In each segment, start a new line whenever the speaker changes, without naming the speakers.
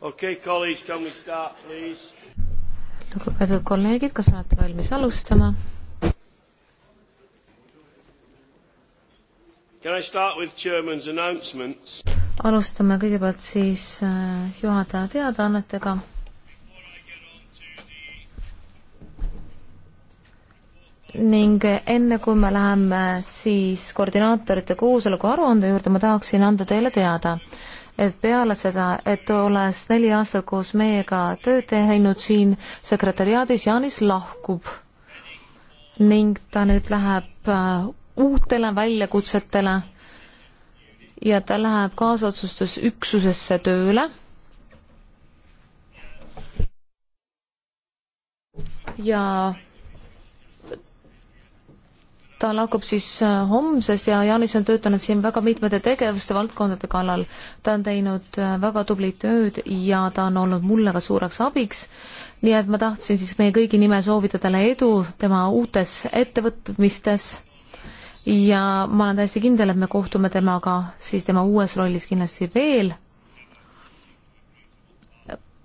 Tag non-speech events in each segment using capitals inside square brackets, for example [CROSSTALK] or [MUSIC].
okei okay,, colleagues, can we start, please?
lugupeetud kolleegid, kas olete valmis alustama?
Can I start with chairman's announcements?
alustame kõigepealt siis äh, juhataja teadaannetega ning enne kui me läheme siis koordinaatorite koosoleku aruande juurde, ma tahaksin anda teile teada, et peale seda, et olles neli aastat koos meiega tööd teinud siin sekretäriaadis, Jaanis lahkub ning ta nüüd läheb äh, uutele väljakutsetele ja ta läheb kaasotsustusüksusesse tööle. ja ta lahkub siis äh, homsest ja Jaanis on töötanud siin väga mitmete tegevuste valdkondade kallal. ta on teinud äh, väga tublit tööd ja ta on olnud mulle ka suureks abiks. nii et ma tahtsin siis meie kõigi nimel soovida talle edu tema uutes ettevõtmistes. ja ma olen täiesti kindel, et me kohtume temaga siis tema uues rollis kindlasti veel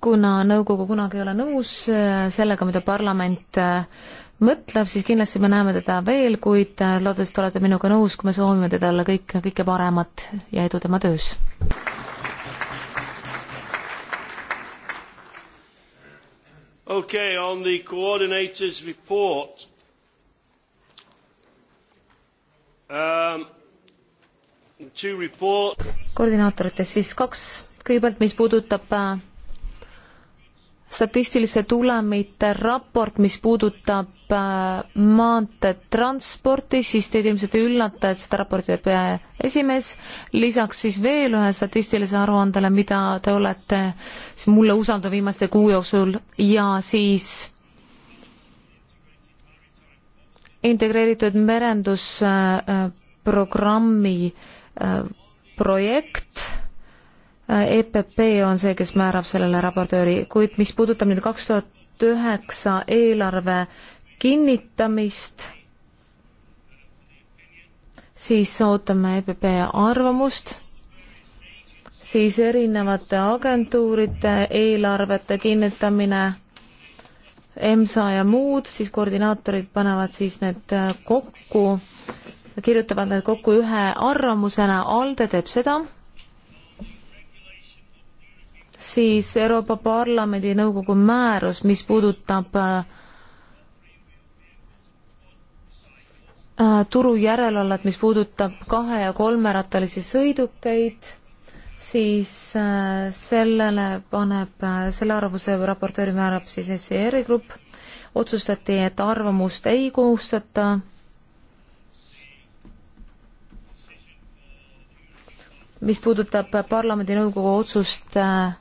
kuna nõukogu kunagi ei ole nõus äh, sellega, mida parlament äh, mõtlev, siis kindlasti me näeme teda veel, kuid äh, loodetavasti olete minuga nõus, kui me soovime talle kõik, kõike paremat ja edu tema töös.
Okay, on the coordinators report. Um, two report.
koordinaatoritest siis kaks, kõigepealt, mis puudutab äh, statistilise tulemite raport, mis puudutab äh, maanteetransporti, siis teid ilmselt ei üllata, et seda raporti teeb esimees, lisaks siis veel ühe statistilise aruandele, mida te olete siis mulle usaldanud viimaste kuu jooksul ja siis integreeritud merendusprogrammi äh, äh, projekt Äh, EPP on see, kes määrab sellele raportööri, kuid mis puudutab nüüd kaks tuhat üheksa eelarve kinnitamist, siis ootame EPP arvamust, siis erinevate agentuuride eelarvete kinnitamine, EMSA ja muud, siis koordinaatorid panevad siis need äh, kokku, kirjutavad need kokku ühe arvamusena, ALDE teeb seda siis Euroopa Parlamendi ja nõukogu määrus, mis puudutab äh, turu järelevalvet, mis puudutab kahe- ja kolmerattalisi sõidukeid, siis äh, sellele paneb, äh, selle arvamuse raportööri määrab siis SCR-i e grupp, otsustati, et arvamust ei koostata mis puudutab parlamendi nõukogu otsust äh,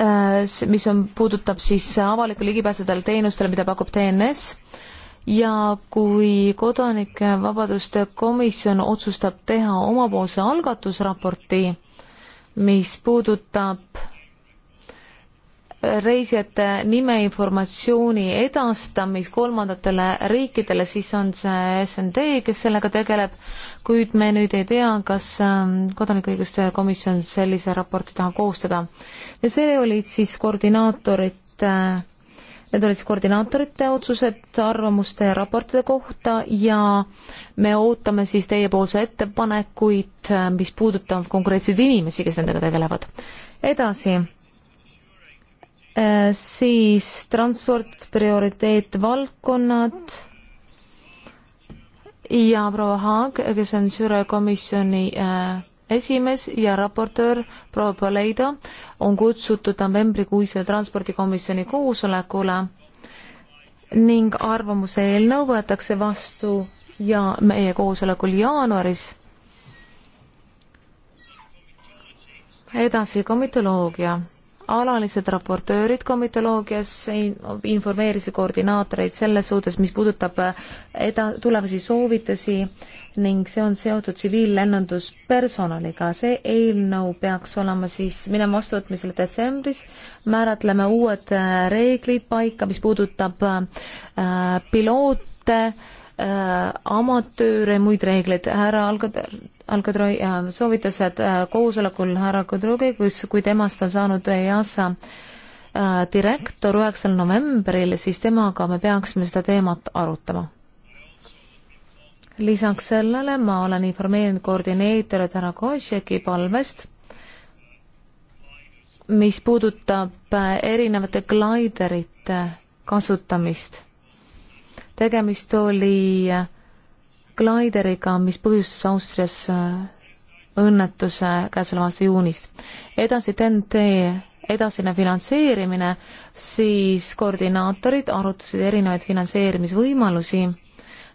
Äh, mis on, puudutab siis avalikku ligipääsedele teenustele, mida pakub TNS ja kui kodanike vabaduste komisjon otsustab teha omapoolse algatusraporti, mis puudutab reisijate nimeinformatsiooni edastamist kolmandatele riikidele, siis on see SND, kes sellega tegeleb, kuid me nüüd ei tea, kas ähm, Kodanikuõiguste Komisjon sellise raporti taha koostada. ja see olid siis koordinaatorite Need olid siis koordinaatorite otsused arvamuste ja raportide kohta ja me ootame siis teiepoolse ettepanekuid, mis puudutavad konkreetseid inimesi, kes nendega tegelevad. edasi Äh, siis transport, prioriteetvaldkonnad ja proua Haag, kes on Süre komisjoni äh, esimees ja raportöör proua Paleido on kutsutud novembrikuisele transpordikomisjoni koosolekule ning arvamuse eelnõu võetakse vastu ja meie koosolekul jaanuaris edasi komitoloogia alalised raportöörid komitoloogias informeerisid koordinaatoreid selles suhtes, mis puudutab äh, eda-, tulevasi soovitusi ning see on seotud tsiviillennunduspersonaliga. see eelnõu peaks olema siis, minema vastuvõtmisele detsembris, määratleme uued äh, reeglid paika, mis puudutab äh, piloote äh,, äh, amatööre, muid reegleid. härra Algatar, Algatroi äh, soovitas, et äh, koosolekul härra Kadrogi, kus, kui temast on saanud EASA äh, direktor üheksal novembril, siis temaga me peaksime seda teemat arutama. lisaks sellele ma olen informeerinud koordineerijaid härra Košeki palvest, mis puudutab äh, erinevate glaiderite kasutamist tegemist oli äh, glaideriga, mis põhjustas Austrias äh, õnnetuse käesoleva aasta juunist. edasi TNT edasine finantseerimine, siis koordinaatorid arutasid erinevaid finantseerimisvõimalusi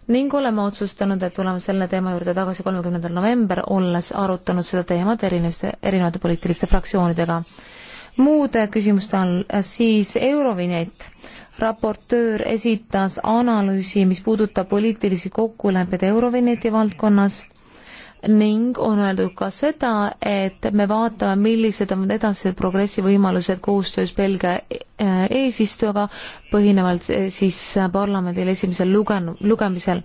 ning oleme otsustanud, et tuleme selle teema juurde tagasi kolmekümnendal november, olles arutanud seda teemat erinevate, erinevate poliitiliste fraktsioonidega. muude küsimuste all äh, siis Eurovinjett raportöör esitas analüüsi, mis puudutab poliitilisi kokkuleppeid Eurovineti valdkonnas ning on öeldud ka seda, et me vaatame, millised on edasised progressi võimalused koostöös Belgia eesistujaga, põhinevalt eh, siis eh, parlamendil esimesel lugen-, lugemisel.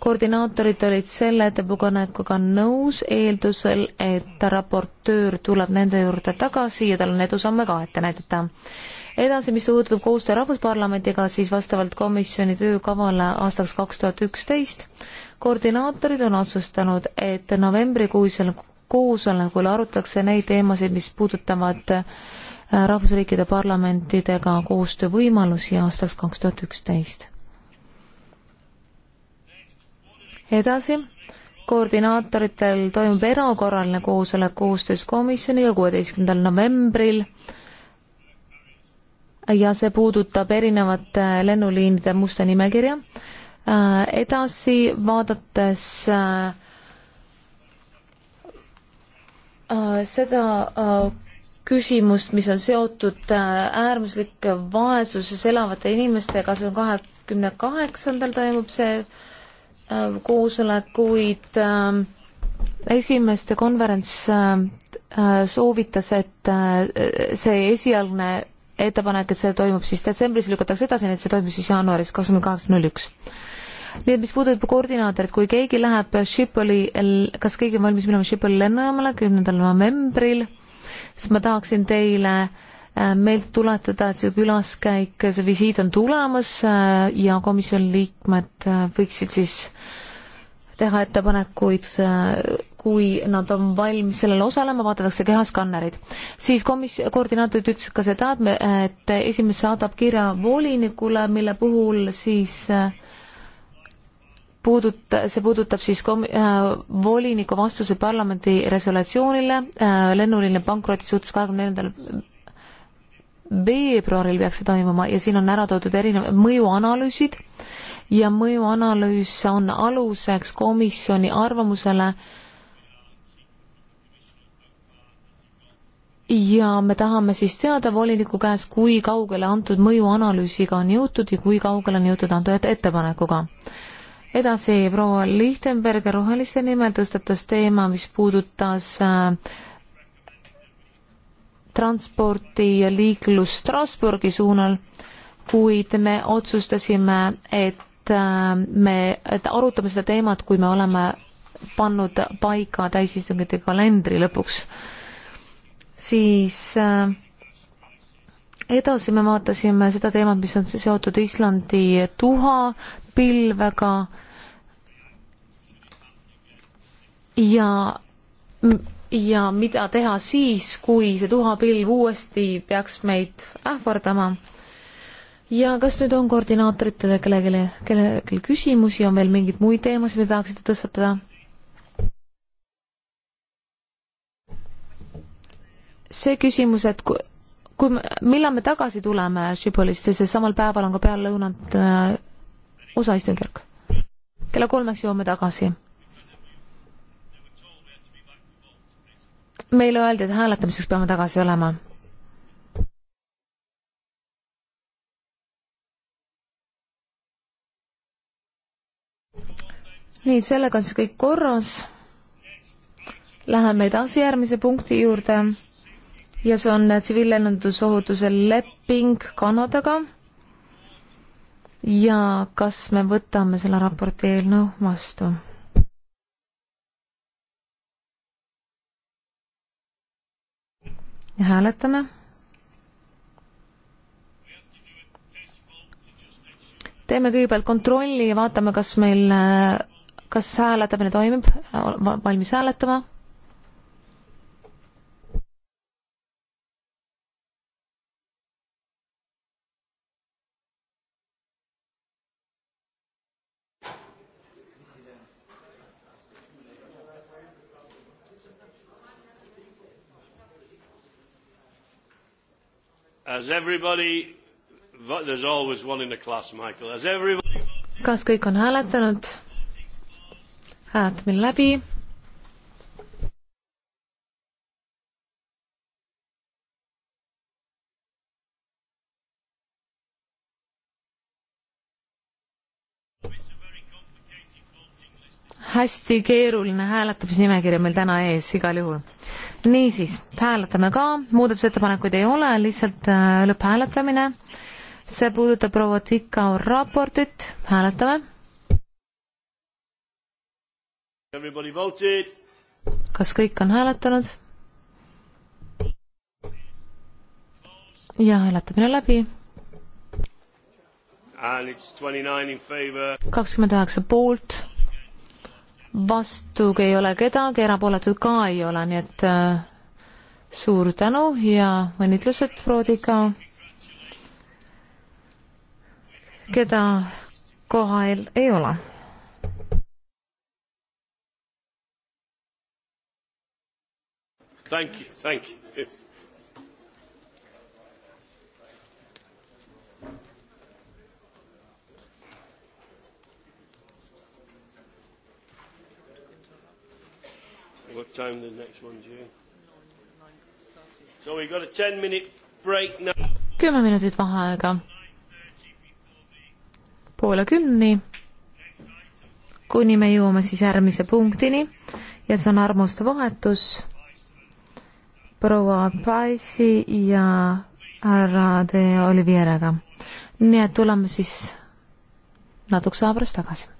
koordinaatorid olid selle ettepanekuga nõus eeldusel, et raportöör tuleb nende juurde tagasi ja tal on edusamme ka ette näidata edasi, mis puudutab koostöö Rahvusparlamendiga, siis vastavalt komisjoni töökavale aastaks kaks tuhat üksteist koordinaatorid on otsustanud, et novembrikuisel koosolekul arutatakse neid teemasid, mis puudutavad äh, rahvusriikide parlamentidega koostöövõimalusi aastaks kaks tuhat üksteist. edasi koordinaatoritel toimub erakorraline koosolek koostöös komisjoniga kuueteistkümnendal novembril ja see puudutab erinevate lennuliinide musta nimekirja. Äh, edasi vaadates äh, äh, seda küsimust, mis on seotud äärmuslike vaesuses elavate inimestega, see on kahekümne kaheksandal toimub see koosolek, kuid esimeste konverents soovitas, et see esialgne ettepanek, et see toimub siis detsembris, lükatakse edasi, nii et see toimub siis jaanuaris kakskümmend kaheksa null üks nii et mis puudutab koordinaatorit, kui keegi läheb Schipoli, kas keegi on valmis minema Schipoli lennujaamale kümnendal novembril, siis ma tahaksin teile äh, meelde tuletada, et see külaskäik, see visiit on tulemas äh, ja komisjoni liikmed äh, võiksid siis teha ettepanekuid, kui nad on valmis sellele osalema, vaadatakse kehaskannerid. siis komis-, koordinaatorid ütlesid ka seda, et me, et esimees saadab kirja volinikule, mille puhul siis puudut-, see puudutab siis kom-, voliniku vastuse parlamendi resolutsioonile lennuliine pankroti suhtes kahekümne neljandal veebruaril peaks see toimuma ja siin on ära toodud erinevad mõjuanalüüsid äh, ja mõjuanalüüs on aluseks komisjoni arvamusele ja me tahame siis teada voliniku käest, kui kaugele antud mõjuanalüüsiga on jõutud ja kui kaugele on jõutud antud ettepanekuga. edasi proua Lichtenberger roheliste nimel tõstatas teema, mis puudutas äh, transporti ja liiklus Strasbourgi suunal, kuid me otsustasime, et et äh, me et arutame seda teemat, kui me oleme pannud paika täisistungite kalendri lõpuks, siis äh, edasi me vaatasime seda teemat, mis on seotud Islandi tuhapilvega ja, ja mida teha siis, kui see tuhapilv uuesti peaks meid ähvardama ja kas nüüd on koordinaatoritele kellelegi, kellelgi küsimusi, on veel mingeid muid teemasid, mida tahaksite tõstatada? see küsimus, et kui, kui, millal me tagasi tuleme Šipolist, sest samal päeval on ka peallõunat äh, osaistungjärk. kella kolmeks jõuame tagasi. meile öeldi, et hääletamiseks peame tagasi olema nii, sellega on siis kõik korras. Läheme edasi järgmise punkti juurde ja see on tsiviillennundusohutuse leping Kanadaga. ja kas me võtame selle raporti eelnõu vastu? ja hääletame. teeme kõigepealt kontrolli ja vaatame, kas meil äh, kas hääletamine toimib, valmis hääletama?
As everybody, there's always one in the class, Michael. As everybody.
kas kõik on hääletanud? hääletame läbi. hästi keeruline hääletamisnimekiri on meil täna ees igal juhul. niisiis, hääletame ka, muudatusettepanekuid ei ole, lihtsalt äh, lõpphääletamine. see puudutab proua Tikao raportit, hääletame kas kõik on hääletanud? ja hääletamine läbi. kakskümmend üheksa poolt, vastu ei ole kedagi, erapooletud ka ei ole, nii et äh, suur tänu ja õnnitlused Froodiga, keda kohal ei ole
Thank you. Thank you. What time the next one's due? So we got a ten minute break now.
kümme minutit vaheaega. poole kümni, kuni me jõuame siis järgmise punktini ja see on armuste vahetus proua Paisi ja härra De Olivieraga. nii et tuleme siis natukese aja pärast tagasi.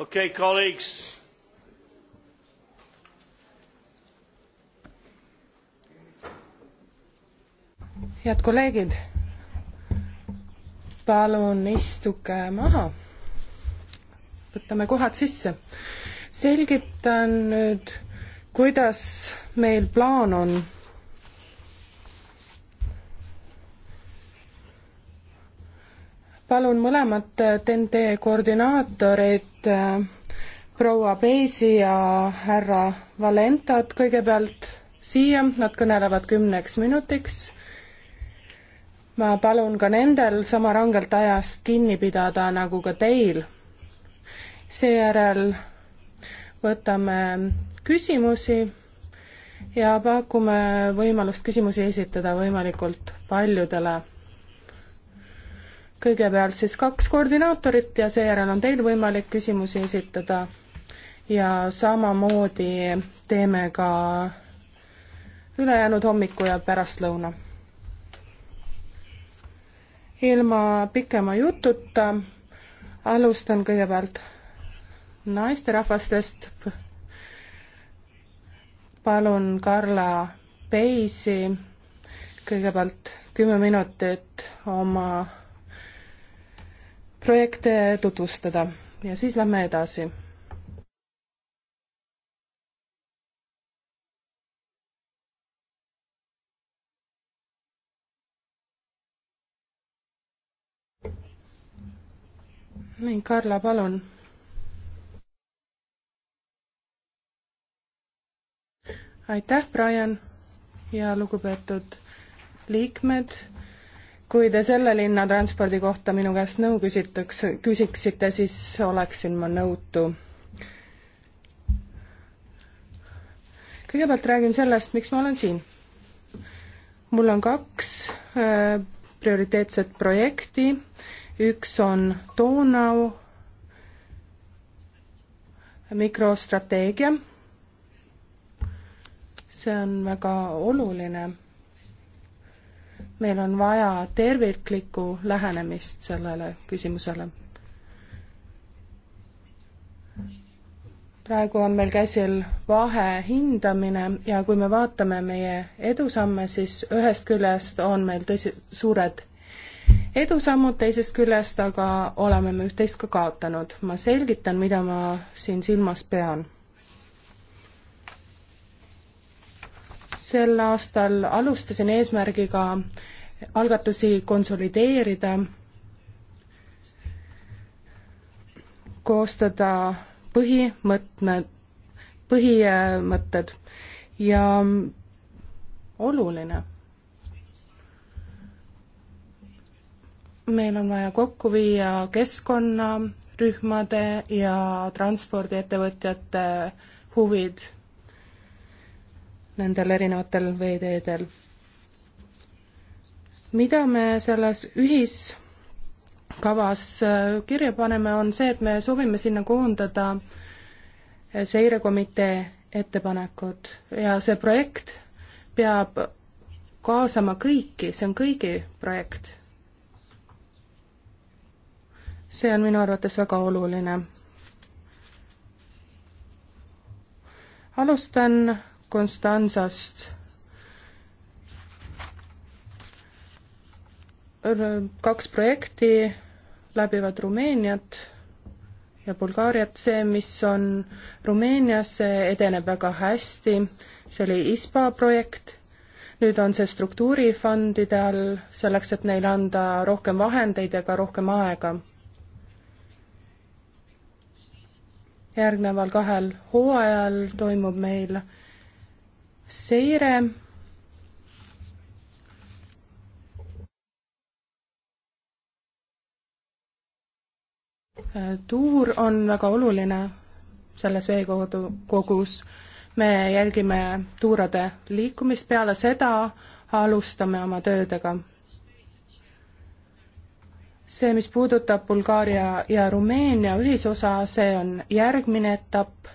Okay, colleagues.
head kolleegid, palun istuge maha. võtame kohad sisse. selgitan nüüd, kuidas meil plaan on palun mõlemat TNT koordinaatorit, proua Peisi ja härra Valentat kõigepealt siia, nad kõnelevad kümneks minutiks ma palun ka nendel sama rangelt ajast kinni pidada nagu ka teil. seejärel võtame küsimusi ja pakume võimalust küsimusi esitada võimalikult paljudele kõigepealt siis kaks koordinaatorit ja seejärel on teil võimalik küsimusi esitada. ja samamoodi teeme ka ülejäänud hommiku ja pärastlõuna. ilma pikema jututa alustan kõigepealt naisterahvastest. palun Karla Peisi kõigepealt kümme minutit oma projekte tutvustada ja siis lähme edasi. nii, Karla, palun. aitäh, Brian ja lugupeetud liikmed kui te selle linna transpordi kohta minu käest nõu küsitakse, küsiksite, siis oleksin ma nõutu. kõigepealt räägin sellest, miks ma olen siin. mul on kaks äh, prioriteetset projekti, üks on Donau mikrostrateegia, see on väga oluline meil on vaja terviklikku lähenemist sellele küsimusele. praegu on meil käsil vahe hindamine ja kui me vaatame meie edusamme, siis ühest küljest on meil tõsi, suured edusammud, teisest küljest aga oleme me üht-teist ka kaotanud. ma selgitan, mida ma siin silmas pean sel aastal alustasin eesmärgiga algatusi konsolideerida, koostada põhimõtmed, põhimõtted ja oluline. meil on vaja kokku viia keskkonnarühmade ja transpordiettevõtjate huvid nendel erinevatel veeteedel. mida me selles ühiskavas äh, kirja paneme, on see, et me soovime sinna koondada äh, seirekomitee ettepanekud ja see projekt peab kaasama kõiki, see on kõigi projekt. see on minu arvates väga oluline. alustan Konstantsast. kaks projekti läbivad Rumeeniat ja Bulgaariat, see, mis on Rumeenias, see edeneb väga hästi, see oli ISPA projekt, nüüd on see struktuurifondide all, selleks et neile anda rohkem vahendeid ja ka rohkem aega järgneval kahel hooajal toimub meil seire tuur on väga oluline selles veekogu, kogus. me jälgime tuurade liikumist, peale seda alustame oma töödega. see, mis puudutab Bulgaaria ja Rumeenia ühisosa, see on järgmine etapp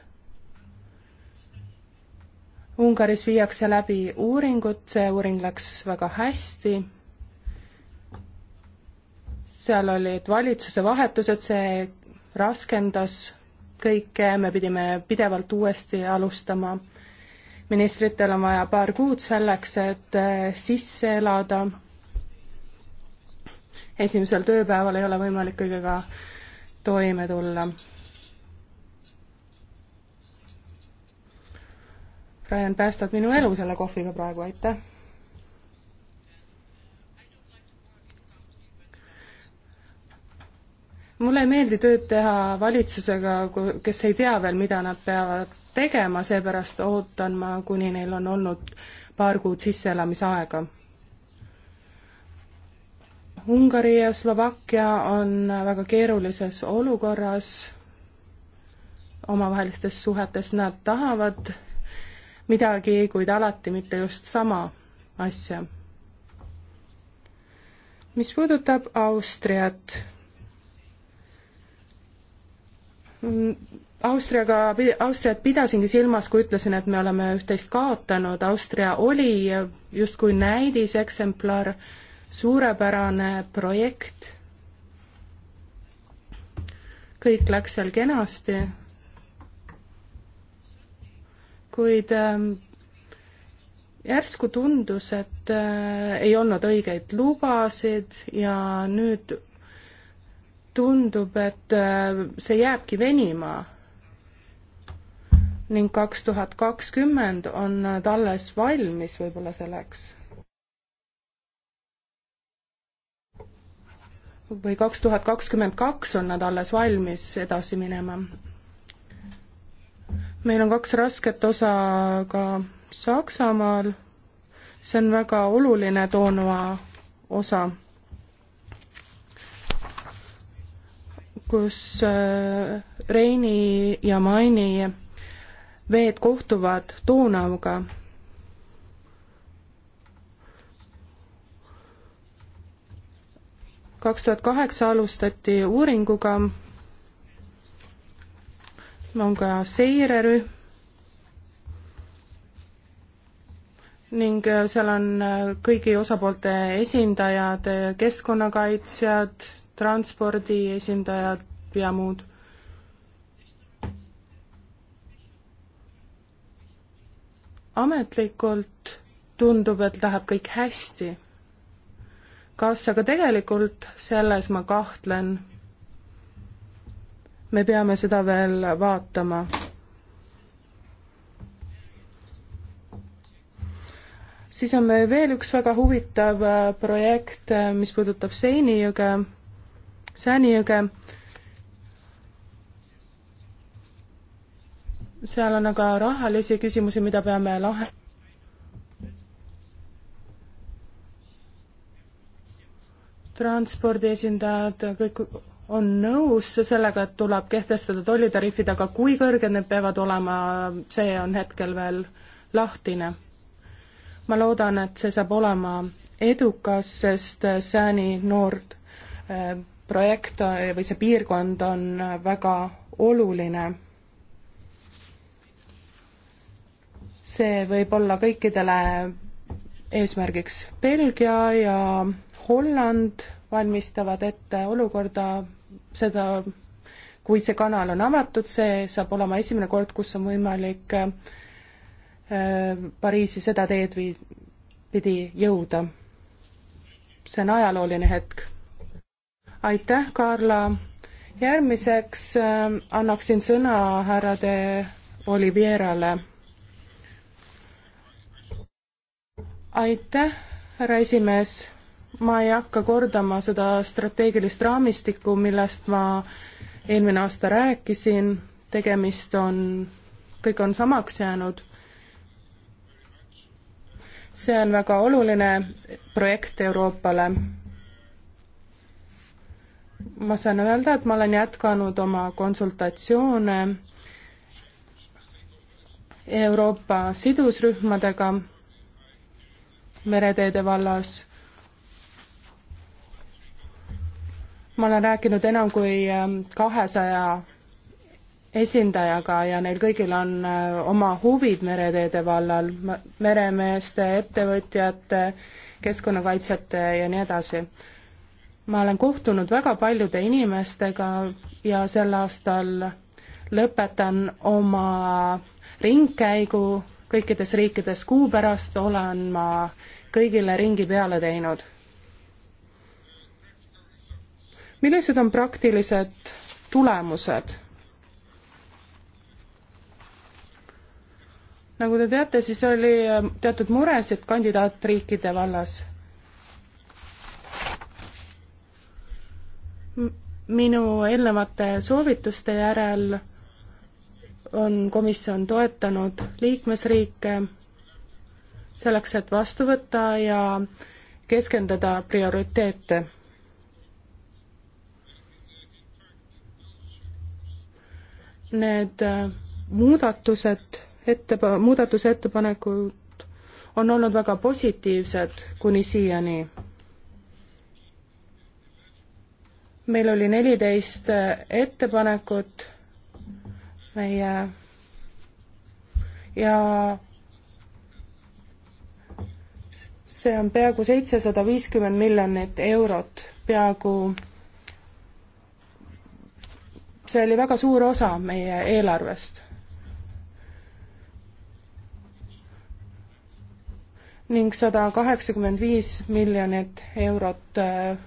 Ungaris viiakse läbi uuringut, see uuring läks väga hästi, seal olid valitsuse vahetused, see raskendas kõike, me pidime pidevalt uuesti alustama. ministritel on vaja paar kuud selleks, et äh, sisse elada. esimesel tööpäeval ei ole võimalik kõigega toime tulla Brian, päästad minu elu selle kohviga praegu, aitäh! mulle ei meeldi tööd teha valitsusega, kes ei tea veel, mida nad peavad tegema, seepärast ootan ma, kuni neil on olnud paar kuud sisseelamisaega. Ungari ja Slovakkia on väga keerulises olukorras omavahelistes suhetes, nad tahavad midagi, kuid alati mitte just sama asja. mis puudutab Austriat, Austriaga, Austriat pidasingi silmas, kui ütlesin, et me oleme üht-teist kaotanud, Austria oli justkui näidiseksemplar, suurepärane projekt, kõik läks seal kenasti kuid ähm, järsku tundus, et äh, ei olnud õigeid lubasid ja nüüd tundub, et äh, see jääbki venima. ning kaks tuhat kakskümmend on nad alles valmis võib-olla selleks või kaks tuhat kakskümmend kaks on nad alles valmis edasi minema meil on kaks rasket osa ka Saksamaal, see on väga oluline toonua osa, kus äh, Reini ja Maini veed kohtuvad Donauga. kaks tuhat kaheksa alustati uuringuga on ka seirerühm ning äh, seal on äh, kõigi osapoolte esindajad, äh, keskkonnakaitsjad, transpordi esindajad ja muud ametlikult tundub, et läheb kõik hästi. kas aga tegelikult, selles ma kahtlen me peame seda veel vaatama. siis on meil veel üks väga huvitav äh, projekt, äh, mis puudutab Seinijõge, Säänijõge. seal on aga rahalisi küsimusi, mida peame lahe-. transpordi esindajad, kõik on nõus sellega, et tuleb kehtestada tollitariifid, aga kui kõrged need peavad olema, see on hetkel veel lahtine. ma loodan, et see saab olema edukas, sest Sääni Nord äh, projekt äh, või see piirkond on äh, väga oluline. see võib olla kõikidele eesmärgiks Belgia ja Holland valmistavad ette olukorda, seda, kui see kanal on avatud, see saab olema esimene kord, kus on võimalik äh, Pariisi seda teed vii-, pidi jõuda. see on ajalooline hetk. aitäh, Karla! järgmiseks äh, annaksin sõna härra de Olivierale. aitäh, härra esimees ma ei hakka kordama seda strateegilist raamistikku, millest ma eelmine aasta rääkisin, tegemist on, kõik on samaks jäänud. see on väga oluline projekt Euroopale. ma saan öelda, et ma olen jätkanud oma konsultatsioone Euroopa sidusrühmadega mereteede vallas ma olen rääkinud enam kui ähm, kahesaja esindajaga ja neil kõigil on äh, oma huvid mereteede vallal, meremeeste, ettevõtjate, keskkonnakaitsjate ja nii edasi. ma olen kohtunud väga paljude inimestega ja sel aastal lõpetan oma ringkäigu kõikides riikides, kuu pärast olen ma kõigile ringi peale teinud millised on praktilised tulemused? nagu te teate, siis oli ähm, teatud muresid kandidaatriikide vallas. minu eelnevate soovituste järel on komisjon toetanud liikmesriike selleks, et vastu võtta ja keskenduda prioriteete need äh, muudatused, ette, muudatusettepanekud on olnud väga positiivsed kuni siiani. meil oli neliteist äh, ettepanekut meie ja see on peaaegu seitsesada viiskümmend miljonit eurot, peaaegu see oli väga suur osa meie eelarvest. ning sada kaheksakümmend viis miljonit eurot äh,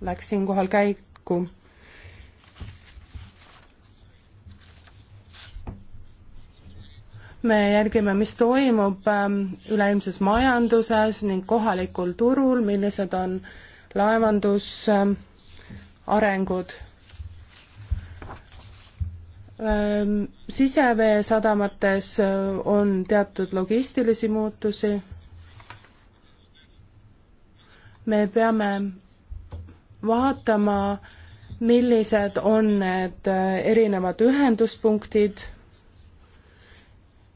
läks siinkohal käiku. me jälgime, mis toimub ähm, üleilmses majanduses ning kohalikul turul, millised on laevandusarengud ähm, äh, Ehm, siseveesadamates eh, on teatud logistilisi muutusi. me peame vaatama, millised on need eh, erinevad ühenduspunktid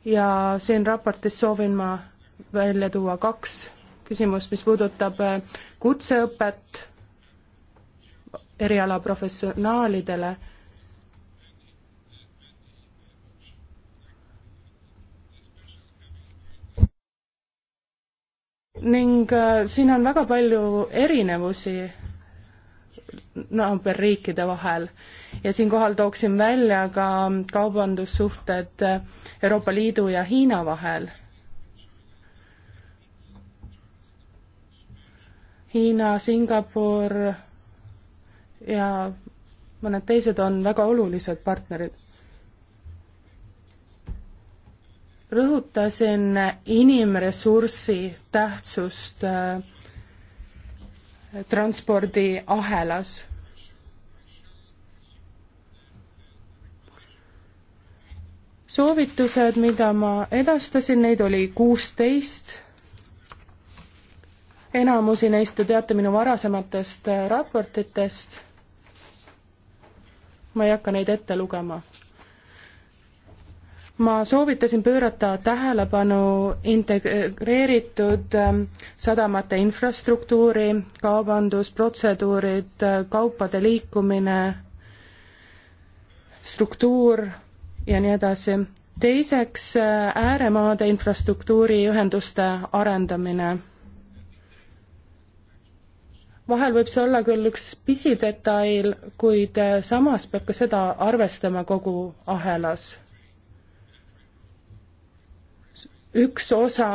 ja siin raportis soovin ma välja tuua kaks küsimust, mis puudutab eh, kutseõpet erialaprofessionaalidele ning äh, siin on väga palju erinevusi naaberriikide vahel ja siinkohal tooksin välja ka kaubandussuhted Euroopa Liidu ja Hiina vahel. Hiina, Singapur ja mõned teised on väga olulised partnerid rõhutasin inimressursi tähtsust äh, transpordiahelas soovitused, mida ma edastasin, neid oli kuusteist. enamusi neist te teate minu varasematest äh, raportitest. ma ei hakka neid ette lugema ma soovitasin pöörata tähelepanu integreeritud ähm, sadamate infrastruktuuri, kaubandusprotseduurid, äh, kaupade liikumine, struktuur ja nii edasi. teiseks, äh, ääremaade infrastruktuuriühenduste arendamine vahel võib see olla küll üks pisidetail, kuid äh, samas peab ka seda arvestama kogu ahelas. üks osa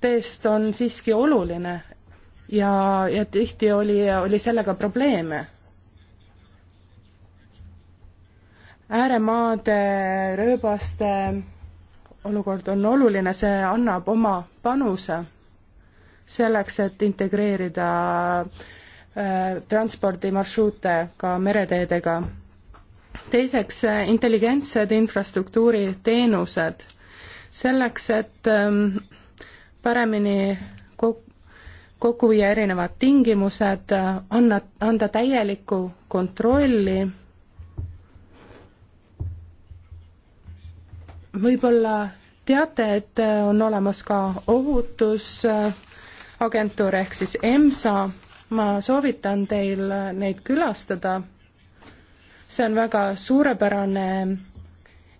teest on siiski oluline ja, ja tihti oli, oli sellega probleeme. ääremaade, rööbaste olukord on oluline, see annab oma panuse selleks, et integreerida äh, transpordimarsruute ka mereteedega teiseks, äh, intelligentsed infrastruktuuri teenused. selleks, et ähm, paremini kok-, kokku viia erinevad tingimused, äh, anna, anda täielikku kontrolli, võib-olla teate, et äh, on olemas ka ohutusagentuur ehk siis EMSA, ma soovitan teil neid külastada see on väga suurepärane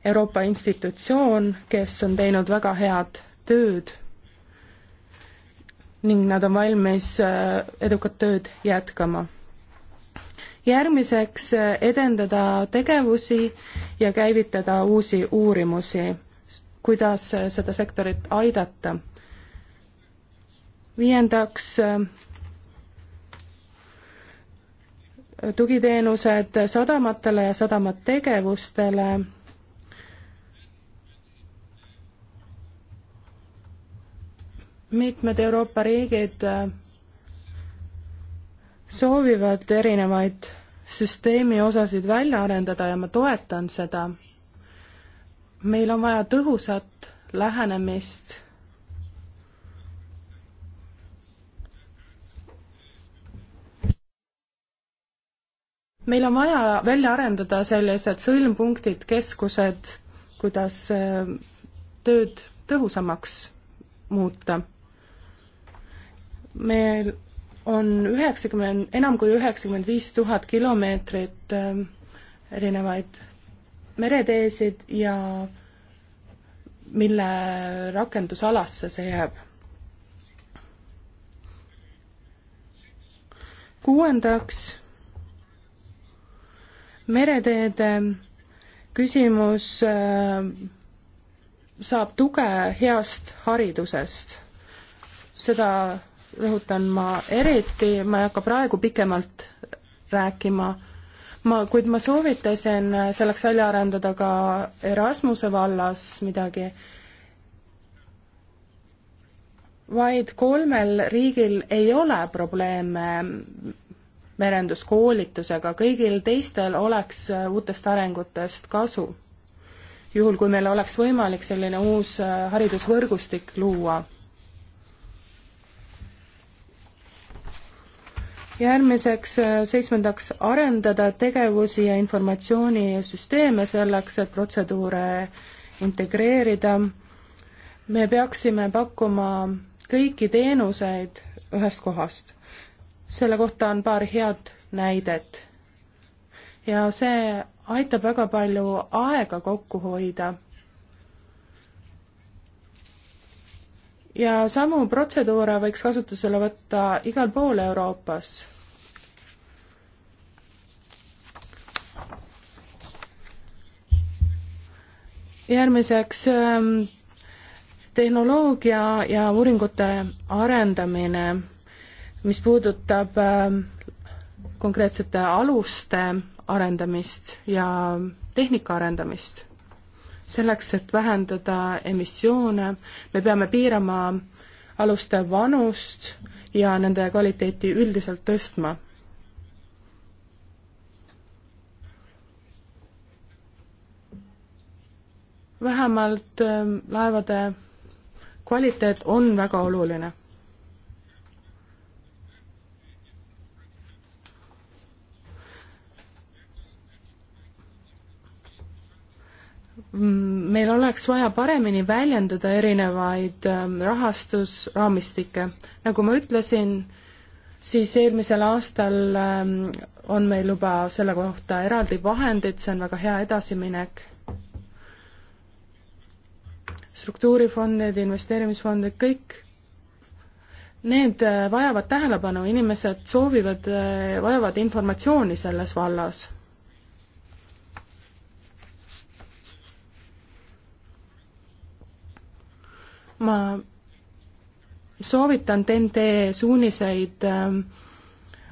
Euroopa institutsioon, kes on teinud väga head tööd ning nad on valmis äh, edukat tööd jätkama. järgmiseks äh, edendada tegevusi ja käivitada uusi uurimusi, kuidas äh, seda sektorit aidata. viiendaks tugiteenused sadamatele ja sadamategevustele mitmed Euroopa riigid äh, soovivad erinevaid süsteemi osasid välja arendada ja ma toetan seda. meil on vaja tõhusat lähenemist meil on vaja välja arendada sellised sõlmpunktid, keskused, kuidas äh, tööd tõhusamaks muuta. meil on üheksakümmend, enam kui üheksakümmend viis tuhat kilomeetrit äh, erinevaid mereteesid ja mille rakendusalasse see jääb kuuendaks mereteede küsimus äh, saab tuge heast haridusest. seda rõhutan ma eriti, ma ei hakka praegu pikemalt rääkima, ma, kuid ma soovitasin selleks välja arendada ka Erasmuse vallas midagi, vaid kolmel riigil ei ole probleeme merenduskoolitusega, kõigil teistel oleks äh, uutest arengutest kasu. juhul, kui meil oleks võimalik selline uus äh, haridusvõrgustik luua. järgmiseks, äh, seitsmendaks, arendada tegevusi ja informatsioonisüsteeme selleks, et protseduure integreerida. me peaksime pakkuma kõiki teenuseid ühest kohast selle kohta on paar head näidet. ja see aitab väga palju aega kokku hoida. ja samu protseduure võiks kasutusele võtta igal pool Euroopas. järgmiseks ähm, tehnoloogia ja uuringute arendamine mis puudutab ähm, konkreetsete aluste arendamist ja tehnika arendamist, selleks, et vähendada emissioone, me peame piirama aluste vanust ja nende kvaliteeti üldiselt tõstma. vähemalt ähm, laevade kvaliteet on väga oluline Mm, meil oleks vaja paremini väljendada erinevaid ähm, rahastusraamistikke. nagu ma ütlesin, siis eelmisel aastal ähm, on meil juba selle kohta eraldi vahendid, see on väga hea edasiminek. struktuurifondid, investeerimisfondid, kõik need äh, vajavad tähelepanu, inimesed soovivad, äh, vajavad informatsiooni selles vallas ma soovitan TNT suuniseid ähm,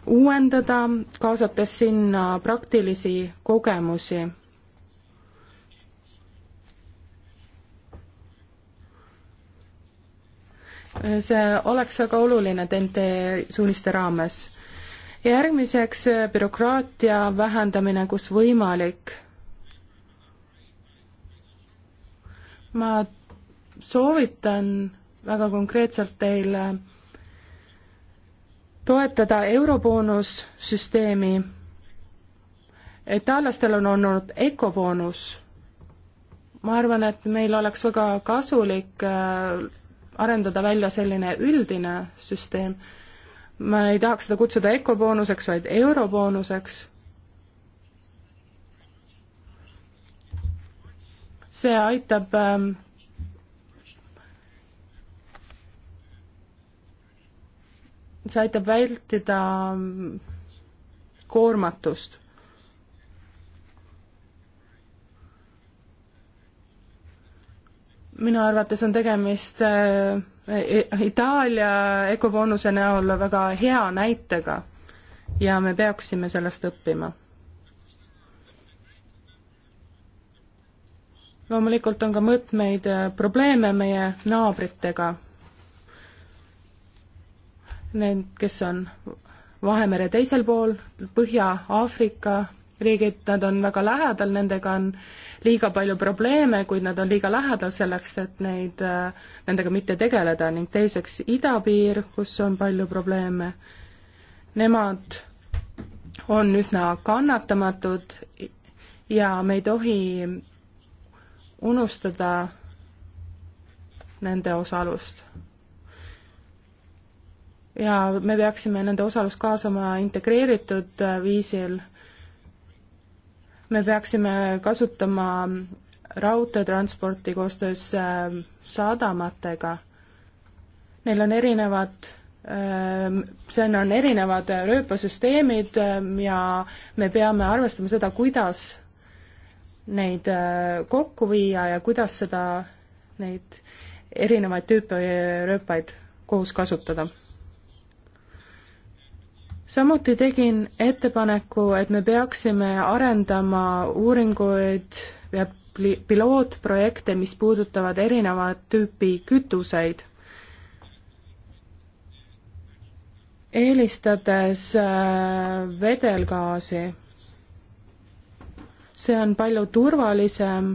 uuendada, kaasates sinna praktilisi kogemusi. see oleks väga oluline TNT suuniste raames. järgmiseks äh, bürokraatia vähendamine, kus võimalik. ma soovitan väga konkreetselt teile toetada euroboonussüsteemi. itaallastel on olnud ekoboonus. ma arvan, et meil oleks väga kasulik äh, arendada välja selline üldine süsteem. ma ei tahaks seda kutsuda ekoboonuseks, vaid euroboonuseks see aitab ähm, see aitab vältida koormatust. minu arvates on tegemist äh, Itaalia ökoboonuse näol väga hea näitega ja me peaksime sellest õppima loomulikult on ka mõõtmeid äh, probleeme meie naabritega need, kes on Vahemere teisel pool, Põhja-Aafrika riigid, nad on väga lähedal, nendega on liiga palju probleeme, kuid nad on liiga lähedal selleks, et neid, nendega mitte tegeleda ning teiseks idapiir, kus on palju probleeme. Nemad on üsna kannatamatud ja me ei tohi unustada nende osalust ja me peaksime nende osalust kaasama integreeritud äh, viisil. me peaksime kasutama raudteetransporti koostöös äh, sadamatega. Neil on erinevad ähm, seal on erinevad äh, rööpasüsteemid ähm, ja me peame arvestama seda, kuidas neid kokku viia ja kuidas seda, neid erinevaid tüüpe rööpaid koos kasutada samuti tegin ettepaneku, et me peaksime arendama uuringuid ja pilootprojekte, mis puudutavad erinevat tüüpi kütuseid. eelistades äh, vedelgaasi. see on palju turvalisem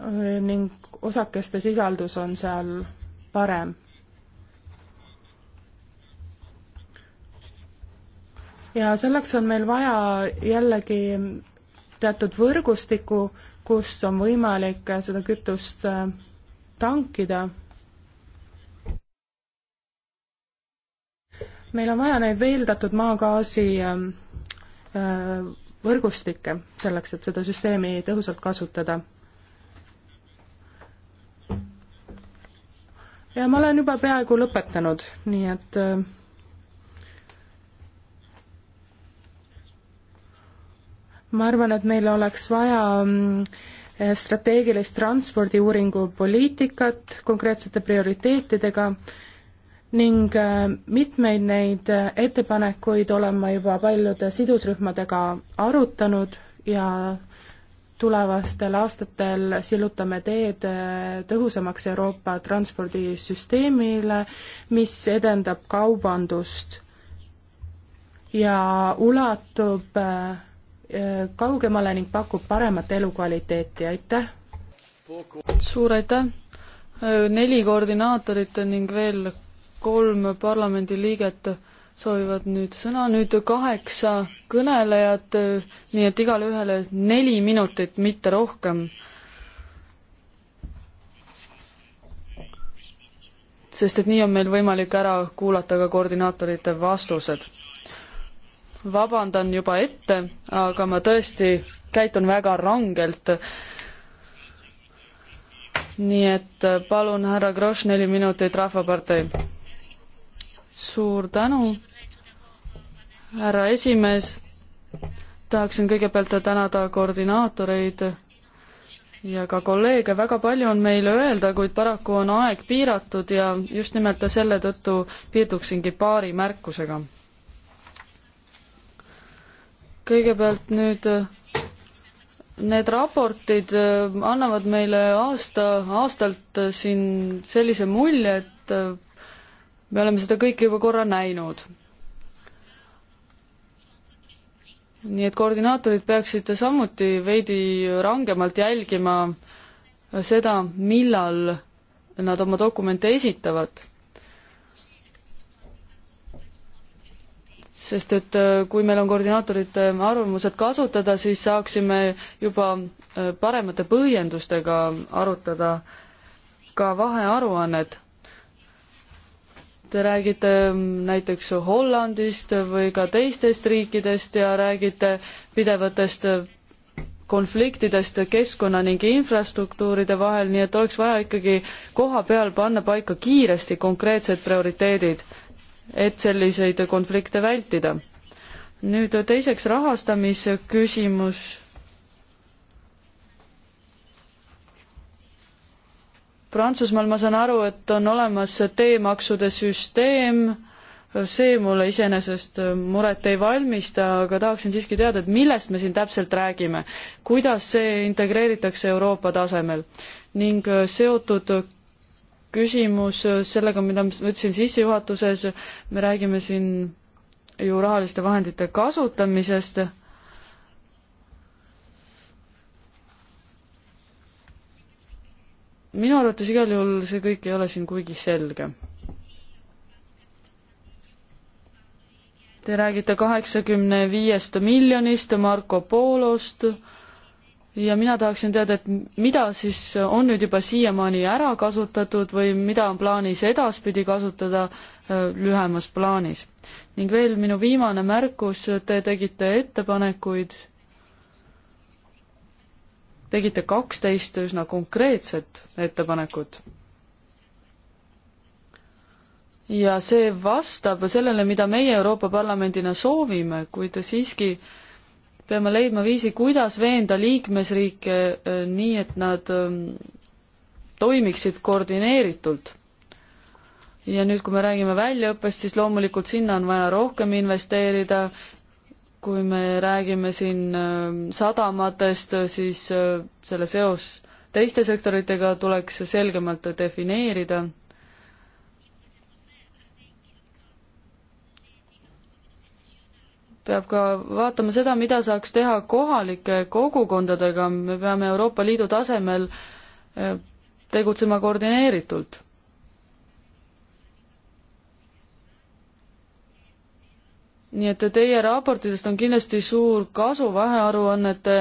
äh, ning osakeste sisaldus on seal parem ja selleks on meil vaja jällegi teatud võrgustikku, kus on võimalik seda kütust äh, tankida. meil on vaja neid veeldatud maagaasi ähm, äh, võrgustikke selleks, et seda süsteemi tõhusalt kasutada. ja ma olen juba peaaegu lõpetanud, nii et äh, ma arvan, et meil oleks vaja mm, eh, strateegilist transpordiuuringu poliitikat konkreetsete prioriteetidega ning eh, mitmeid neid eh, ettepanekuid olen ma juba paljude sidusrühmadega arutanud ja tulevastel aastatel sillutame teed tõhusamaks Euroopa transpordisüsteemile, mis edendab kaubandust ja ulatub kaugemale
ning pakub paremat elukvaliteeti, aitäh! suur aitäh! neli koordinaatorit ning veel kolm parlamendiliiget soovivad nüüd sõna, nüüd kaheksa kõnelejat, nii et igale ühele neli minutit, mitte rohkem. sest et nii on meil võimalik ära kuulata ka koordinaatorite vastused vabandan juba ette, aga ma tõesti käitun väga rangelt. nii et äh, palun, härra Grosch, neli minutit, Rahvapartei. suur tänu, härra esimees. tahaksin kõigepealt tänada koordinaatoreid ja ka kolleege, väga palju on meile öelda, kuid paraku on aeg piiratud ja just nimelt selle tõttu piirduksingi paari märkusega kõigepealt nüüd äh, need raportid äh, annavad meile aasta, aastalt äh, siin sellise mulje, et me oleme seda kõike juba korra näinud. nii et koordinaatorid peaksid samuti veidi rangemalt jälgima seda, millal nad oma dokumente esitavad sest et äh, kui meil on koordinaatorite äh, arvamused kasutada, siis saaksime juba äh, paremate põhjendustega arutada ka vahearuannet. Te räägite mm, näiteks Hollandist või ka teistest riikidest ja räägite pidevatest konfliktidest keskkonna ning infrastruktuuride vahel, nii et oleks vaja ikkagi koha peal panna paika kiiresti konkreetsed prioriteedid et selliseid konflikte vältida. nüüd teiseks rahastamisküsimus. Prantsusmaal ma saan aru, et on olemas teemaksude süsteem, see mulle iseenesest muret ei valmista, aga tahaksin siiski teada, et millest me siin täpselt räägime, kuidas see integreeritakse Euroopa tasemel ning seotud küsimus sellega, mida ma ütlesin sissejuhatuses, me räägime siin ju rahaliste vahendite kasutamisest. minu arvates igal juhul see kõik ei ole siin kuigi selge. Te räägite kaheksakümne viiest miljonist Marco Polost ja mina tahaksin teada, et mida siis on nüüd juba siiamaani ära kasutatud või mida on plaanis edaspidi kasutada äh, lühemas plaanis. ning veel minu viimane märkus, te tegite ettepanekuid, tegite kaksteist üsna konkreetset ettepanekut. ja see vastab sellele, mida meie Euroopa Parlamendina soovime, kuid siiski äh, peame leidma viisi, kuidas veenda liikmesriike äh, nii, et nad ähm, toimiksid koordineeritult. ja nüüd, kui me räägime väljaõppest, siis loomulikult sinna on vaja rohkem investeerida, kui me räägime siin ähm, sadamatest, siis äh, selle seos teiste sektoritega tuleks selgemalt defineerida peab ka vaatama seda, mida saaks teha kohalike kogukondadega, me peame Euroopa Liidu tasemel eh, tegutsema koordineeritult. nii et teie raportidest on kindlasti suur kasu vahearuannete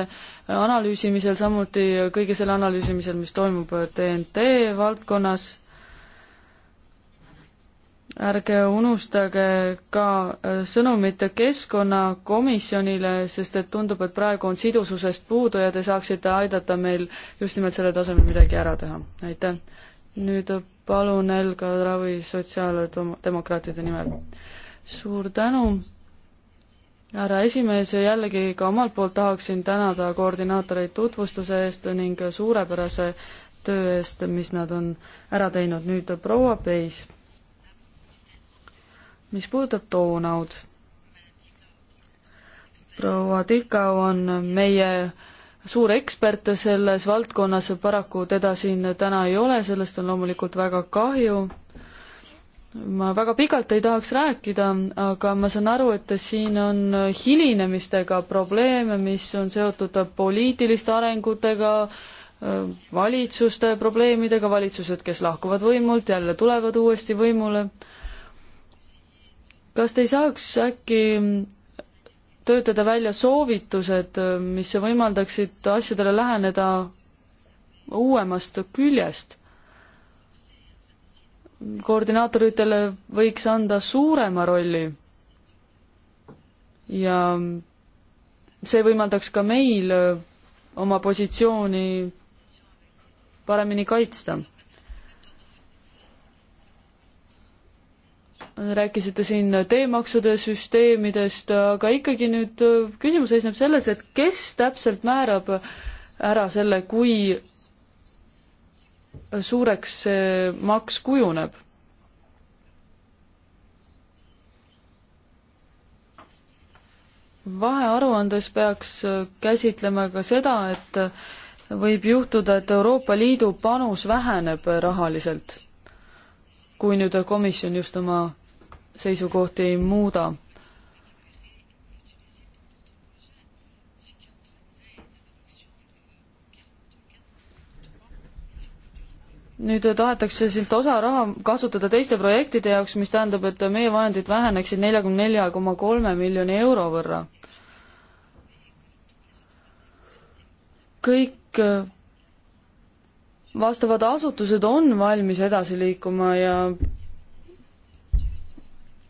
analüüsimisel, samuti kõige selle analüüsimisel, mis toimub TNT valdkonnas ärge unustage ka äh, sõnumit Keskkonnakomisjonile, sest et tundub, et praegu on sidususest puudu ja te saaksite aidata meil just nimelt selle tasemel midagi ära teha. aitäh! nüüd palun Helga Ravi sotsiaaldemokraatide nimel. suur tänu, härra esimees, ja jällegi ka omalt poolt tahaksin tänada koordinaatoreid tutvustuse eest ning suurepärase töö eest, mis nad on ära teinud. nüüd proua Peis mis puudutab Donaud, proua Tikau on meie suur ekspert selles valdkonnas, paraku teda siin täna ei ole, sellest on loomulikult väga kahju. ma väga pikalt ei tahaks rääkida, aga ma saan aru, et siin on hilinemistega probleeme, mis on seotud poliitiliste arengutega, valitsuste probleemidega, valitsused, kes lahkuvad võimult, jälle tulevad uuesti võimule kas te ei saaks äkki töötada välja soovitused, mis võimaldaksid asjadele läheneda uuemast küljest? koordinaatoritele võiks anda suurema rolli ja see võimaldaks ka meil oma positsiooni paremini kaitsta rääkisite siin teemaksude süsteemidest, aga ikkagi nüüd äh, küsimus seisneb selles, et kes täpselt määrab ära selle, kui suureks see maks kujuneb? vahearuandes peaks äh, käsitlema ka seda, et äh, võib juhtuda, et Euroopa Liidu panus väheneb rahaliselt kui nüüd komisjon just oma seisukohti ei muuda. nüüd tahetakse siit osa raha kasutada teiste projektide jaoks, mis tähendab, et meie vahendid väheneksid neljakümne nelja koma kolme miljoni euro võrra. kõik äh, vastavad asutused on valmis edasi liikuma ja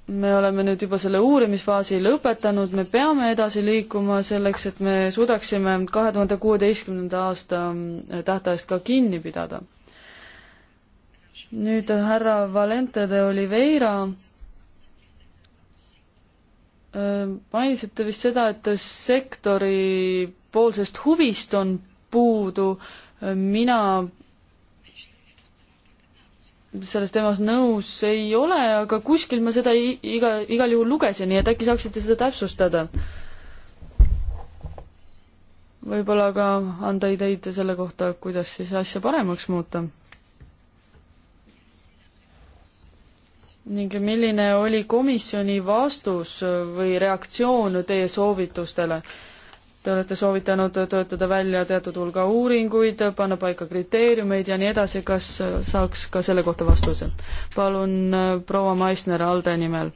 me oleme nüüd juba selle uurimisfaasi lõpetanud, me peame edasi liikuma selleks, et me suudaksime kahe tuhande kuueteistkümnenda aasta mm, tähtajast ka kinni pidada. nüüd härra Valente de Oliveira mainisite vist seda, et sektori poolsest huvist on puudu, mina selles teemas nõus ei ole, aga kuskil ma seda iga, igal juhul lugesin, nii et äkki saaksite seda täpsustada? võib-olla ka anda ideid selle kohta, kuidas siis asja paremaks muuta. ning milline oli komisjoni vastus või reaktsioon teie soovitustele? Te olete soovitanud töötada välja teatud hulga uuringuid, panna paika kriteeriumeid ja nii edasi, kas saaks ka selle kohta vastuse? palun äh, proua Maisner ALDE nimel.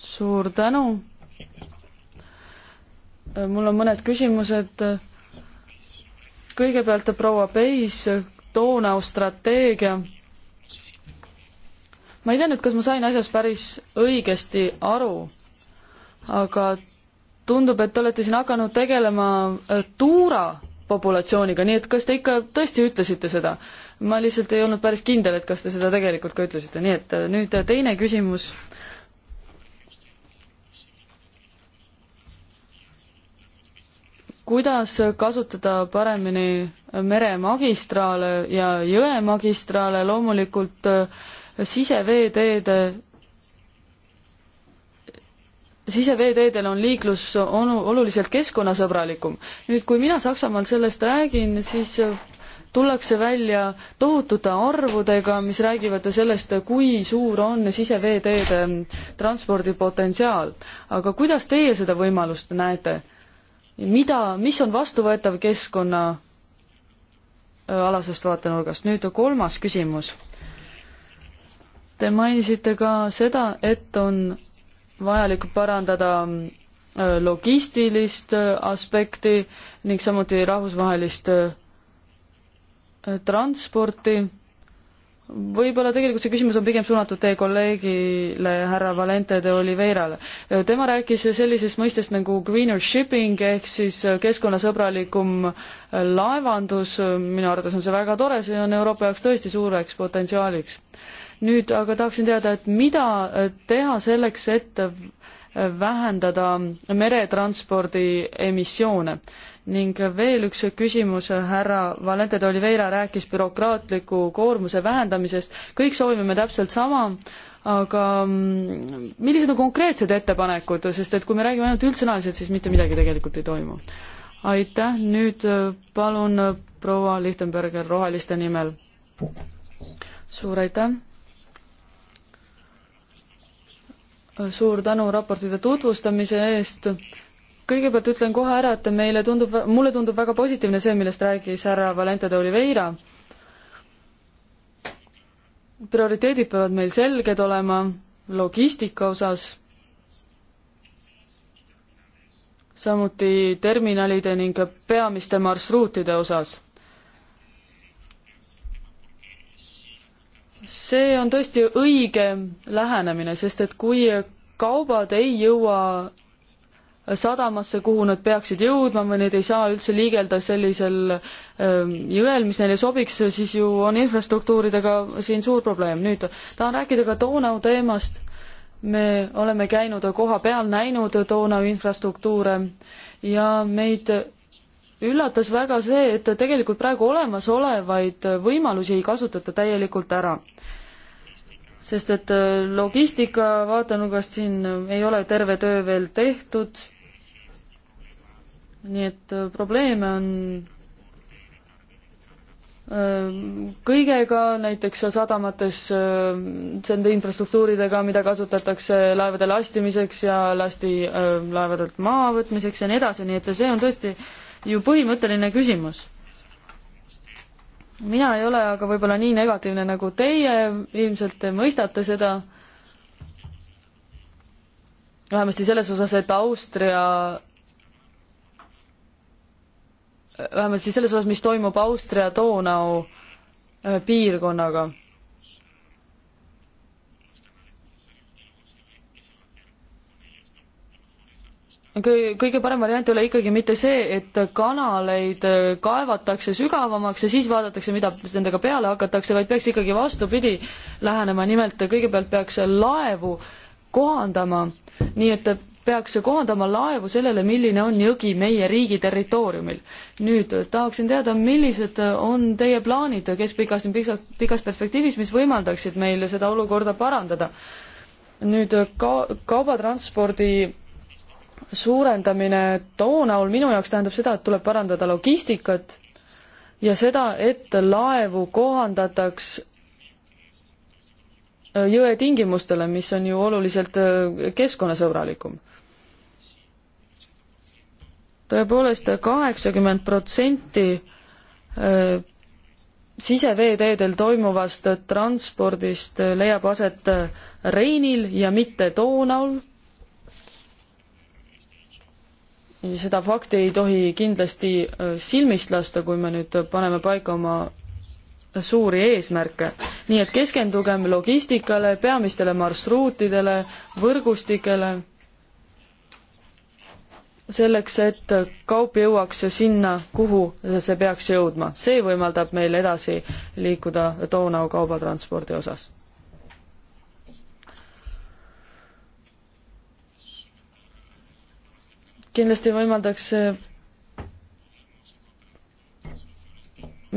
suur tänu. Äh, mul on mõned küsimused. kõigepealt proua Peis, Donau strateegia ma ei tea nüüd, kas ma sain asjast päris õigesti aru aga tundub, et te olete siin hakanud tegelema äh, tuura populatsiooniga, nii et kas te ikka tõesti ütlesite seda? ma lihtsalt ei olnud päris kindel, et kas te seda tegelikult ka ütlesite, nii et äh, nüüd äh, teine küsimus. kuidas kasutada paremini meremagistraale ja jõemagistraale, loomulikult siseveeteede siseveeteedel on liiklus on oluliselt keskkonnasõbralikum. nüüd, kui mina Saksamaal sellest räägin, siis tullakse välja tohutute arvudega, mis räägivad sellest, kui suur on siseveeteede transpordipotentsiaal. aga kuidas teie seda võimalust näete? mida, mis on vastuvõetav keskkonna alasest vaatenurgast? nüüd kolmas küsimus. Te mainisite ka seda, et on vajalik parandada äh, logistilist äh, aspekti ning samuti rahvusvahelist äh, transporti. võib-olla tegelikult see küsimus on pigem suunatud teie kolleegile härra Valente de Oliveirale. tema rääkis sellisest mõistest nagu greener shipping ehk siis keskkonnasõbralikum laevandus, minu arvates on see väga tore, see on Euroopa jaoks tõesti suureks potentsiaaliks nüüd aga tahaksin teada, et mida äh, teha selleks, et äh, vähendada meretranspordi emissioone ning veel üks küsimus, äh, härra Valente de Oliveira rääkis bürokraatliku koormuse vähendamisest, kõik soovime me täpselt sama, aga mm, millised on konkreetsed ettepanekud, sest et kui me räägime ainult üldsõnaliselt, siis mitte midagi tegelikult ei toimu. aitäh, nüüd palun proua Lichtenberger Roheliste nimel. suur aitäh suur tänu raportide tutvustamise eest. kõigepealt ütlen kohe ära, et meile tundub, mulle tundub väga positiivne see, millest rääkis härra Valente de Oliveira. prioriteedid peavad meil selged olema logistika osas, samuti terminalide ning peamiste marsruutide osas see on tõesti õige lähenemine, sest et kui kaubad ei jõua sadamasse, kuhu nad peaksid jõudma või neid ei saa üldse liigelda sellisel ähm, jõel, mis neile sobiks, siis ju on infrastruktuuridega siin suur probleem. nüüd tahan rääkida ka Donau teemast. me oleme käinud koha peal, näinud Donau infrastruktuure ja meid üllatas väga see, et tegelikult praegu olemasolevaid võimalusi ei kasutata täielikult ära. sest et äh, logistika vaatenurgast siin äh, ei ole terve töö veel tehtud, nii et äh, probleeme on kõigega, näiteks sadamates nende infrastruktuuridega, mida kasutatakse laevade lastimiseks ja lasti laevadelt maavõtmiseks ja nii edasi, nii et see on tõesti äh, ju põhimõtteline küsimus. mina ei ole aga võib-olla nii negatiivne nagu teie, ilmselt te mõistate seda, vähemasti selles osas, et Austria vähemasti selles osas, mis toimub Austria-Donau äh, piirkonnaga kõige parem variant ei ole ikkagi mitte see, et kanaleid äh, kaevatakse sügavamaks ja siis vaadatakse, mida nendega peale hakatakse, vaid peaks ikkagi vastupidi lähenema, nimelt kõigepealt peaks laevu kohandama, nii et peaks kohandama laevu sellele, milline on jõgi meie riigi territooriumil. nüüd tahaksin teada, millised on teie plaanid keskpikas, pikas perspektiivis, mis võimaldaksid meil seda olukorda parandada? nüüd ka kaubatranspordi suurendamine Donaul minu jaoks tähendab seda, et tuleb parandada logistikat ja seda, et laevu kohandataks äh, jõe tingimustele, mis on ju oluliselt äh, keskkonnasõbralikum. tõepoolest, kaheksakümmend protsenti äh, siseveeteedel toimuvast transpordist leiab aset Reinil ja mitte Donaul seda fakti ei tohi kindlasti äh, silmist lasta, kui me nüüd paneme paika oma suuri eesmärke. nii et keskendugem logistikale, peamistele marsruutidele, võrgustikele, selleks, et kaup jõuaks sinna, kuhu see peaks jõudma. see võimaldab meil edasi liikuda Donau kaubatranspordi osas kindlasti võimaldaks eh,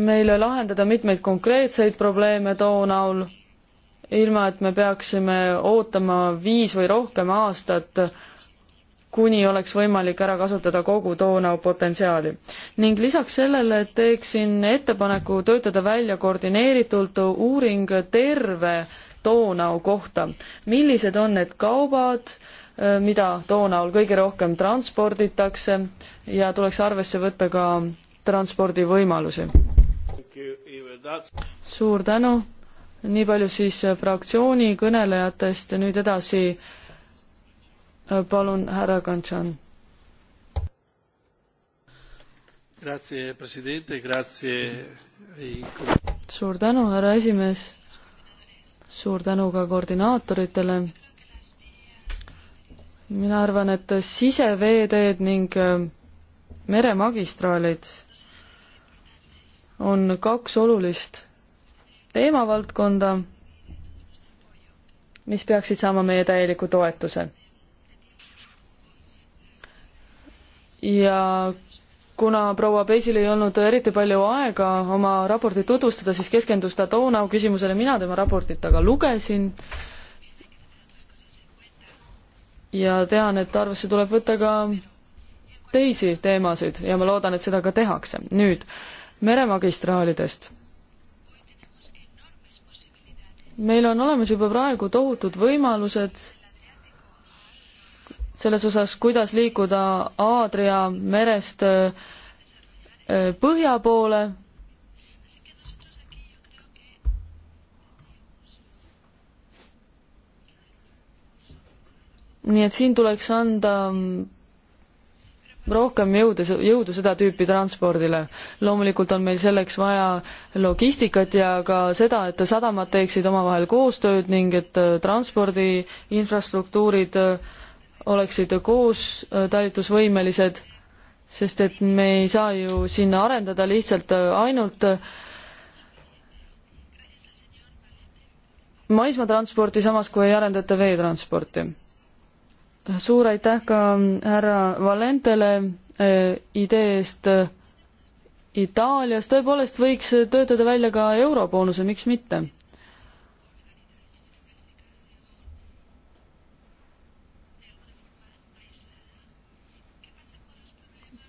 meile lahendada mitmeid konkreetseid probleeme too näol, ilma et me peaksime ootama viis või rohkem aastat, kuni oleks võimalik ära kasutada kogu toona potentsiaali. ning lisaks sellele teeksin ettepaneku töötada välja koordineeritult uuring terve toonau kohta. millised on need kaubad, Äh, mida toonaul kõige rohkem transporditakse ja tuleks arvesse võtta ka transpordivõimalusi. suur tänu, nii palju siis äh, fraktsiooni kõnelejatest ja nüüd edasi äh, palun härra Kantšan. suur tänu, härra esimees, suur tänu ka koordinaatoritele mina arvan, et siseveeteed ning äh, meremagistraalid on kaks olulist teemavaldkonda, mis peaksid saama meie täieliku toetuse. ja kuna proua Peisil ei olnud eriti palju aega oma raportit tutvustada, siis keskendus ta Donau küsimusele, mina tema raportit aga lugesin ja tean, et arvesse tuleb võtta ka teisi teemasid ja ma loodan, et seda ka tehakse. nüüd meremagistraalidest. meil on olemas juba praegu tohutud võimalused selles osas, kuidas liikuda Aadria merest äh, põhja poole nii et siin tuleks anda rohkem jõudu, jõudu seda tüüpi transpordile. loomulikult on meil selleks vaja logistikat ja ka seda, et sadamad teeksid omavahel koostööd ning et äh, transpordi infrastruktuurid äh, oleksid koos äh, talitusvõimelised, sest et me ei saa ju sinna arendada lihtsalt ainult maismaatransporti, samas kui ei arendata veetransporti suur aitäh ka härra Valentele eh, idee eest eh, Itaalias, tõepoolest võiks töötada välja ka euroboonuse, miks mitte?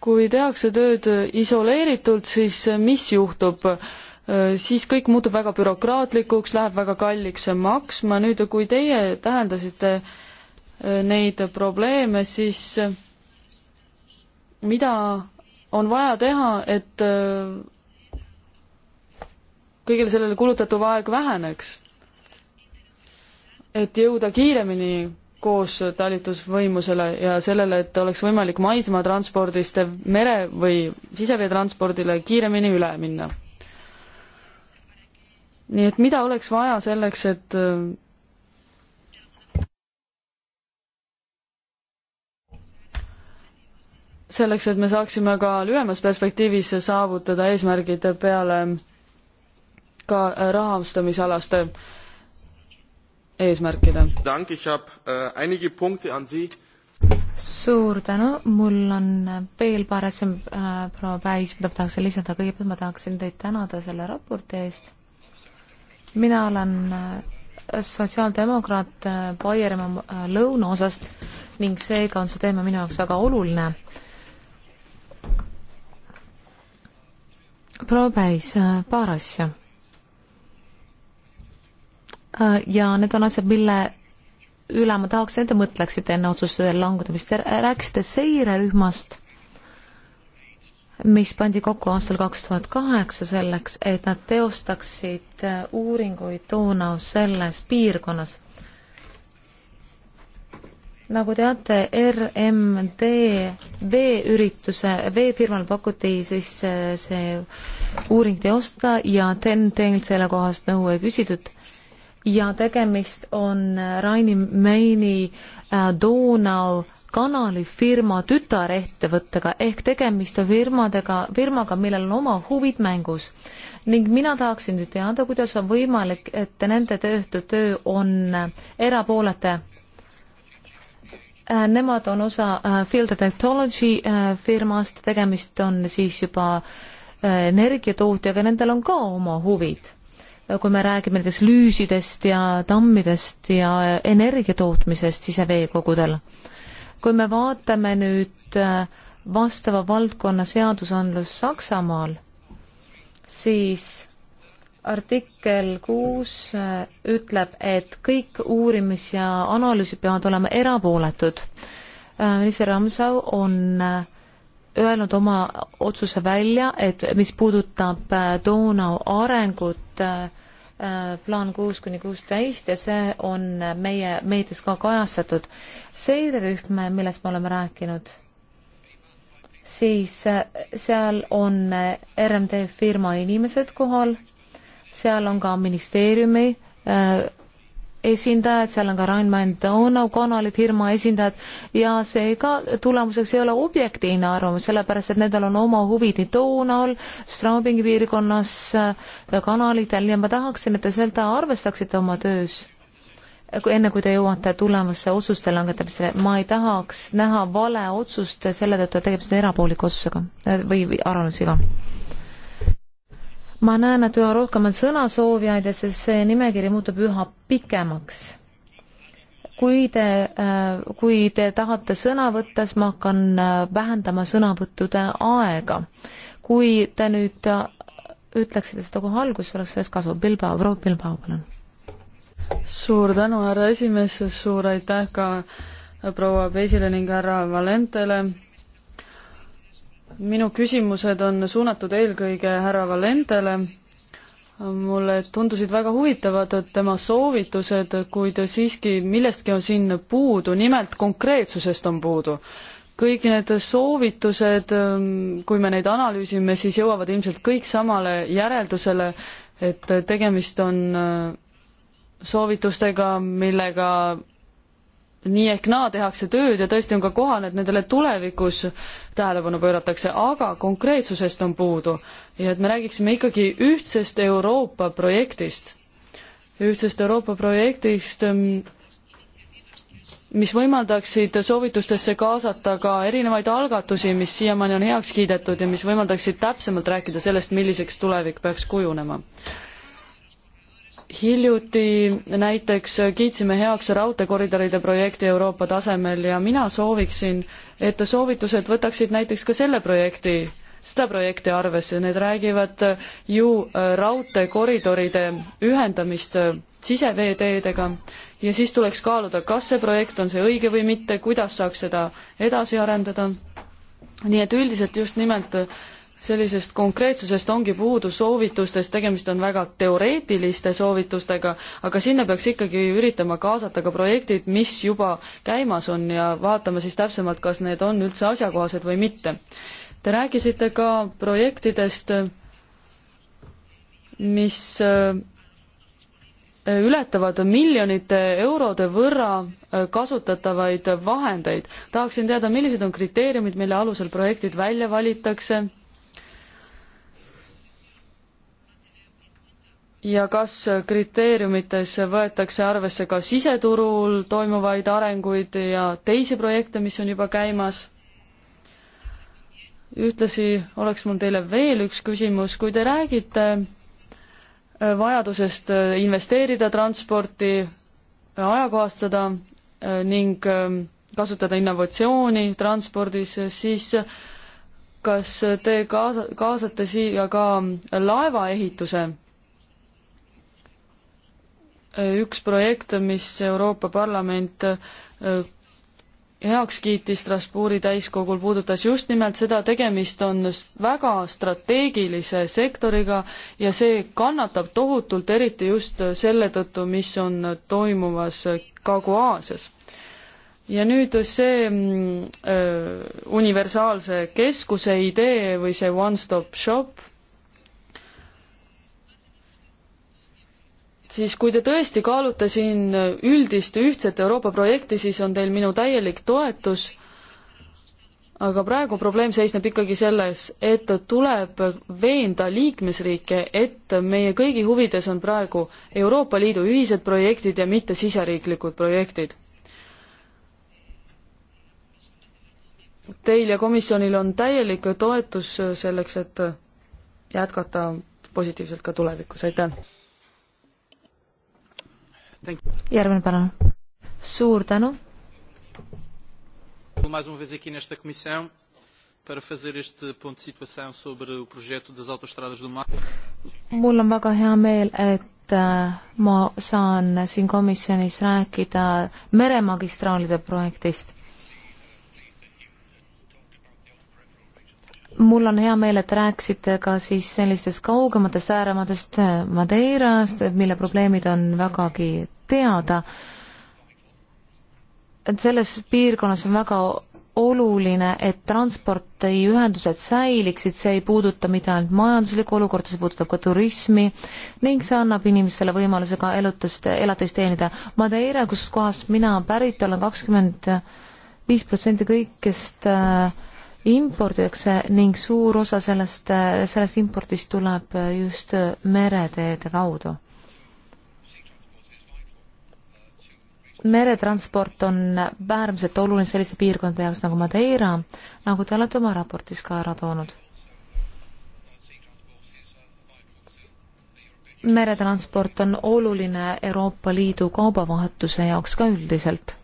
kui tehakse tööd isoleeritult, siis mis juhtub? Eh, siis kõik muutub väga bürokraatlikuks, läheb väga kalliks maksma, nüüd kui teie tähendasite äh, Äh, neid probleeme, siis äh, mida on vaja teha, et äh, kõigele sellele kulutatav aeg väheneks? et jõuda kiiremini koos talitusvõimusele ja sellele, et oleks võimalik maismaatranspordist mere- või siseveetranspordile kiiremini üle minna. nii et mida oleks vaja selleks, et selleks, et me saaksime ka lühemas perspektiivis saavutada eesmärgid peale ka rahastamisalaste eesmärkide. Äh, suur tänu,
mul on veel paar asja äh,, proua Päis, mida ma tahaksin lisada, kõigepealt ma tahaksin teid tänada selle raporti eest. mina olen äh, sotsiaaldemokraat äh, Baierimaa lõunaosast ning seega on see teema minu jaoks väga oluline äh, proua Päis, äh, paar asja. Äh, ja need on asjad, mille üle ma tahaks, et te mõtleksite enne otsuste langetamist. Te rääkisite seirerühmast, mis pandi kokku aastal kaks tuhat kaheksa selleks, et nad teostaksid äh, uuringuid Donaus selles piirkonnas nagu teate, RMD veeürituse, veefirmal pakuti siis see uuring teosta ja TEN-TEN-ilt sellekohast nõu ei küsitud ja tegemist on Raini Meini äh, Donau kanalifirma tütarettevõttega ehk tegemist on firmadega, firmaga, millel on oma huvid mängus. ning mina tahaksin nüüd teada, kuidas on võimalik, et nende tehtud töö on erapoolete Äh, nemad on osa äh, Field Technology äh, firmast, tegemist on siis juba energiatootjaga, nendel on ka oma huvid. kui me räägime näiteks lüüsidest ja tammidest ja energiatootmisest siseveekogudel. kui me vaatame nüüd vastava valdkonna seadusandlust Saksamaal, siis artikkel kuus äh, ütleb, et kõik uurimis- ja analüüsid peavad olema erapooletud. Äh, minister Ramsau on äh, öelnud oma otsuse välja, et mis puudutab Donau arengut, plaan kuus kuni kuusteist ja see on meie meedias ka kajastatud. seirerühm, millest me oleme rääkinud, siis seal on RMD firma inimesed kohal seal on ka ministeeriumi äh, esindajad, seal on ka Rhein-Main-Donau kanalid, Hirmu esindajad ja seega tulemuseks ei ole objektiivne arvamus, sellepärast et nendel on oma huvid nii Donaul, Straubingi piirkonnas äh,, kanalitel ja ma tahaksin, et te seda arvestaksite oma töös enne kui te jõuate tulemusse otsuste langetamisele, ma ei tahaks näha vale otsust selle tõttu, et tegemist on erapooliku otsusega äh, või arvamusega ma näen, et üha rohkem on sõnasoovijaid ja siis see nimekiri muutub üha pikemaks kui te, äh, kui te tahate sõna võtta, siis ma hakkan äh, vähendama sõnavõttude aega. kui te nüüd äh, ütleksite seda kohe alguses, oleks sellest kasu. Bilbao, proua Bilbao, palun.
suur tänu, härra esimees, suur aitäh ka proua Peisile ning härra Valentele minu küsimused on suunatud eelkõige härra Valentele. mulle tundusid väga huvitavad tema soovitused, kuid siiski millestki on siin puudu, nimelt konkreetsusest on puudu. kõik need soovitused, kui me neid analüüsime, siis jõuavad ilmselt kõik samale järeldusele, et tegemist on soovitustega, millega nii ehk naa tehakse tööd ja tõesti on ka kohane, et nendele tulevikus tähelepanu pööratakse, aga konkreetsusest on puudu ja et me räägiksime ikkagi ühtsest Euroopa projektist. ühtsest Euroopa projektist, mm, mis võimaldaksid soovitustesse kaasata ka erinevaid algatusi, mis siiamaani on heaks kiidetud ja mis võimaldaksid täpsemalt rääkida sellest, milliseks tulevik peaks kujunema hiljuti näiteks kiitsime heaks raudteekoridoride projekti Euroopa tasemel ja mina sooviksin, et soovitused võtaksid näiteks ka selle projekti, seda projekti arvesse, need räägivad ju raudteekoridoride ühendamist siseveeteedega ja siis tuleks kaaluda, kas see projekt on see õige või mitte, kuidas saaks seda edasi arendada. nii et üldiselt just nimelt sellisest konkreetsusest ongi puudu soovitustes, tegemist on väga teoreetiliste soovitustega, aga sinna peaks ikkagi üritama kaasata ka projektid, mis juba käimas on ja vaatame siis täpsemalt, kas need on üldse asjakohased või mitte. Te rääkisite ka projektidest, mis äh, ületavad miljonite eurode võrra äh, kasutatavaid vahendeid. tahaksin teada, millised on kriteeriumid, mille alusel projektid välja valitakse ja kas kriteeriumites võetakse arvesse ka siseturul toimuvaid arenguid ja teisi projekte, mis on juba käimas? ühtlasi oleks mul teile veel üks küsimus, kui te räägite äh, vajadusest äh, investeerida transporti, äh, ajakohastada ning ähm, kasutada innovatsiooni transpordis, siis kas te kaasa, kaasate siia ka laevaehituse? üks projekt, mis Euroopa Parlament äh, heaks kiitis Strasbourgi täiskogul, puudutas just nimelt seda, tegemist on väga strateegilise sektoriga ja see kannatab tohutult, eriti just selle tõttu, mis on toimumas Kagu-Aasias. ja nüüd see öö, mm, äh, universaalse keskuse idee või see one-stop shop siis kui te tõesti kaalute siin üldist ühtset Euroopa projekti, siis on teil minu täielik toetus, aga praegu probleem seisneb ikkagi selles, et tuleb veenda liikmesriike, et meie kõigi huvides on praegu Euroopa Liidu ühised projektid ja mitte siseriiklikud projektid. Teil ja komisjonil on täielik toetus selleks, et jätkata positiivselt ka tulevikus, aitäh! järgmine, palun.
suur tänu.
Mais uma vez aqui nesta comissão
para fazer este ponto de situação sobre o projeto das autostradas do mar.
mul on väga hea meel, et äh, ma saan siin komisjonis rääkida meremagistraalide projektist. mul on hea meel, et rääkisite ka siis sellistest kaugematest ääremaadest äh, Madeirast, mille probleemid on vägagi teada, et selles piirkonnas on väga oluline, et transpordiühendused säiliksid, see ei puuduta mitte ainult majanduslikku olukorda, see puudutab ka turismi ning see annab inimestele võimaluse ka elutust, elatist teenida. Madeira, kust kohast mina pärit olen, kakskümmend viis protsenti kõikest äh, imporditakse ning suur osa sellest, äh, sellest impordist tuleb just mereteede kaudu meretransport on äärmiselt oluline selliste piirkondade jaoks nagu Madeira, nagu te olete oma raportis ka ära toonud. meretransport on oluline Euroopa Liidu kaubavahetuse jaoks ka üldiselt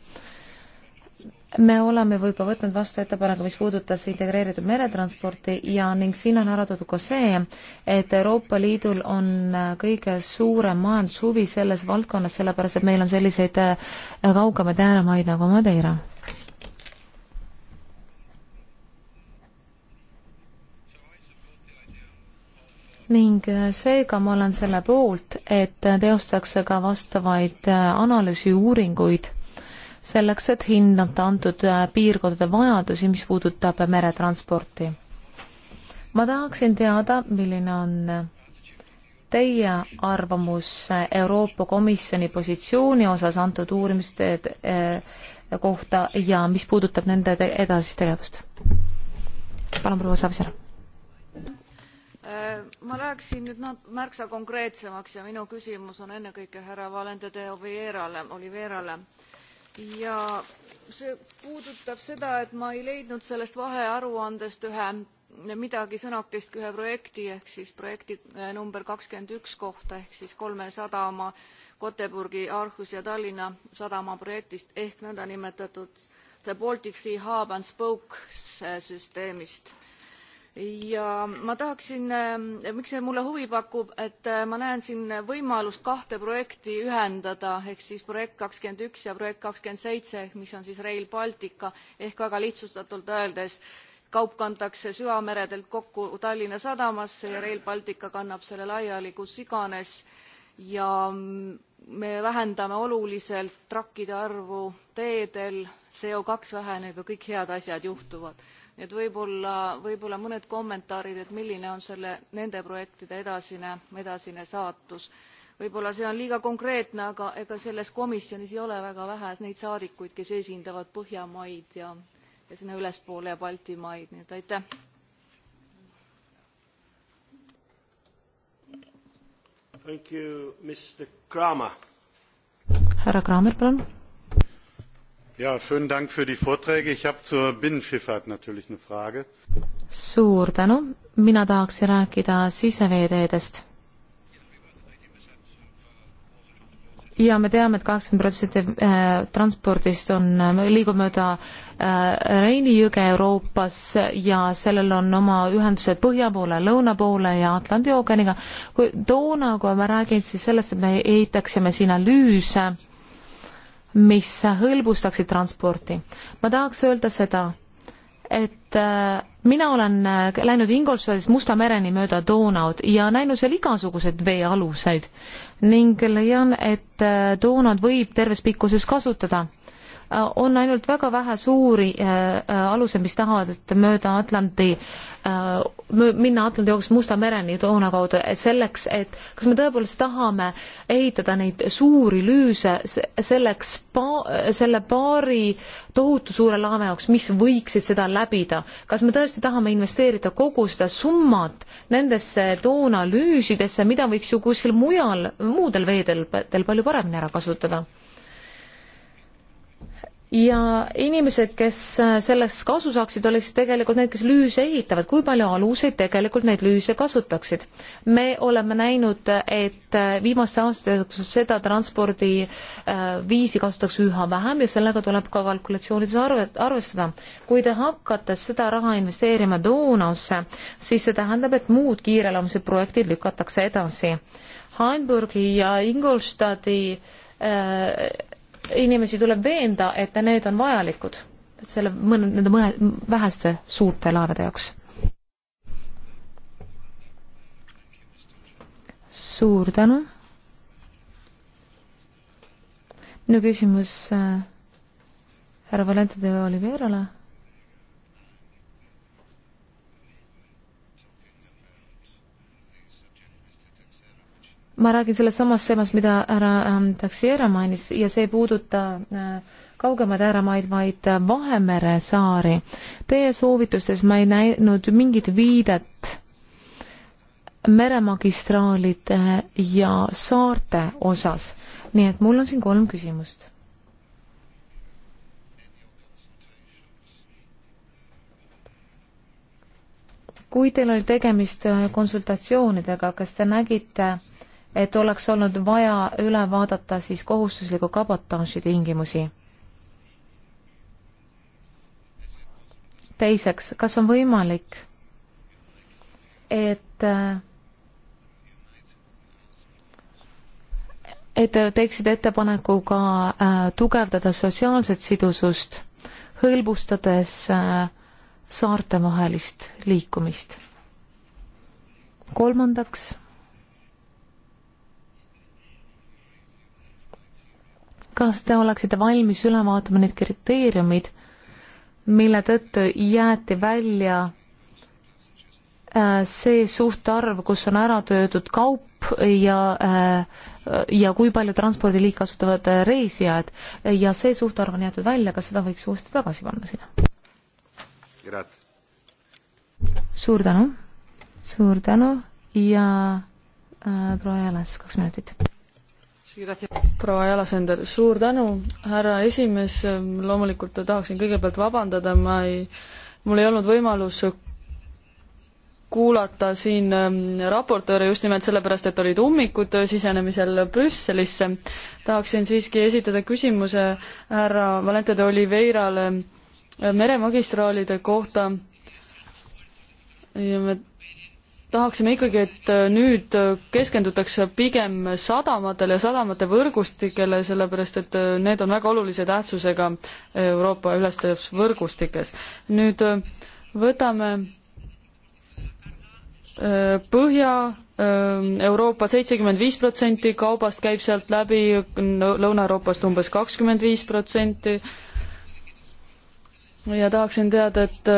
me oleme juba võtnud vastu ettepaneku, mis puudutas integreeritud meretransporti ja ning siin on ära toodud ka see, et Euroopa Liidul on kõige suurem majandushuvi selles valdkonnas, sellepärast et meil on selliseid äh, kaugemaid ääremaid nagu Madeira. ning äh, seega ma olen selle poolt, et teostakse ka vastavaid äh, analüüsiuuringuid selleks, et hinnata antud äh, piirkondade vajadusi, mis puudutab meretransporti. ma tahaksin teada, milline on äh, teie arvamus äh, Euroopa Komisjoni positsiooni osas antud uurimiste kohta ja mis puudutab nende edasist tegevust? palun, proua Savisaar.
ma läheksin nüüd nad- märksa konkreetsemaks ja minu küsimus on ennekõike härra Valente de Oliveirale, Oliveirale. Oliveirale ja see puudutab seda et ma ei leidnud sellest vahearuandest ühe midagi sõnakest ühe projekti ehk siis projekti eh, number kohta ehk siis kolme sadama göteborgi aarhus ja tallinna sadama projektist ehk nõndanimetatud the baltic sea hub and spoke eh, süsteemist ja ma tahaksin, ähm, miks see mulle huvi pakub, et äh, ma näen siin võimalust kahte projekti ühendada ehk siis projekt kakskümmend üks ja projekt kakskümmend seitse ehk mis on siis Rail Baltica ehk väga lihtsustatult öeldes kaup kantakse süvameredelt kokku Tallinna sadamasse ja Rail Baltica kannab selle laiali kus iganes ja mm, me vähendame oluliselt trakkide arvu teedel, CO2 väheneb ja kõik head asjad juhtuvad nii et võib-olla, võib-olla mõned kommentaarid, et milline on selle, nende projektide edasine, edasine saatus. võib-olla see on liiga konkreetne, aga ega selles komisjonis ei ole väga vähe neid saadikuid, kes esindavad Põhjamaid ja, ja sinna ülespoole ja Baltimaid, nii et aitäh.
härra Kraamer, palun
ja, schönen Dank für die Vorträge. Ich habe zur Binnenschifffahrt natürlich eine Frage.
suur tänu, mina tahaksin rääkida siseveeteedest. ja me teame et, et kaheksakümmend protsenti äh, transpordist on, äh, liigub mööda äh, Reini jõge Euroopas ja sellel on oma ühendused põhja poole, lõuna poole ja Atlandi ookeaniga. kui toona, kui ma räägin siis sellest, et me ehitaksime sinna lüüse mis hõlbustaksid transporti. ma tahaks öelda seda, et äh, mina olen äh, läinud Ingolstadist Musta mereni mööda Donaud ja näinud seal igasuguseid veealuseid ning leian, et äh, Donaud võib terves pikkuses kasutada Äh, on ainult väga vähe suuri äh, äh, aluse, mis tahavad, et mööda Atlandi, minna Atlandi jooksma Musta mereni toona kaudu, selleks, et kas me tõepoolest tahame ehitada neid suuri lüüse selleks pa-, selle paari tohutu suure laeva jaoks, mis võiksid seda läbida. kas me tõesti tahame investeerida kogu seda summat nendesse toonalüüsidesse, mida võiks ju kuskil mujal, muudel veeteedel palju paremini ära kasutada? ja inimesed, kes äh, sellest kasu saaksid, oleksid tegelikult need, kes lüüse ehitavad, kui palju aluseid tegelikult neid lüüse kasutaksid. me oleme näinud, et äh, viimaste aastate jooksul seda transpordiviisi äh, kasutatakse üha vähem ja sellega tuleb ka kalkulatsioonides arve, arvestada. kui te hakkate seda raha investeerima Donausse, siis see tähendab, et muud kiireloomulised projektid lükatakse edasi. Hamburgi ja Ingolstadti äh, inimesi tuleb veenda, et need on vajalikud selle mõne, nende mõne, väheste suurte laevade jaoks. suur tänu. minu küsimus äh, härra Valente de Oliveirale ma räägin sellest samast teemast, mida härra ähm, Taxiera mainis ja see ei puuduta äh, kaugemaid ääremaid, vaid äh, Vahemere saari. Teie soovitustes ma ei näinud mingit viidet meremagistraalide ja saarte osas, nii et mul on siin kolm küsimust. kui teil oli tegemist äh, konsultatsioonidega, kas te nägite et oleks olnud vaja üle vaadata siis kohustusliku kabotaaži tingimusi. teiseks, kas on võimalik, et et teeksid ettepaneku ka äh, tugevdada sotsiaalset sidusust, hõlbustades äh, saartevahelist liikumist. kolmandaks kas te oleksite valmis üle vaatama need kriteeriumid, mille tõttu jäeti välja äh, see suhtarv, kus on ära töötud kaup ja, äh, ja kui palju transpordiliik kasutavad äh, reisijad ja see suhtarv on jäetud välja, kas seda võiks uuesti tagasi panna sinna? suur tänu, suur tänu ja äh, proua Jäles, kaks minutit
proua Jalasender, suur tänu, härra esimees, loomulikult tahaksin kõigepealt vabandada, ma ei, mul ei olnud võimalus kuulata siin ähm, raportööre just nimelt sellepärast, et olid ummikud sisenemisel Brüsselisse. tahaksin siiski esitada küsimuse härra Valente de Oliveirale äh, meremagistraalide kohta. ja me tahaksime ikkagi, et äh, nüüd äh, keskendutakse pigem sadamatele ja sadamate võrgustikele, sellepärast et äh, need on väga olulise tähtsusega Euroopa ülestes võrgustikes. nüüd võtame Põhja Euroopa seitsekümmend viis protsenti kaubast käib sealt läbi, Lõuna-Euroopast umbes kakskümmend viis protsenti. ja tahaksin teada, et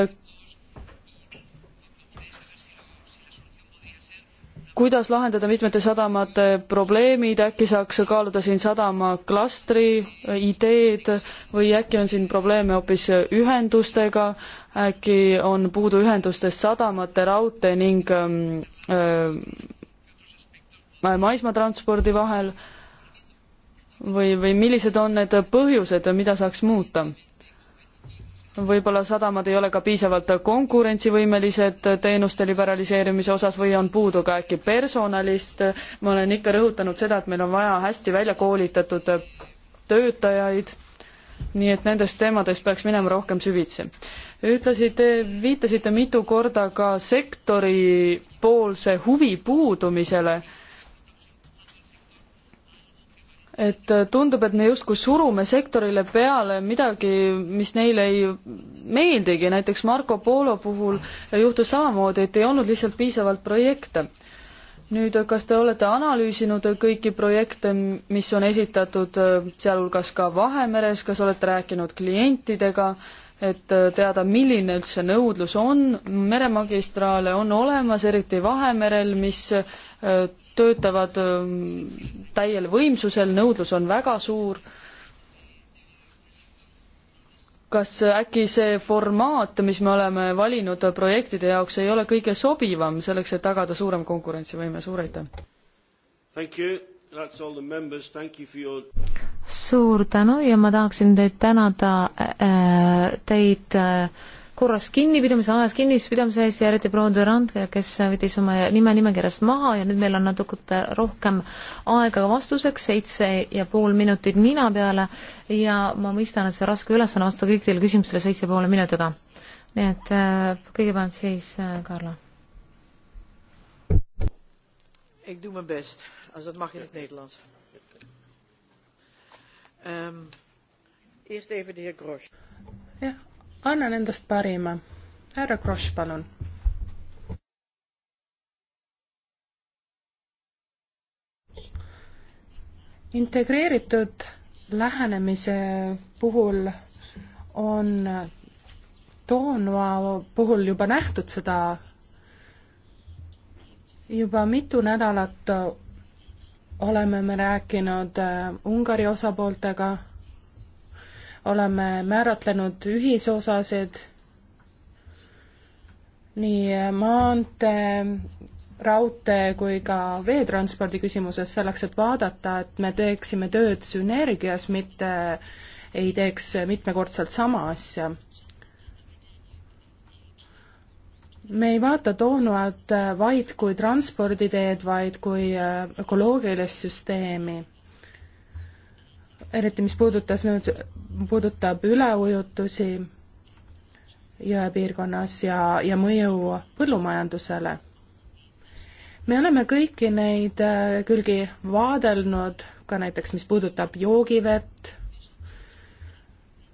kuidas lahendada mitmete sadamate probleemid, äkki saaks kaaluda siin sadamaklastri ideed või äkki on siin probleeme hoopis ühendustega, äkki on puudu ühendustest sadamate, raudtee ning öö, ähm, äh, maismaatranspordi vahel või, või millised on need põhjused, mida saaks muuta? võib-olla sadamad ei ole ka piisavalt konkurentsivõimelised teenuste liberaliseerimise osas või on puudu ka äkki personalist. ma olen ikka rõhutanud seda, et meil on vaja hästi välja koolitatud töötajaid, nii et nendest teemadest peaks minema rohkem süvitsi. ütlesite, viitasite mitu korda ka sektoripoolse huvi puudumisele et äh, tundub, et me justkui surume sektorile peale midagi, mis neile ei meeldigi, näiteks Marco Polo puhul juhtus samamoodi, et ei olnud lihtsalt piisavalt projekte. nüüd, kas te olete analüüsinud kõiki projekte, mis on esitatud, äh, sealhulgas ka Vahemeres, kas olete rääkinud klientidega äh,, et äh, teada, milline üldse nõudlus on, meremagistraale on olemas, eriti Vahemerel, mis äh, töötavad ähm, täiel võimsusel, nõudlus on väga suur. kas äkki see formaat, mis me oleme valinud projektide jaoks, ei ole kõige sobivam selleks, et tagada suurem konkurentsivõime, suur aitäh!
Your...
suur tänu ja ma
tahaksin teid tänada äh,, teid äh, korras kinnipidamise, ajas kinnipidamise eest ja eriti proua Durand, kes võttis oma nime nimekirjast maha ja nüüd meil on natuke äh, rohkem aega vastuseks, seitse ja pool minutit nina peale ja ma mõistan, et see raske ülesanne vastab kõikidele küsimustele seitse poole minutiga. nii et äh, kõigepealt siis äh, Karla.
Ik doe mijn
best als dat mag in het Nederlands. Um, eerst even de heer Grosch.
jah, annan endast parima. härra Grosch, palun. integreeritud lähenemise puhul on toonua puhul juba nähtud seda juba mitu nädalat oleme me rääkinud äh, Ungari osapooltega, oleme määratlenud ühisosasid nii äh, maantee, raudtee kui ka veetranspordi küsimuses selleks, et vaadata, et me teeksime tööd sünergias, mitte ei teeks mitmekordselt sama asja me ei vaata Doonat äh, vaid kui transporditeed, vaid kui äh, ökoloogilist süsteemi. eriti, mis puudutas nüüd, puudutab üleujutusi jõepiirkonnas ja, ja mõju põllumajandusele. me oleme kõiki neid äh, külgi vaadelnud, ka näiteks mis puudutab joogivett,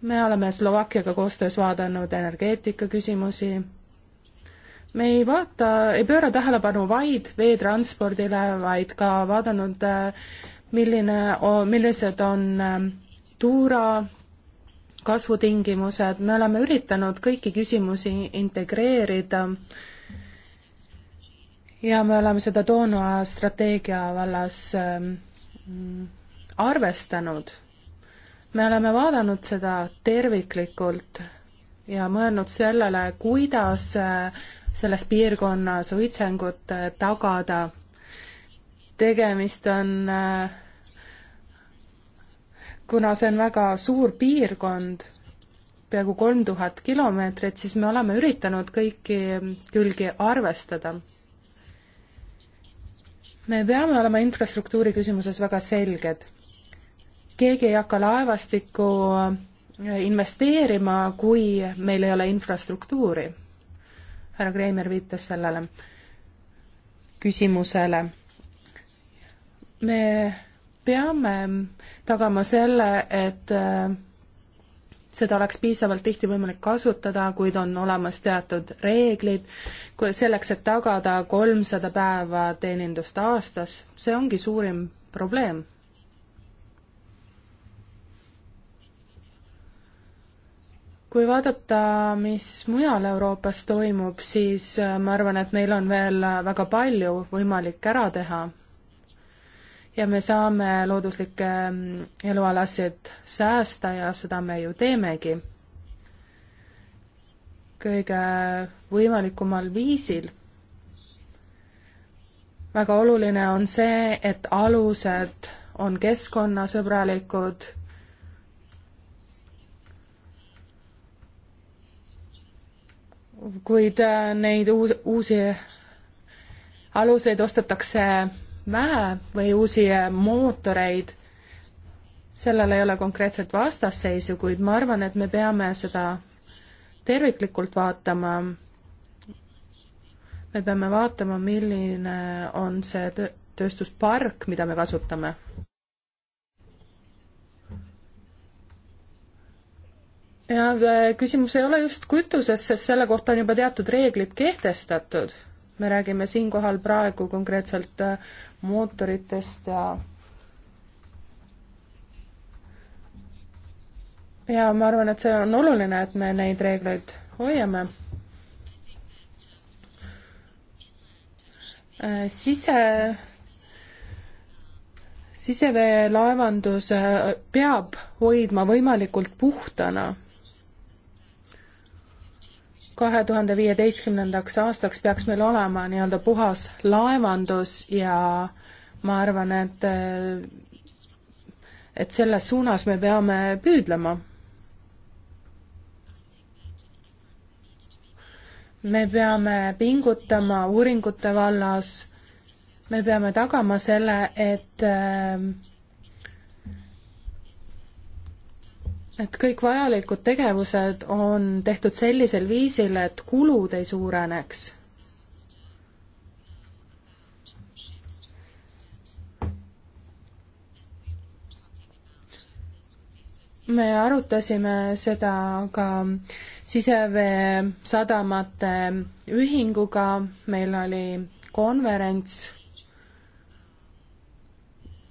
me oleme Slovakkiaga koostöös vaadanud energeetika küsimusi me ei vaata, ei pööra tähelepanu vaid veetranspordile, vaid ka vaadanud, äh, milline, millised on ähm, tuura kasvutingimused, me oleme üritanud kõiki küsimusi integreerida ja me oleme seda toona strateegia vallas ähm, arvestanud. me oleme vaadanud seda terviklikult ja mõelnud sellele, kuidas äh, selles piirkonnas õitsengut äh, tagada. tegemist on, äh, kuna see on väga suur piirkond, peaaegu kolm tuhat kilomeetrit, siis me oleme üritanud kõiki külgi arvestada. me peame olema infrastruktuuri küsimuses väga selged. keegi ei hakka laevastikku äh, investeerima, kui meil ei ole infrastruktuuri härra Kreimer viitas sellele küsimusele. me peame tagama selle, et äh, seda oleks piisavalt tihti võimalik kasutada, kuid on olemas teatud reeglid selleks, et tagada kolmsada päeva teenindust aastas, see ongi suurim probleem kui vaadata, mis mujal Euroopas toimub, siis äh, ma arvan, et meil on veel äh, väga palju võimalik ära teha. ja me saame looduslikke mm, elualasid säästa ja seda me ju teemegi kõige võimalikumal viisil. väga oluline on see, et alused on keskkonnasõbralikud kuid äh, neid uus, uusi aluseid ostetakse vähe või uusi äh, mootoreid, sellel ei ole konkreetset vastasseisu, kuid ma arvan, et me peame seda terviklikult vaatama. me peame vaatama, milline on see tööstuspark, mida me kasutame. ja äh, küsimus ei ole just kütuses, sest selle kohta on juba teatud reeglid kehtestatud. me räägime siinkohal praegu konkreetselt äh, mootoritest ja ja ma arvan, et see on oluline, et me neid reegleid hoiame. Äh, sise, siseveelaevandus peab hoidma võimalikult puhtana kahe tuhande viieteistkümnendaks aastaks peaks meil olema nii-öelda puhas laevandus ja ma arvan, et et selles suunas me peame püüdlema. me peame pingutama uuringute vallas, me peame tagama selle, et äh, et kõik vajalikud tegevused on tehtud sellisel viisil, et kulud ei suureneks me arutasime seda ka siseveesadamate ühinguga, meil oli konverents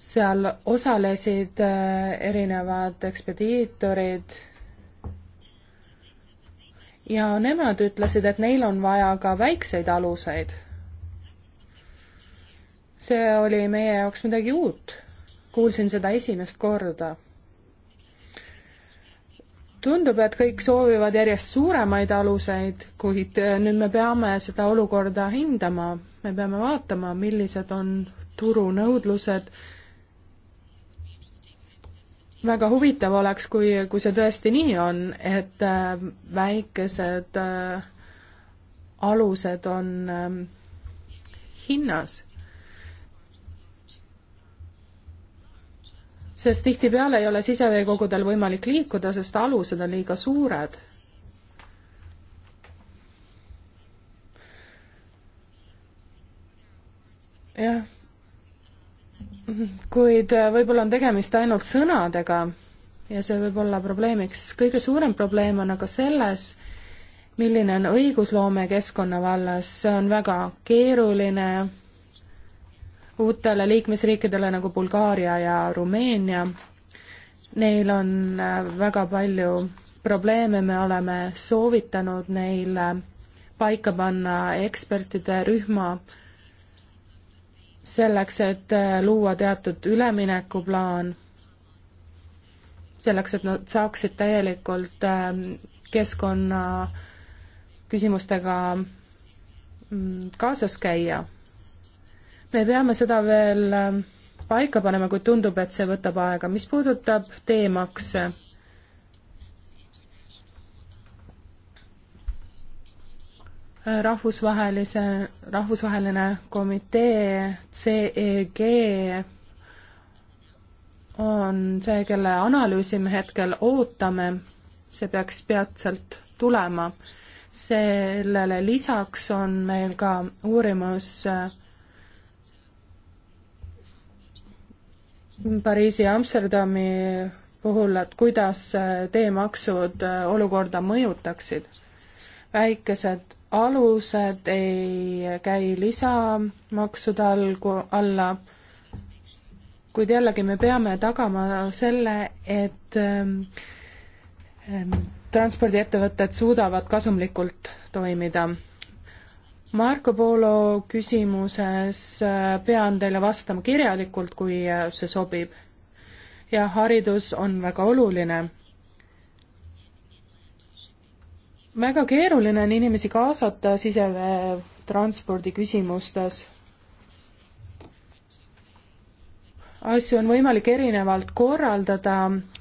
seal osalesid äh, erinevad ekspediitorid ja nemad ütlesid, et neil on vaja ka väikseid aluseid. see oli meie jaoks midagi uut. kuulsin seda esimest korda. tundub, et kõik soovivad järjest suuremaid aluseid, kuid äh, nüüd me peame seda olukorda hindama. me peame vaatama, millised on turunõudlused väga huvitav oleks, kui, kui see tõesti nii on, et äh, väikesed äh, alused on äh, hinnas. sest tihtipeale ei ole siseveekogudel võimalik liikuda, sest alused on liiga suured. jah kuid äh, võib-olla on tegemist ainult sõnadega ja see võib olla probleemiks. kõige suurem probleem on aga selles, milline on õigusloome keskkonna vallas, see on väga keeruline uutele liikmesriikidele nagu Bulgaaria ja Rumeenia. Neil on äh, väga palju probleeme, me oleme soovitanud neile paika panna ekspertide rühma, selleks, et äh, luua teatud üleminekuplaan, selleks, et nad saaksid täielikult ähm, keskkonna küsimustega mm, kaasas käia. me peame seda veel ähm, paika panema, kui tundub, et see võtab aega. mis puudutab teemakse rahvusvahelise, rahvusvaheline komitee CEG on see, kelle analüüsi me hetkel ootame, see peaks peatselt tulema. sellele lisaks on meil ka uurimus äh, Pariisi ja Amsterdami puhul, et kuidas äh, teemaksud äh, olukorda mõjutaksid. väikesed alused ei käi lisamaksude all, alla, kuid jällegi me peame tagama selle, et ähm, ähm transpordiettevõtted suudavad kasumlikult toimida. Marko Polo küsimuses äh, pean teile vastama kirjalikult, kui äh, see sobib. ja haridus on väga oluline väga keeruline on inimesi kaasata siseveetranspordi küsimustes. asju on võimalik erinevalt korraldada,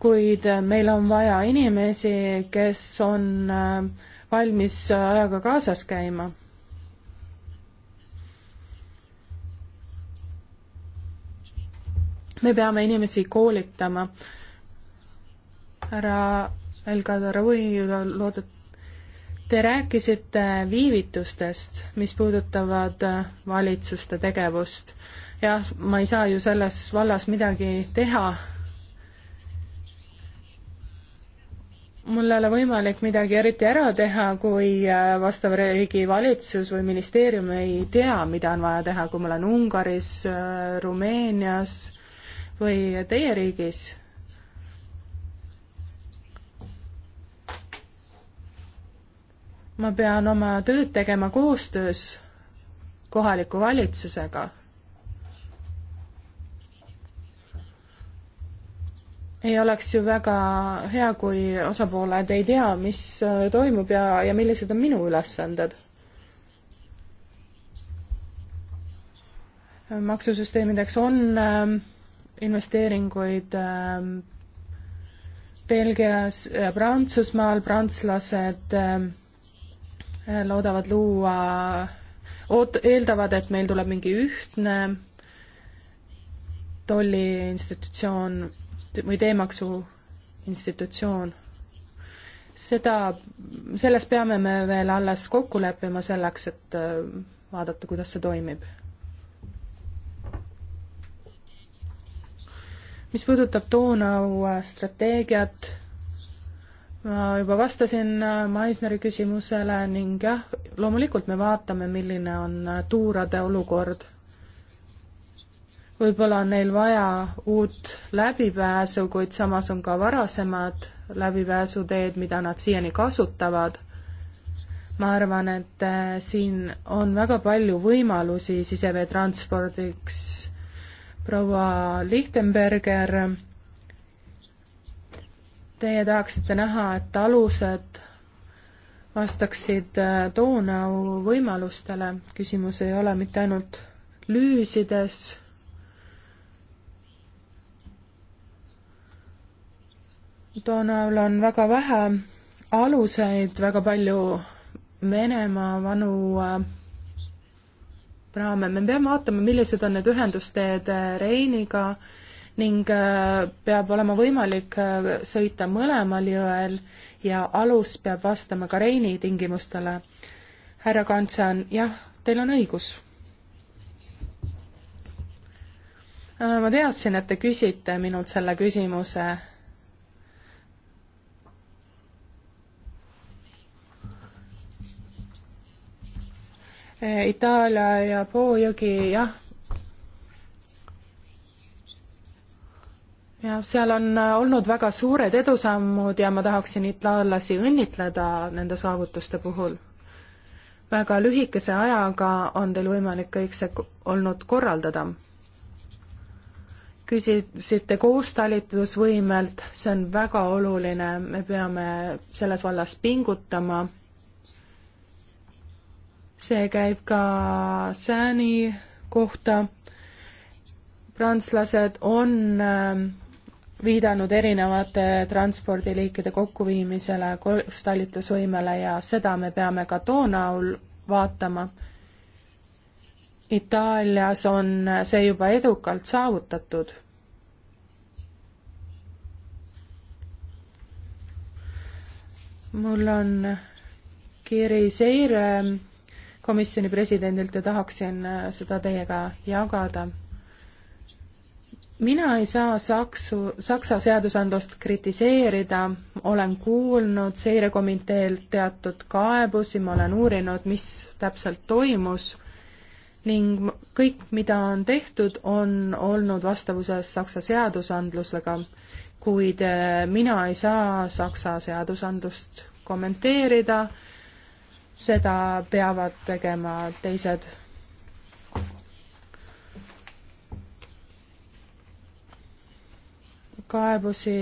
kuid meil on vaja inimesi, kes on äh, valmis äh, ajaga kaasas käima. me peame inimesi koolitama. härra El Kadaroui loodet-, Te rääkisite viivitustest, mis puudutavad valitsuste tegevust. jah, ma ei saa ju selles vallas midagi teha. mul ei ole võimalik midagi eriti ära teha, kui vastav riigi valitsus või ministeerium ei tea, mida on vaja teha, kui ma olen Ungaris, Rumeenias või teie riigis ma pean oma tööd tegema koostöös kohaliku valitsusega. ei oleks ju väga hea, kui osapooled ei tea, mis äh, toimub ja, ja millised on minu ülesanded. maksusüsteemideks on ähm, investeeringuid ähm, Belgias ja äh, Prantsusmaal, prantslased äh, Eh, loodavad luua, oot-, eeldavad, et meil tuleb mingi ühtne tolliinstitutsioon või teemaksu institutsioon. seda, selles peame me veel alles kokku leppima selleks, et eh, vaadata, kuidas see toimib. mis puudutab Donau eh, strateegiat, ma juba vastasin äh, Maisneri küsimusele ning jah, loomulikult me vaatame, milline on äh, tuurade olukord. võib-olla on neil vaja uut läbipääsu, kuid samas on ka varasemad läbipääsuteed, mida nad siiani kasutavad. ma arvan, et äh, siin on väga palju võimalusi siseveetranspordiks. proua Lichtenberger Teie tahaksite näha, et alused vastaksid Donau äh, võimalustele, küsimus ei ole mitte ainult lüüsides, Donaul on väga vähe aluseid, väga palju Venemaa vanu äh, praame, me peame vaatama, millised on need ühendusteed äh, Reiniga, ning äh, peab olema võimalik äh, sõita mõlemal jõel ja alus peab vastama ka Reini tingimustele. härra Kantsan, jah, teil on õigus. Äh, ma teadsin, et te küsite minult selle küsimuse Itaalia ja Poojõgi, jah, ja seal on äh, olnud väga suured edusammud ja ma tahaksin itaallasi õnnitleda nende saavutuste puhul. väga lühikese ajaga on teil võimalik kõik see olnud korraldada. küsisite koostalitusvõimelt, see on väga oluline, me peame selles vallas pingutama. see käib ka SAN-i kohta prantslased on ähm, viidanud erinevate transpordiliikide kokkuviimisele, koostalitlusvõimele ja seda me peame ka Donaul vaatama. Itaalias on see juba edukalt saavutatud. mul on kiri seire komisjoni presidendilt ja tahaksin seda teiega jagada mina ei saa Saksu, Saksa seadusandlust kritiseerida, olen kuulnud seirekomiteelt teatud kaebusi, ma olen uurinud, mis täpselt toimus ning kõik, mida on tehtud, on olnud vastavuses Saksa seadusandlusega, kuid äh, mina ei saa Saksa seadusandlust kommenteerida, seda peavad tegema teised kaebusi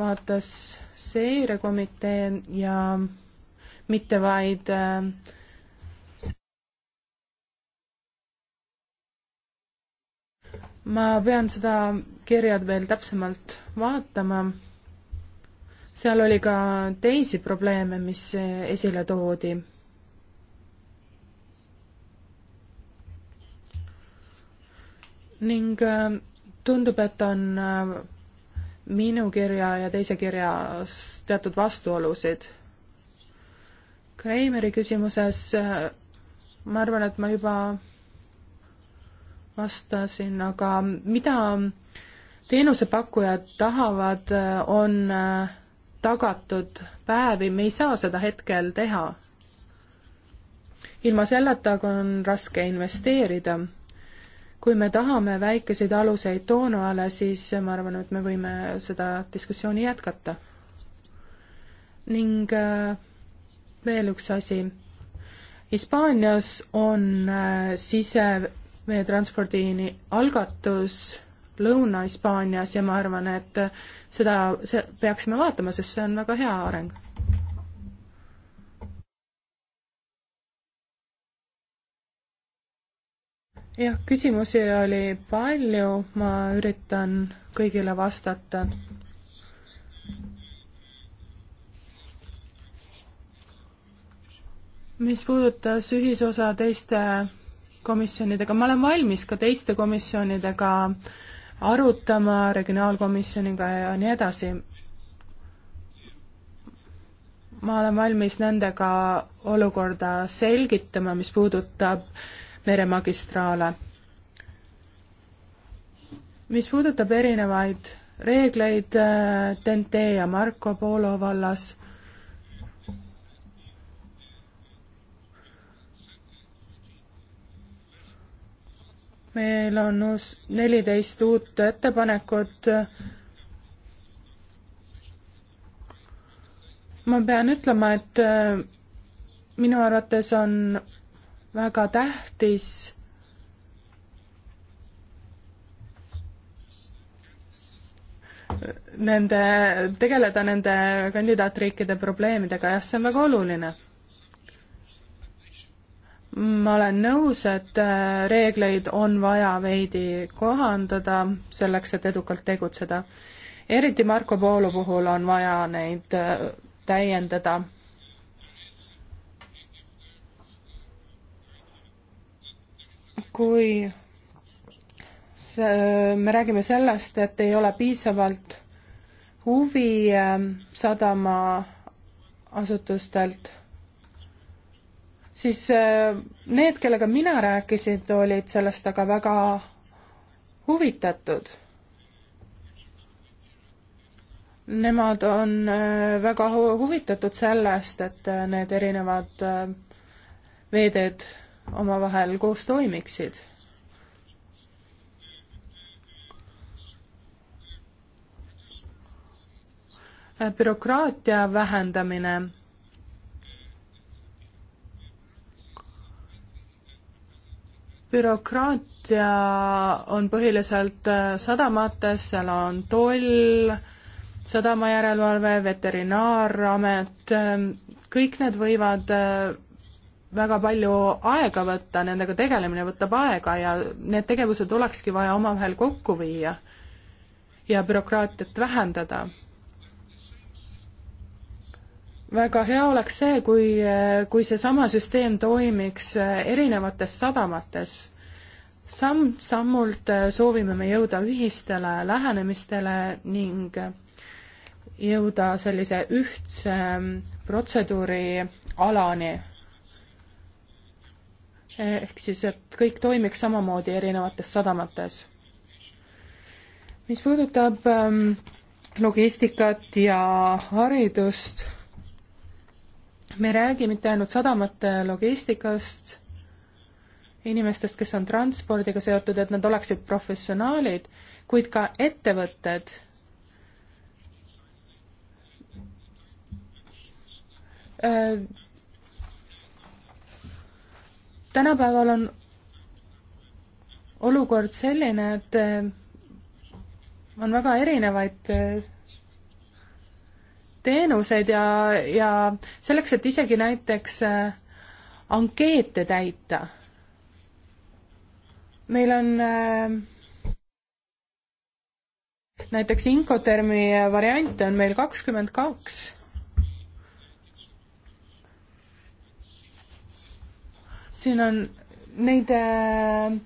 vaatas seirekomitee ja mitte vaid äh, ma pean seda kirjad veel täpsemalt vaatama. seal oli ka teisi probleeme, mis esile toodi ning äh, tundub, et on äh, minu kirja ja teise kirjas teatud vastuolusid. Kreimeri küsimuses äh, ma arvan, et ma juba vastasin, aga mida teenusepakkujad tahavad, äh, on äh, tagatud päevi, me ei saa seda hetkel teha. ilma selleta on raske investeerida kui me tahame väikeseid aluseid Donoale, siis ma arvan, et me võime seda diskussiooni jätkata. ning äh, veel üks asi. Hispaanias on äh, siseveetranspordi algatus Lõuna-Hispaanias ja ma arvan, et seda, see, peaksime vaatama, sest see on väga hea areng jah, küsimusi oli palju, ma üritan kõigile vastata. mis puudutas ühisosa teiste komisjonidega, ma olen valmis ka teiste komisjonidega arutama, regionaalkomisjoniga ja nii edasi. ma olen valmis nendega olukorda selgitama, mis puudutab äh, meremagistraale. mis puudutab erinevaid reegleid TNT äh, ja Marco Polo vallas, meil on uus neliteist uut ettepanekut. ma pean ütlema, et äh, minu arvates on väga tähtis nende, tegeleda nende kandidaatriikide probleemidega, jah, see on väga oluline. ma olen nõus, et äh, reegleid on vaja veidi kohandada selleks, et edukalt tegutseda. eriti Marko Poolu puhul on vaja neid äh, täiendada kui me räägime sellest, et ei ole piisavalt huvi ähm, sadamaasutustelt, siis äh, need, kellega mina rääkisin, olid sellest aga väga huvitatud. Nemad on äh, väga huvitatud sellest, et äh, need erinevad veeteed omavahel koos toimiksid. bürokraatia vähendamine bürokraatia on põhiliselt äh, sadamates, seal on toll, sadama järelevalve, veterinaaramet, äh, kõik need võivad äh, väga palju aega võtta, nendega tegelemine võtab aega ja need tegevused olekski vaja omavahel kokku viia ja bürokraatiat vähendada. väga hea oleks see, kui, kui seesama süsteem toimiks erinevates sadamates samm-sammult soovime me jõuda ühistele lähenemistele ning jõuda sellise ühtse protseduuri alani ehk siis, et kõik toimiks samamoodi erinevates sadamates. mis puudutab ähm, logistikat ja haridust, me ei räägi mitte ainult sadamate logistikast, inimestest, kes on transpordiga seotud, et nad oleksid professionaalid, kuid ka ettevõtted, äh, tänapäeval on olukord selline, et eh, on väga erinevaid eh, teenuseid ja, ja selleks, et isegi näiteks eh, ankeete täita, meil on näiteks Incotermi variante on meil kakskümmend kaks siin on neid äh,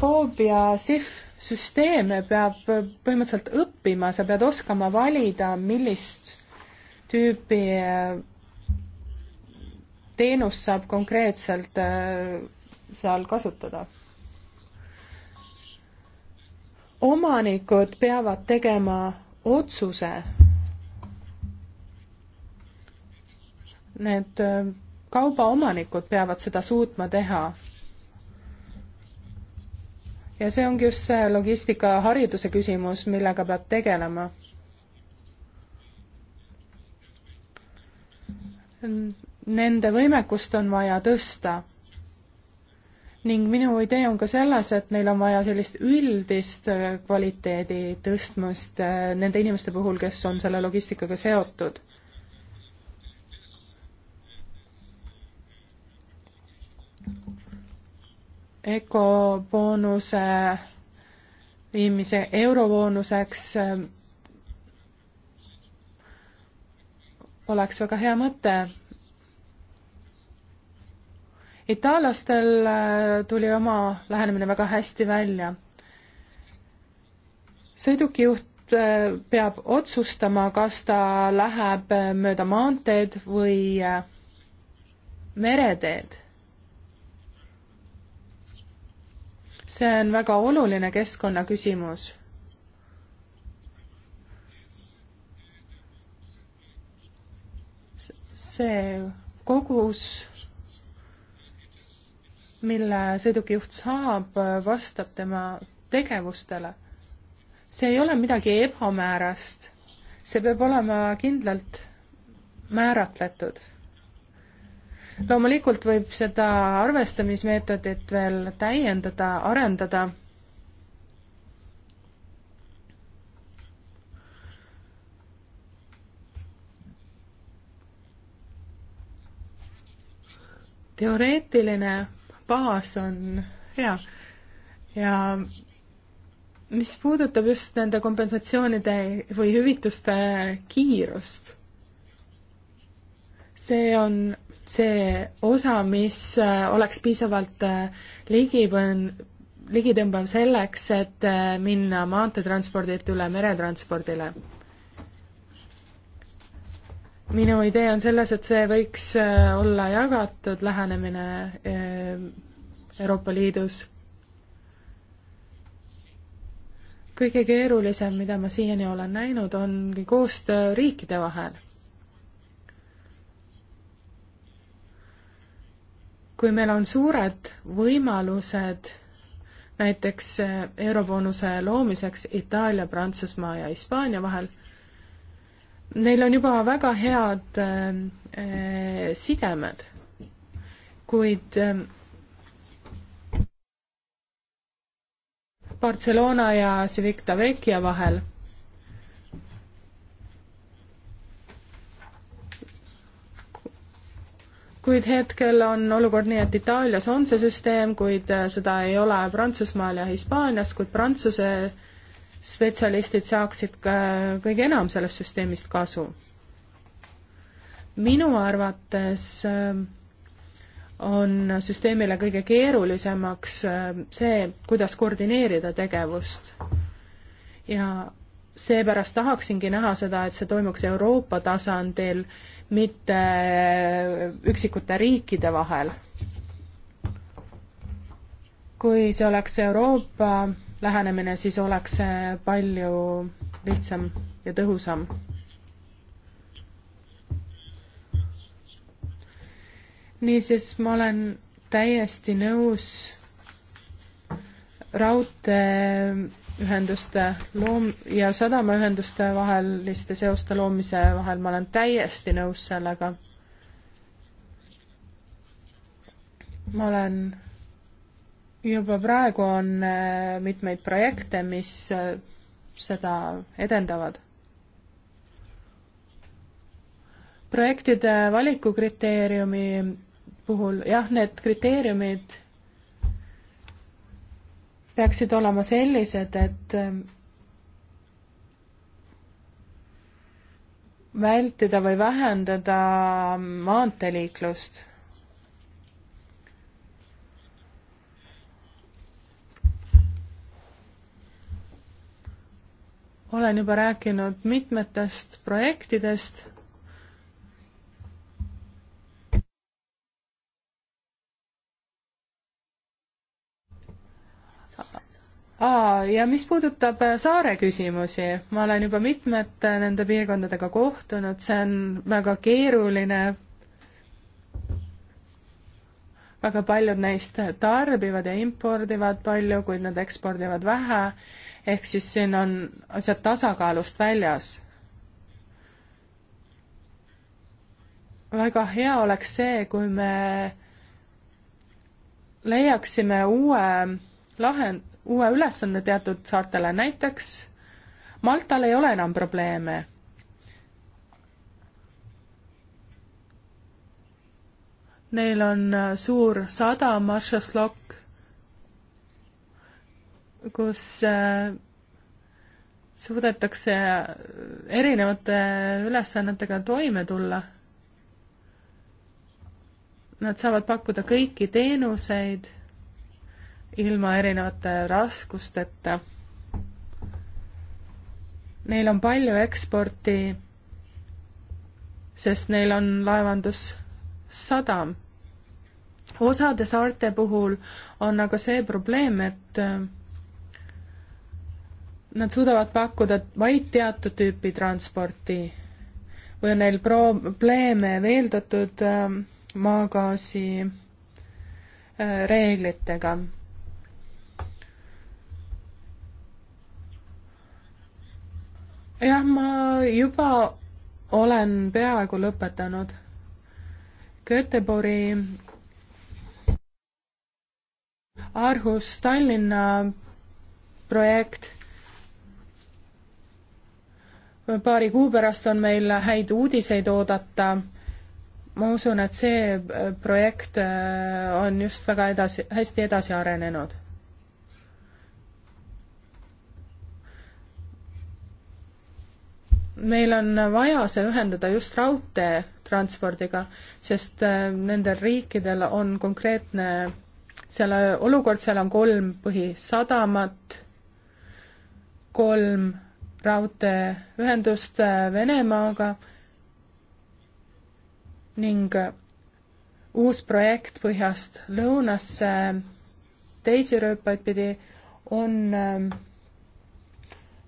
foobia SIF süsteeme peab põhimõtteliselt õppima, sa pead oskama valida, millist tüüpi äh, teenust saab konkreetselt äh, seal kasutada. omanikud peavad tegema otsuse. Need kaubaomanikud peavad seda suutma teha. ja see ongi just see logistika hariduse küsimus, millega peab tegelema. Nende võimekust on vaja tõsta. ning minu idee on ka selles, et meil on vaja sellist üldist kvaliteedi tõstmast eh, nende inimeste puhul, kes on selle logistikaga seotud ökoboonuse viimise euroboonuseks äh, oleks väga hea mõte. itaallastel äh, tuli oma lähenemine väga hästi välja. sõidukijuht äh, peab otsustama, kas ta läheb mööda maanteed või mereteed. see on väga oluline keskkonnaküsimus see kogus, mille sõidukijuht saab, vastab tema tegevustele. see ei ole midagi ebamäärast, see peab olema kindlalt määratletud loomulikult võib seda arvestamismeetodit veel täiendada, arendada teoreetiline baas on hea ja mis puudutab just nende kompensatsioonide või hüvituste kiirust, see on see osa, mis äh, oleks piisavalt äh, ligipõn-, ligitõmbav selleks, et äh, minna maanteetranspordilt üle meretranspordile. minu idee on selles, et see võiks olla jagatud lähenemine Euroopa Liidus. kõige keerulisem, mida ma siiani olen näinud, ongi koostöö riikide vahel kui meil on suured võimalused näiteks eh, euroboonuse loomiseks Itaalia, Prantsusmaa ja Hispaania vahel, neil on juba väga head äh, sidemed, kuid äh, Barcelona ja Civita Vecchia vahel kuid hetkel on olukord nii, et Itaalias on see süsteem, kuid äh, seda ei ole Prantsusmaal ja Hispaanias, kuid Prantsuse spetsialistid saaksid kõige enam sellest süsteemist kasu. minu arvates äh, on süsteemile kõige keerulisemaks äh, see, kuidas koordineerida tegevust. ja seepärast tahaksingi näha seda, et see toimuks Euroopa tasandil mitte üksikute riikide vahel. kui see oleks Euroopa lähenemine, siis oleks see palju lihtsam ja tõhusam. niisiis, ma olen täiesti nõus raudtee ühenduste loom- ja sadamaühenduste vaheliste seoste loomise vahel, ma olen täiesti nõus sellega. ma olen, juba praegu on äh, mitmeid projekte, mis äh, seda edendavad. projektide valikukriteeriumi puhul jah, need kriteeriumid peaksid olema sellised, et ähm, vältida või vähendada maanteeliiklust. olen juba rääkinud mitmetest projektidest aa, ja mis puudutab äh, saare küsimusi, ma olen juba mitmete nende piirkondadega kohtunud, see on väga keeruline, väga paljud neist tarbivad ja impordivad palju, kuid nad ekspordivad vähe, ehk siis siin on asjad tasakaalust väljas. väga hea oleks see, kui me leiaksime uue lahend-, uue ülesanne teatud saartele, näiteks Maltal ei ole enam probleeme. Neil on äh, suur sadam, Maršaslok, kus äh, suudetakse äh, erinevate ülesannetega toime tulla. Nad saavad pakkuda kõiki teenuseid ilma erinevate raskusteta. Neil on palju eksporti, sest neil on laevandussadam. osade saarte puhul on aga see probleem, et äh, nad suudavad pakkuda vaid teatud tüüpi transporti või on neil probleeme veeldatud äh, maagaasi äh, reeglitega jah, ma juba olen peaaegu lõpetanud. Göteborgi Aarhus Tallinna projekt. paari kuu pärast on meil häid uudiseid oodata. ma usun, et see projekt äh, on just väga edasi, hästi edasi arenenud meil on vaja see ühendada just raudteetranspordiga, sest äh, nendel riikidel on konkreetne selle olukord, seal on kolm põhisadamat, kolm raudteeühendust äh, Venemaaga ning äh, uus projekt põhjast lõunasse teisi rööpaid pidi on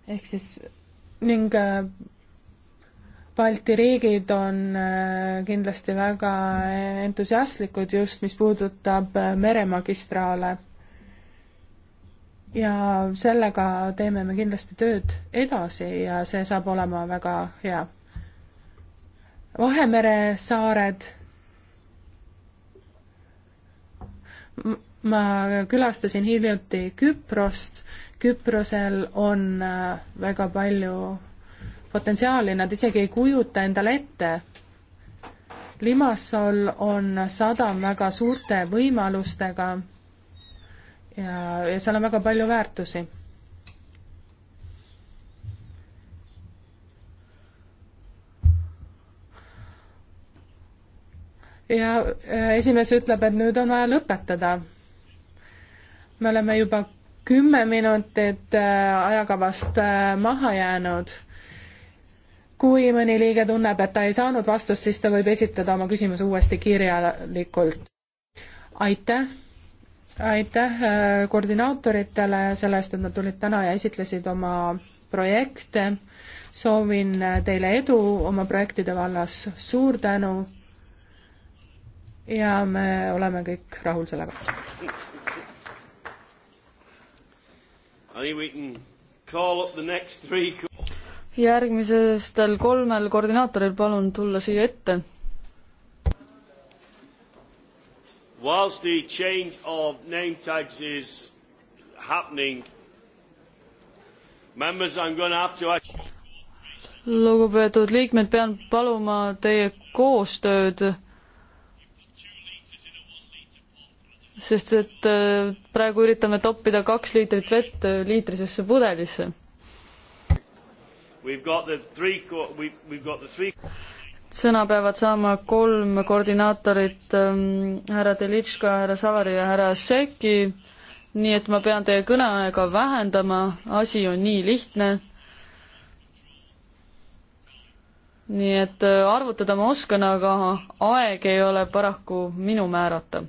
ehk siis ning Balti riigid on äh, kindlasti väga entusiastlikud just, mis puudutab äh, meremagistraale. ja sellega teeme me kindlasti tööd edasi ja see saab olema väga hea. Vahemere saared ma külastasin hiljuti Küprost, Küprosel on äh, väga palju potentsiaali nad isegi ei kujuta endale ette. Limassol on sadam väga suurte võimalustega ja, ja seal on väga palju väärtusi. ja e, esimees ütleb, et nüüd on vaja lõpetada. me oleme juba kümme minutit e, ajakavast e, maha jäänud kui mõni liige tunneb, et ta ei saanud vastust, siis ta võib esitada oma küsimuse uuesti kirjalikult. aitäh, aitäh äh, koordinaatoritele selle eest, et nad tulid täna ja esitlesid oma projekte. soovin äh, teile edu oma projektide vallas, suur tänu. ja me oleme kõik rahul sellega.
I think we can call up the next three
järgmisestel kolmel koordinaatoril palun tulla siia ette.
Whilst the change of name tags is happening, members I am going to have to
lugupeetud liikmed, pean paluma teie koostööd, sest et äh, praegu üritame toppida kaks liitrit vett äh, liitrisesse pudelisse sõna peavad saama kolm koordinaatorit ähm,, härra Delitška, härra Savari ja härra Seki, nii et ma pean teie kõneaega vähendama, asi on nii lihtne. nii et äh, arvutada ma oskan, aga aeg ei ole paraku minu määrata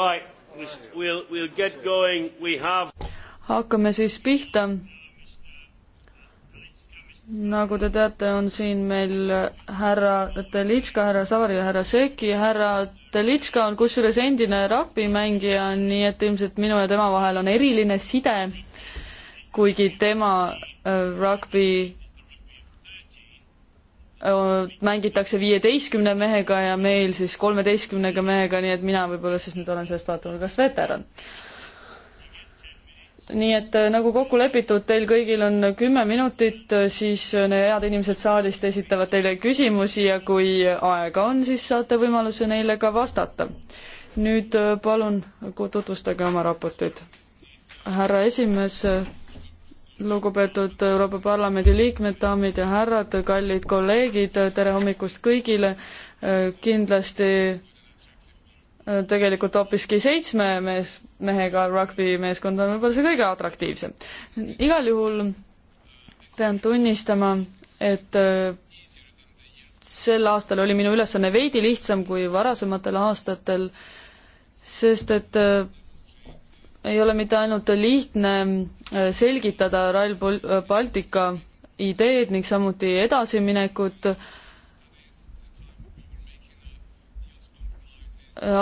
Right, we'll, we'll get going, we have.
hakkame siis pihta. nagu te teate, on siin meil härra Telitška, härra Savari ja härra Seki. härra Telitška on kusjuures endine rugbimängija, nii et ilmselt minu ja tema vahel on eriline side. kuigi tema äh, rugby mängitakse viieteistkümne mehega ja meil siis kolmeteistkümnega mehega, nii et mina võib-olla siis nüüd olen sellest vaatenurgast veteran. nii et äh, nagu kokku lepitud, teil kõigil on kümme minutit, äh, siis äh, head inimesed saalist esitavad teile küsimusi ja kui aega on, siis saate võimaluse neile ka vastata. nüüd palun tutvustage oma raportit. härra esimees, lugupeetud Euroopa Parlamendi liikmed, daamid ja härrad, kallid kolleegid, tere hommikust kõigile. kindlasti äh, tegelikult hoopiski seitsme mees, mehega rugbimeeskond on võib-olla see kõige atraktiivsem. igal juhul pean tunnistama, et äh, sel aastal oli minu ülesanne veidi lihtsam kui varasematel aastatel, sest et äh, ei ole mitte ainult lihtne äh, selgitada Rail äh, Baltica ideed ning samuti edasiminekut, äh,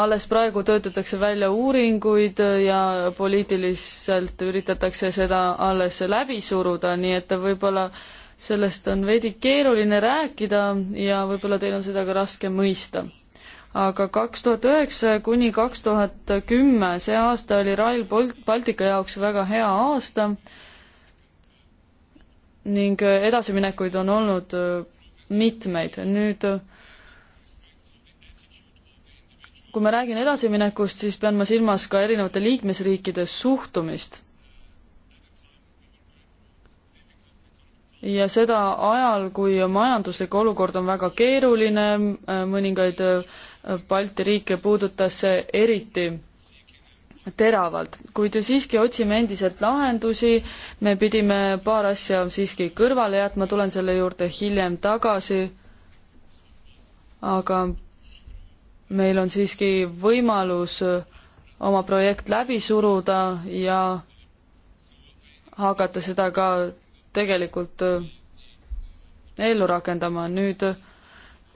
alles praegu töötatakse välja uuringuid ja poliitiliselt üritatakse seda alles läbi suruda, nii et võib-olla sellest on veidi keeruline rääkida ja võib-olla teil on seda ka raske mõista aga kaks tuhat üheksa kuni kaks tuhat kümme, see aasta oli Rail Baltica jaoks väga hea aasta ning edasiminekuid on olnud äh, mitmeid. nüüd äh, kui ma räägin edasiminekust, siis pean ma silmas ka erinevate liikmesriikide suhtumist. ja seda ajal, kui majanduslik olukord on väga keeruline, äh, mõningaid äh, Balti riike puudutas see eriti teravalt, kuid siiski otsime endiselt lahendusi, me pidime paar asja siiski kõrvale jätma, tulen selle juurde hiljem tagasi, aga meil on siiski võimalus oma projekt läbi suruda ja hakata seda ka tegelikult äh, ellu rakendama. nüüd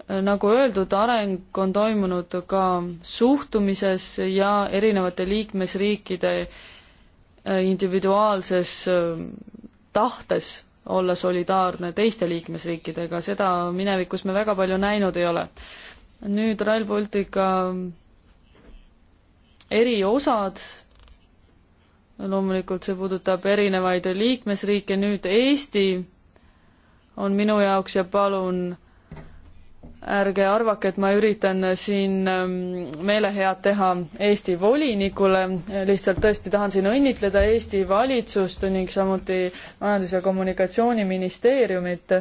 nagu öeldud, areng on toimunud ka suhtumises ja erinevate liikmesriikide äh, individuaalses äh, tahtes olla solidaarne teiste liikmesriikidega, seda minevikus me väga palju näinud ei ole. nüüd Rail Baltica äh, eriosad, loomulikult see puudutab erinevaid liikmesriike, nüüd Eesti on minu jaoks ja palun ärge arvake, et ma üritan siin ähm, meelehead teha Eesti volinikule, lihtsalt tõesti tahan siin õnnitleda Eesti valitsust ning samuti Majandus- ja Kommunikatsiooniministeeriumit,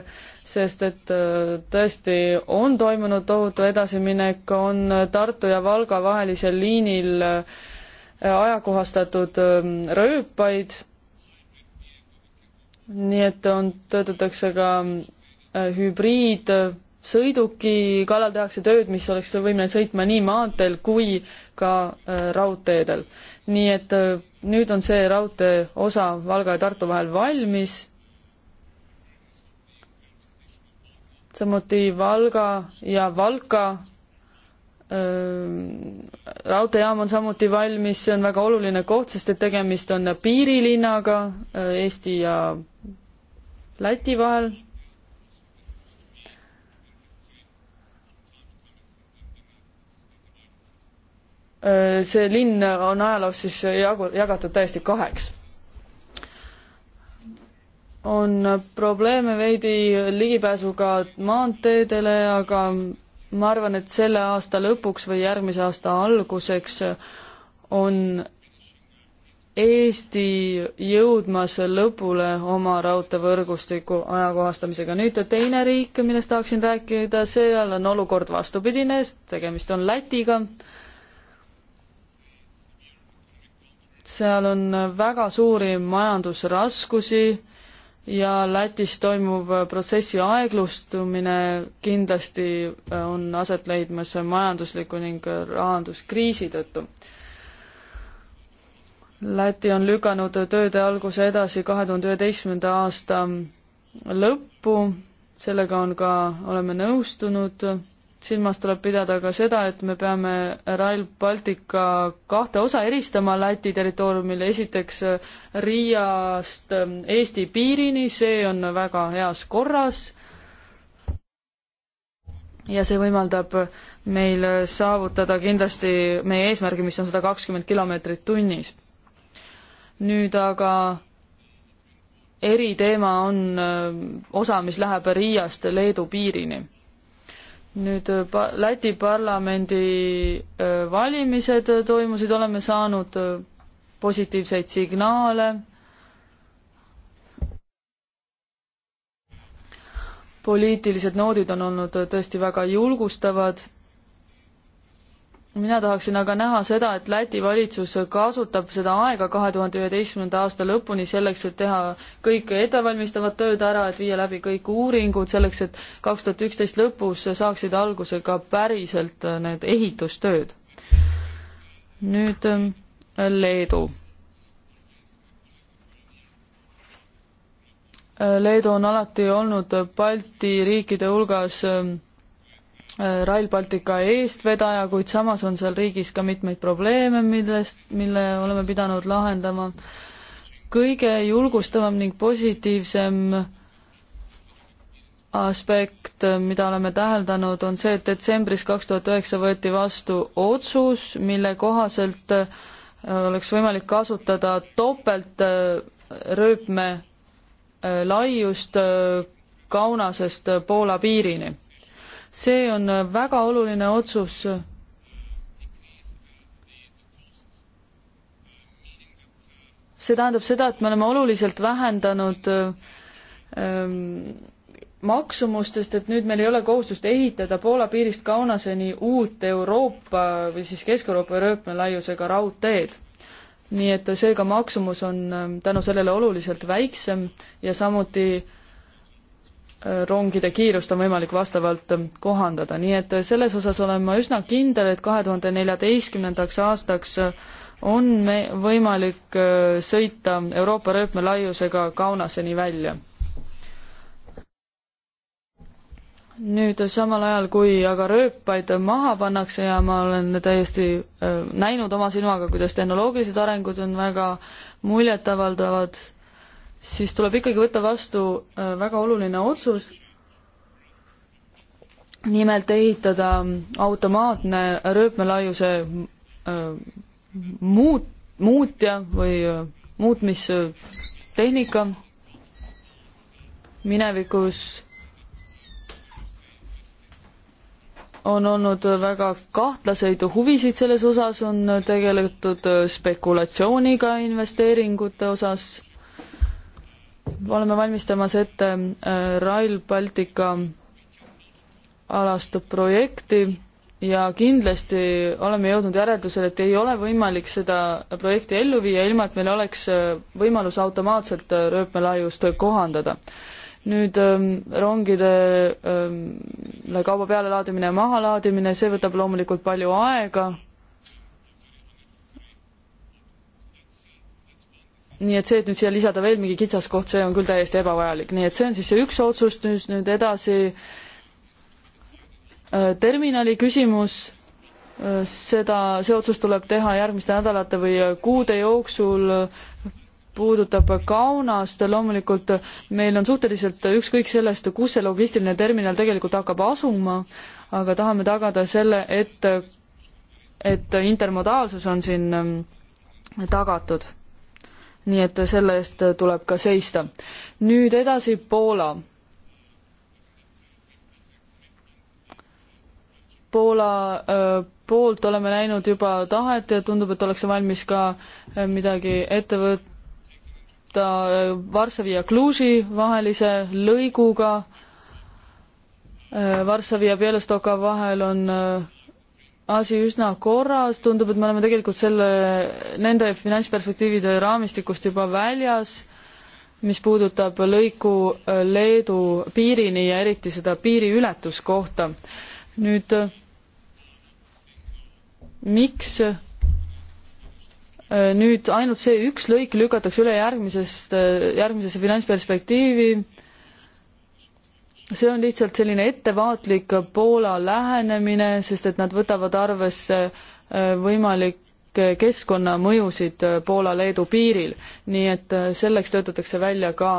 sest et äh, tõesti on toimunud tohutu edasiminek, on Tartu ja Valga vahelisel liinil äh, ajakohastatud ähm, rööpaid, nii et on, töötatakse ka äh, hübriid, sõiduki kallal tehakse tööd, mis oleks võimeline sõitma nii maanteel kui ka äh, raudteedel. nii et äh, nüüd on see raudtee osa Valga ja Tartu vahel valmis. samuti Valga ja Valka äh, raudteejaam on samuti valmis, see on väga oluline koht, sest et tegemist on piirilinnaga Eesti ja Läti vahel Äh, see linn on ajaloos siis jagu-, jagatud täiesti kaheks. on probleeme veidi ligipääsuga maanteedele, aga ma arvan, et selle aasta lõpuks või järgmise aasta alguseks on Eesti jõudmas lõpule oma raudteevõrgustiku ajakohastamisega. nüüd teine riik, millest tahaksin rääkida, seal on olukord vastupidine, sest tegemist on Lätiga. seal on väga suuri majandusraskusi ja Lätis toimuv protsessi aeglustumine kindlasti äh, on aset leidmas majandusliku ning rahanduskriisi tõttu. Läti on lükanud tööde alguse edasi kahe tuhande üheteistkümnenda aasta lõppu, sellega on ka, oleme nõustunud silmas tuleb pidada ka seda, et me peame Rail Baltica kahte osa eristama Läti territooriumil, esiteks äh, Riiast ähm, Eesti piirini, see on väga heas korras ja see võimaldab meil saavutada kindlasti meie eesmärgi, mis on sada kakskümmend kilomeetrit tunnis. nüüd aga eriteema on äh, osa, mis läheb Riiast Leedu piirini nüüd äh, pa-, Läti parlamendi äh, valimised äh, toimusid, oleme saanud positiivseid signaale. poliitilised noodid on olnud tõesti väga julgustavad mina tahaksin aga näha seda, et Läti valitsus kasutab seda aega kahe tuhande üheteistkümnenda aasta lõpuni selleks, et teha kõik ettevalmistavad tööd ära, et viia läbi kõik uuringud selleks, et kaks tuhat üksteist lõpus saaksid alguse ka päriselt need ehitustööd. nüüd ähm, Leedu. Leedu on alati olnud Balti riikide hulgas äh, Äh, Rail Baltica eestvedaja, kuid samas on seal riigis ka mitmeid probleeme, millest, mille oleme pidanud lahendama. kõige julgustavam ning positiivsem aspekt, mida oleme täheldanud, on see, et detsembris kaks tuhat üheksa võeti vastu otsus, mille kohaselt äh, oleks võimalik kasutada topeltrööpme äh, laiust Kaunasest Poola piirini see on väga oluline otsus. see tähendab seda, et me oleme oluliselt vähendanud ähm, maksumustest, et nüüd meil ei ole kohustust ehitada Poola piirist Kaunaseni uut Euroopa või siis Kesk-Euroopa rööpmelaiusega raudteed. nii et seega maksumus on ähm, tänu sellele oluliselt väiksem ja samuti äh, rongide kiirust on võimalik vastavalt kohandada, nii et selles osas olen ma üsna kindel, et kahe tuhande neljateistkümnendaks aastaks on me võimalik äh, sõita Euroopa rööpmelaiusega Kaunaseni välja. nüüd samal ajal, kui aga rööpaid maha pannakse ja ma olen täiesti äh, näinud oma silmaga, kuidas tehnoloogilised arengud on väga muljetavaldavad, siis tuleb ikkagi võtta vastu äh, väga oluline otsus, nimelt ehitada automaatne rööpmelaiuse äh, muut-, muutja või äh, muutmistehnika minevikus on olnud väga kahtlaseid huvisid selles osas, on tegeletud spekulatsiooniga investeeringute osas oleme valmistamas ette äh, Rail Baltica alast projekti ja kindlasti oleme jõudnud järeldusele, et ei ole võimalik seda projekti ellu viia, ilma et meil oleks äh, võimalus automaatselt äh, rööpmelaiust kohandada. nüüd ähm, rongidele ähm, kauba pealelaadimine ja mahalaadimine, see võtab loomulikult palju aega, nii et see, et nüüd siia lisada veel mingi kitsaskoht, see on küll täiesti ebavajalik, nii et see on siis see üks otsus, nüüd edasi äh, terminali küsimus, äh, seda, see otsus tuleb teha järgmiste nädalate või äh, kuude jooksul, puudutab Kaunast, loomulikult meil on suhteliselt ükskõik sellest, kus see logistiline terminal tegelikult hakkab asuma, aga tahame tagada selle, et, et intermodaalsus on siin ähm, tagatud nii et selle eest tuleb ka seista. nüüd edasi Poola. Poola öö, äh, poolt oleme näinud juba tahet ja tundub, et ollakse valmis ka äh, midagi ette võtta äh, Varssavi ja Cluj'i vahelise lõiguga. Varssavi ja Bialystoka vahel on öö, asi üsna korras, tundub, et me oleme tegelikult selle, nende finantsperspektiivide raamistikust juba väljas, mis puudutab lõiku äh, Leedu piirini ja eriti seda piiriületuskohta. nüüd äh, miks äh, nüüd ainult see üks lõik lükatakse üle järgmisest, järgmisesse finantsperspektiivi, see on lihtsalt selline ettevaatlik Poola lähenemine, sest et nad võtavad arvesse äh, võimalikke keskkonnamõjusid äh, Poola-Leedu piiril, nii et äh, selleks töötatakse välja ka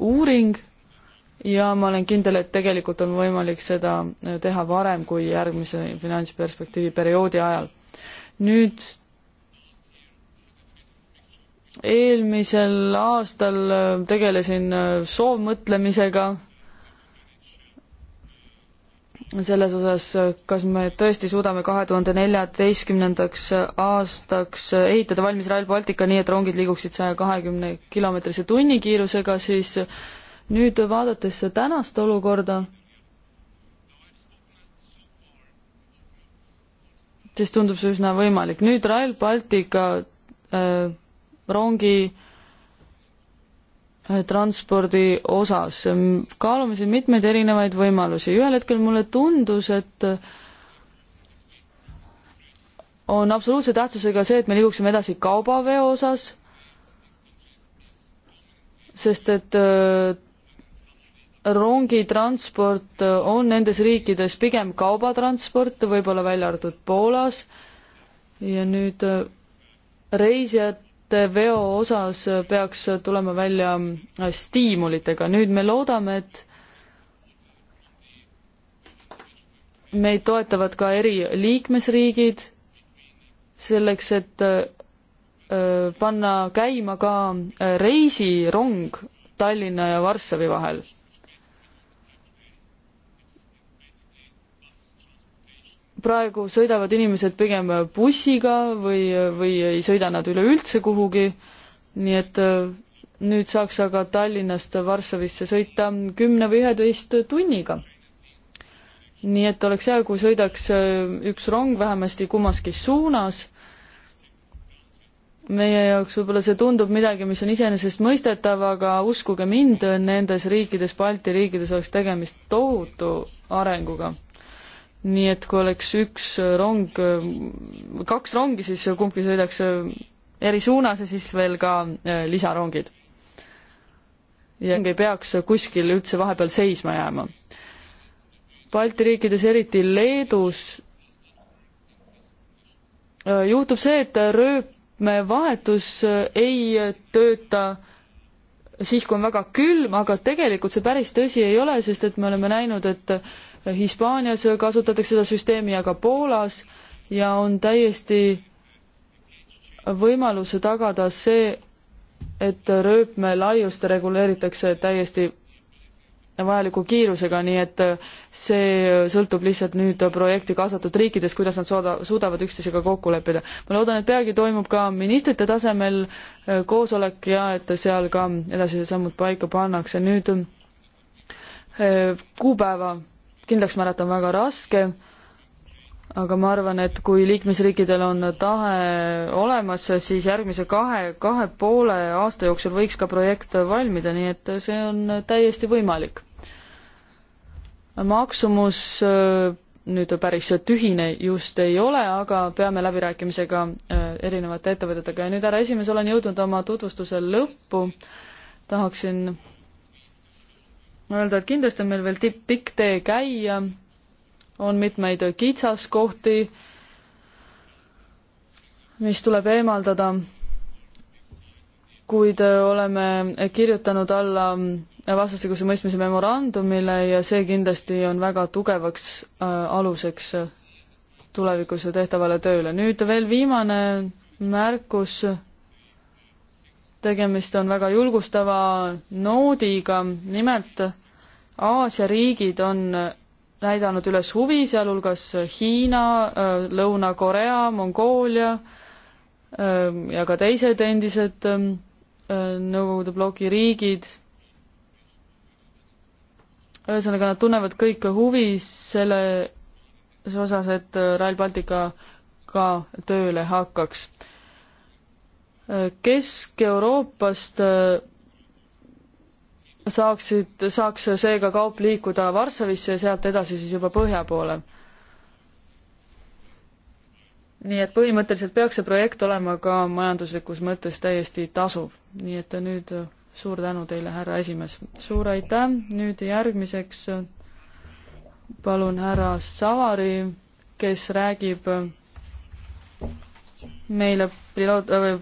uuring ja ma olen kindel, et tegelikult on võimalik seda teha varem kui järgmise finantsperspektiivi perioodi ajal. nüüd eelmisel aastal äh, tegelesin äh, soovmõtlemisega selles osas, äh, kas me tõesti suudame kahe tuhande neljateistkümnendaks aastaks ehitada valmis Rail Baltica nii, et rongid liiguksid saja kahekümne kilomeetrise tunnikiirusega, siis nüüd vaadates tänast olukorda, siis tundub see üsna võimalik. nüüd Rail Baltica äh, rongi eh, transpordi osas. kaalume siin mitmeid erinevaid võimalusi, ühel hetkel mulle tundus, et on absoluutse tähtsusega see, et me liiguksime edasi kaubaveo osas, sest et eh, rongitransport eh, on nendes riikides pigem kaubatransport, võib-olla välja arvatud Poolas, ja nüüd reisijad veo osas peaks tulema välja stiimulitega, nüüd me loodame, et meid toetavad ka eri liikmesriigid, selleks et äh, panna käima ka reisirong Tallinna ja Varssavi vahel praegu sõidavad inimesed pigem bussiga või, või ei sõida nad üleüldse kuhugi, nii et äh, nüüd saaks aga Tallinnast Varssavisse sõita kümne või üheteist tunniga. nii et oleks hea, kui sõidaks äh, üks rong vähemasti kummaski suunas, meie jaoks võib-olla see tundub midagi, mis on iseenesestmõistetav, aga uskuge mind, nendes riikides, Balti riikides oleks tegemist tohutu arenguga nii et kui oleks üks rong, kaks rongi, siis kumbki sõidaks eri suunas ja siis veel ka äh, lisarongid. ja ei peaks kuskil üldse vahepeal seisma jääma. Balti riikides, eriti Leedus, äh, juhtub see, et rööpmevahetus äh, ei tööta siis, kui on väga külm, aga tegelikult see päris tõsi ei ole, sest et me oleme näinud, et Hispaanias kasutatakse seda süsteemi ja ka Poolas ja on täiesti võimalus tagada see, et rööpmelaiust reguleeritakse täiesti vajaliku kiirusega, nii et see sõltub lihtsalt nüüd projekti kaasatud riikides, kuidas nad sooda, suudavad üksteisega kokku leppida. ma loodan, et peagi toimub ka ministrite tasemel koosolek ja et seal ka edasised sammud paika pannakse. nüüd eh, kuupäeva kindlaks määrata on väga raske, aga ma arvan, et kui liikmesriikidel on tahe olemas, siis järgmise kahe, kahe poole aasta jooksul võiks ka projekt valmida, nii et see on täiesti võimalik. maksumus äh, nüüd päris tühine just ei ole, aga peame läbirääkimisega äh, erinevate ettevõtetega ja nüüd, härra esimees, olen jõudnud oma tutvustuse lõppu, tahaksin öelda, et kindlasti on meil veel tipp, pikk tee käia, on mitmeid kitsaskohti, mis tuleb eemaldada, kuid äh, oleme kirjutanud alla äh, vastastikuse mõistmise memorandumile ja see kindlasti on väga tugevaks äh, aluseks tulevikus tehtavale tööle. nüüd veel viimane märkus tegemist on väga julgustava noodiga, nimelt Aasia riigid on näidanud üles huvi, sealhulgas Hiina, äh, Lõuna-Korea, Mongoolia äh, ja ka teised endised äh, Nõukogude bloki riigid. ühesõnaga, nad tunnevad kõik huvi selle, selles osas, et Rail Baltica ka tööle hakkaks Kesk-Euroopast äh, saaksid, saaks seega kaup liikuda Varssavisse ja sealt edasi siis juba põhja poole. nii et põhimõtteliselt peaks see projekt olema ka majanduslikus mõttes täiesti tasuv, nii et nüüd äh, suur tänu teile, härra esimees. suur aitäh, nüüd järgmiseks äh, palun härra Savari, kes räägib meile piloot- äh,,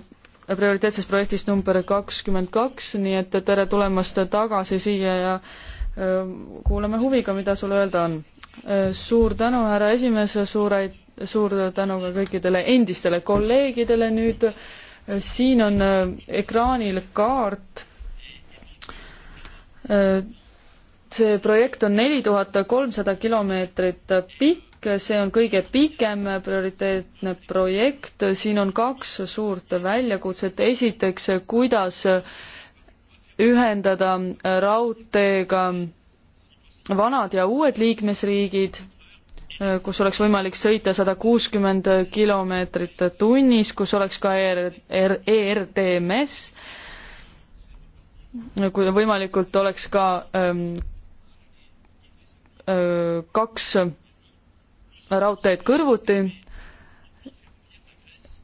prioriteetsest projektist number kakskümmend kaks, nii et tere tulemast tagasi siia ja kuulame huviga, mida sul öelda on. suur tänu, härra esimees, suur aitäh, suur tänu ka kõikidele endistele kolleegidele nüüd. siin on ekraanil kaart. see projekt on neli tuhat kolmsada kilomeetrit pikk see on kõige pikem prioriteetne projekt, siin on kaks suurt väljakutset, esiteks, kuidas ühendada raudteega vanad ja uued liikmesriigid, kus oleks võimalik sõita sada kuuskümmend kilomeetrit tunnis, kus oleks ka ER, ER, ERTMS, kui võimalikult oleks ka öö, ähm, öö, äh, kaks raudteed kõrvuti.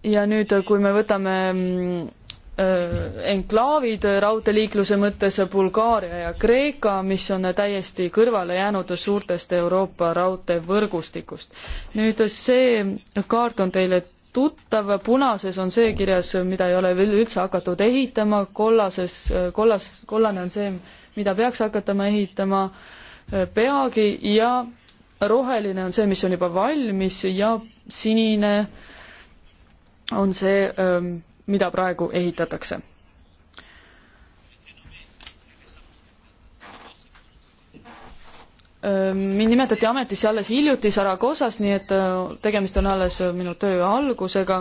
ja nüüd, kui me võtame mm, äh, enklaavid raudteeliikluse mõttes Bulgaaria ja Kreeka, mis on täiesti kõrvale jäänud suurtest Euroopa raudteevõrgustikust. nüüd see kaart on teile tuttav, punases on see kirjas, mida ei ole veel üldse hakatud ehitama, kollases, äh, kollas, kollane on see, mida peaks hakatama ehitama äh, peagi ja roheline on see, mis on juba valmis ja sinine on see, ähm, mida praegu ehitatakse. Ähm, mind nimetati ametisse alles hiljuti Saragossas, nii et äh, tegemist on alles äh, minu töö algusega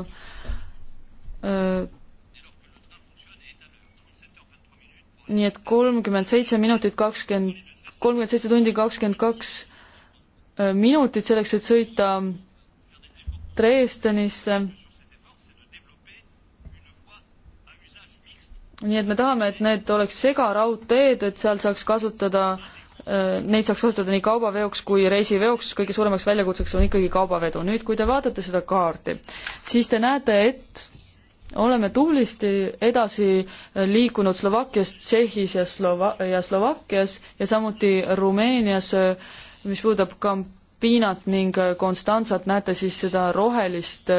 äh, nii et kolmkümmend seitse minutit kakskümmend, kolmkümmend seitse tundi kakskümmend kaks Äh, minutit selleks, et sõita Dresdenisse. nii et me tahame, et need oleks segaraudteed, et seal saaks kasutada, äh, neid saaks kasutada nii kaubaveoks kui reisiveoks, kõige suuremaks väljakutseks on ikkagi kaubavedu. nüüd, kui te vaatate seda kaarti, siis te näete, et oleme tublisti edasi liikunud Slovakkias, Tšehhis ja Slova-, ja Slovakkias ja samuti Rumeenias äh, mis puudutab Campinat ning Konstantsat, näete siis seda rohelist,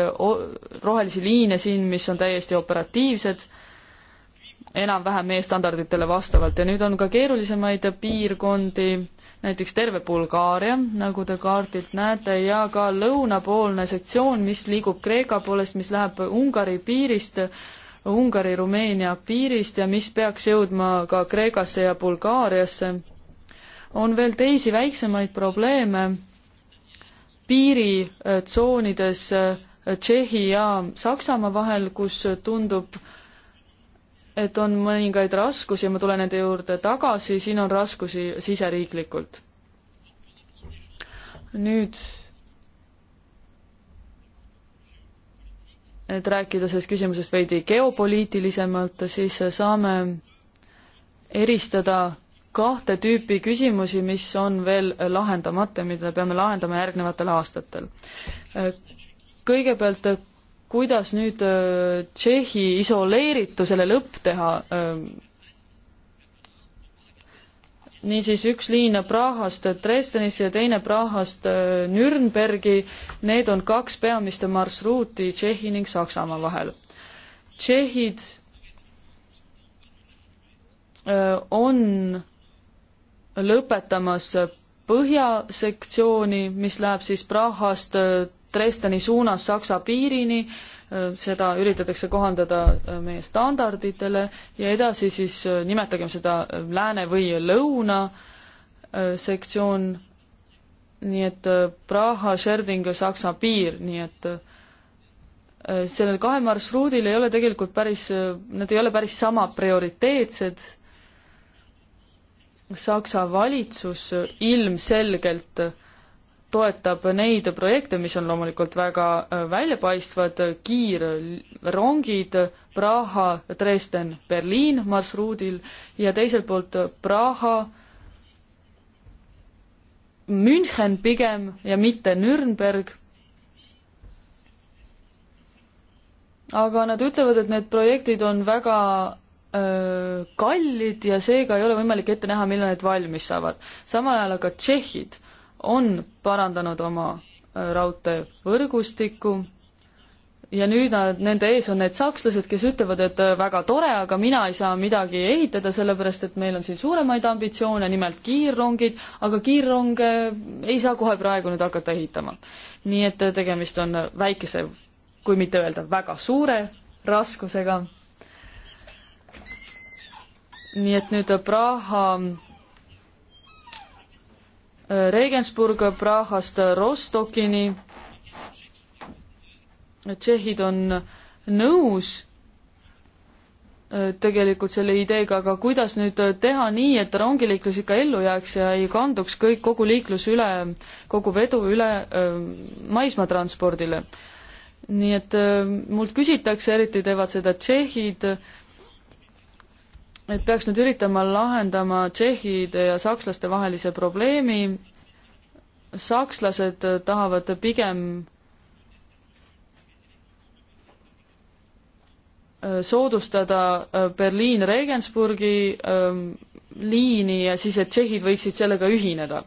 rohelisi liine siin, mis on täiesti operatiivsed, enam-vähem meie standarditele vastavalt ja nüüd on ka keerulisemaid piirkondi, näiteks terve Bulgaaria, nagu te kaardilt näete, ja ka lõunapoolne sektsioon, mis liigub Kreeka poolest, mis läheb Ungari piirist, Ungari-Rumeenia piirist ja mis peaks jõudma ka Kreekasse ja Bulgaariasse on veel teisi väiksemaid probleeme piiritsoonides äh, Tšehhi ja Saksamaa vahel, kus tundub, et on mõningaid raskusi ja ma tulen nende juurde tagasi, siin on raskusi siseriiklikult. nüüd, et rääkida sellest küsimusest veidi geopoliitilisemalt, siis saame eristada kahte tüüpi küsimusi, mis on veel lahendamata ja mida peame lahendama järgnevatel aastatel. kõigepealt, kuidas nüüd äh, Tšehhi isoleeritusele lõpp teha? Äh, niisiis üks liin Prahast Dresdenisse ja teine Prahast äh, Nürnbergi, need on kaks peamiste marsruuti Tšehhi ning Saksamaa vahel. tšehhid on lõpetamas põhjasektsiooni, mis läheb siis Prahast äh, Dresdeni suunas Saksa piirini, äh, seda üritatakse kohandada äh, meie standarditele ja edasi siis nimetagem seda lääne või lõuna sektsioon, nii et Praha, Scherding ja Saksa piir, nii et sellel kahel marsruudil ei ole tegelikult päris, nad ei ole päris sama prioriteetsed Saksa valitsus ilmselgelt toetab neid projekte, mis on loomulikult väga äh, väljapaistvad, kiirrongid äh, Praha, Dresden, Berliin marsruudil ja teiselt poolt Praha, München pigem ja mitte Nürnberg. aga nad ütlevad, et need projektid on väga Äh, kallid ja seega ei ole võimalik ette näha, millal need valmis saavad. samal ajal aga tšehhid on parandanud oma äh, raudteevõrgustikku ja nüüd nad, nende ees on need sakslased, kes ütlevad, et äh, väga tore, aga mina ei saa midagi ehitada, sellepärast et meil on siin suuremaid ambitsioone, nimelt kiirrongid, aga kiirronge ei saa kohe praegu nüüd hakata ehitama. nii et tegemist on väikese, kui mitte öelda väga suure raskusega nii et nüüd Praha äh, Regensburg Prahast Rostokini. tšehhid on nõus äh, tegelikult selle ideega, aga kuidas nüüd teha nii, et rongiliiklus ikka ellu jääks ja ei kanduks kõik, kogu liiklus üle, kogu vedu üle äh, maismaatranspordile. nii et mult küsitakse, eriti teevad seda tšehhid, et peaks nüüd üritama lahendama tšehhide ja sakslaste vahelise probleemi. sakslased tahavad pigem äh, soodustada äh, Berliin-Regensburgi ähm, liini ja siis, et tšehhid võiksid sellega ühineda.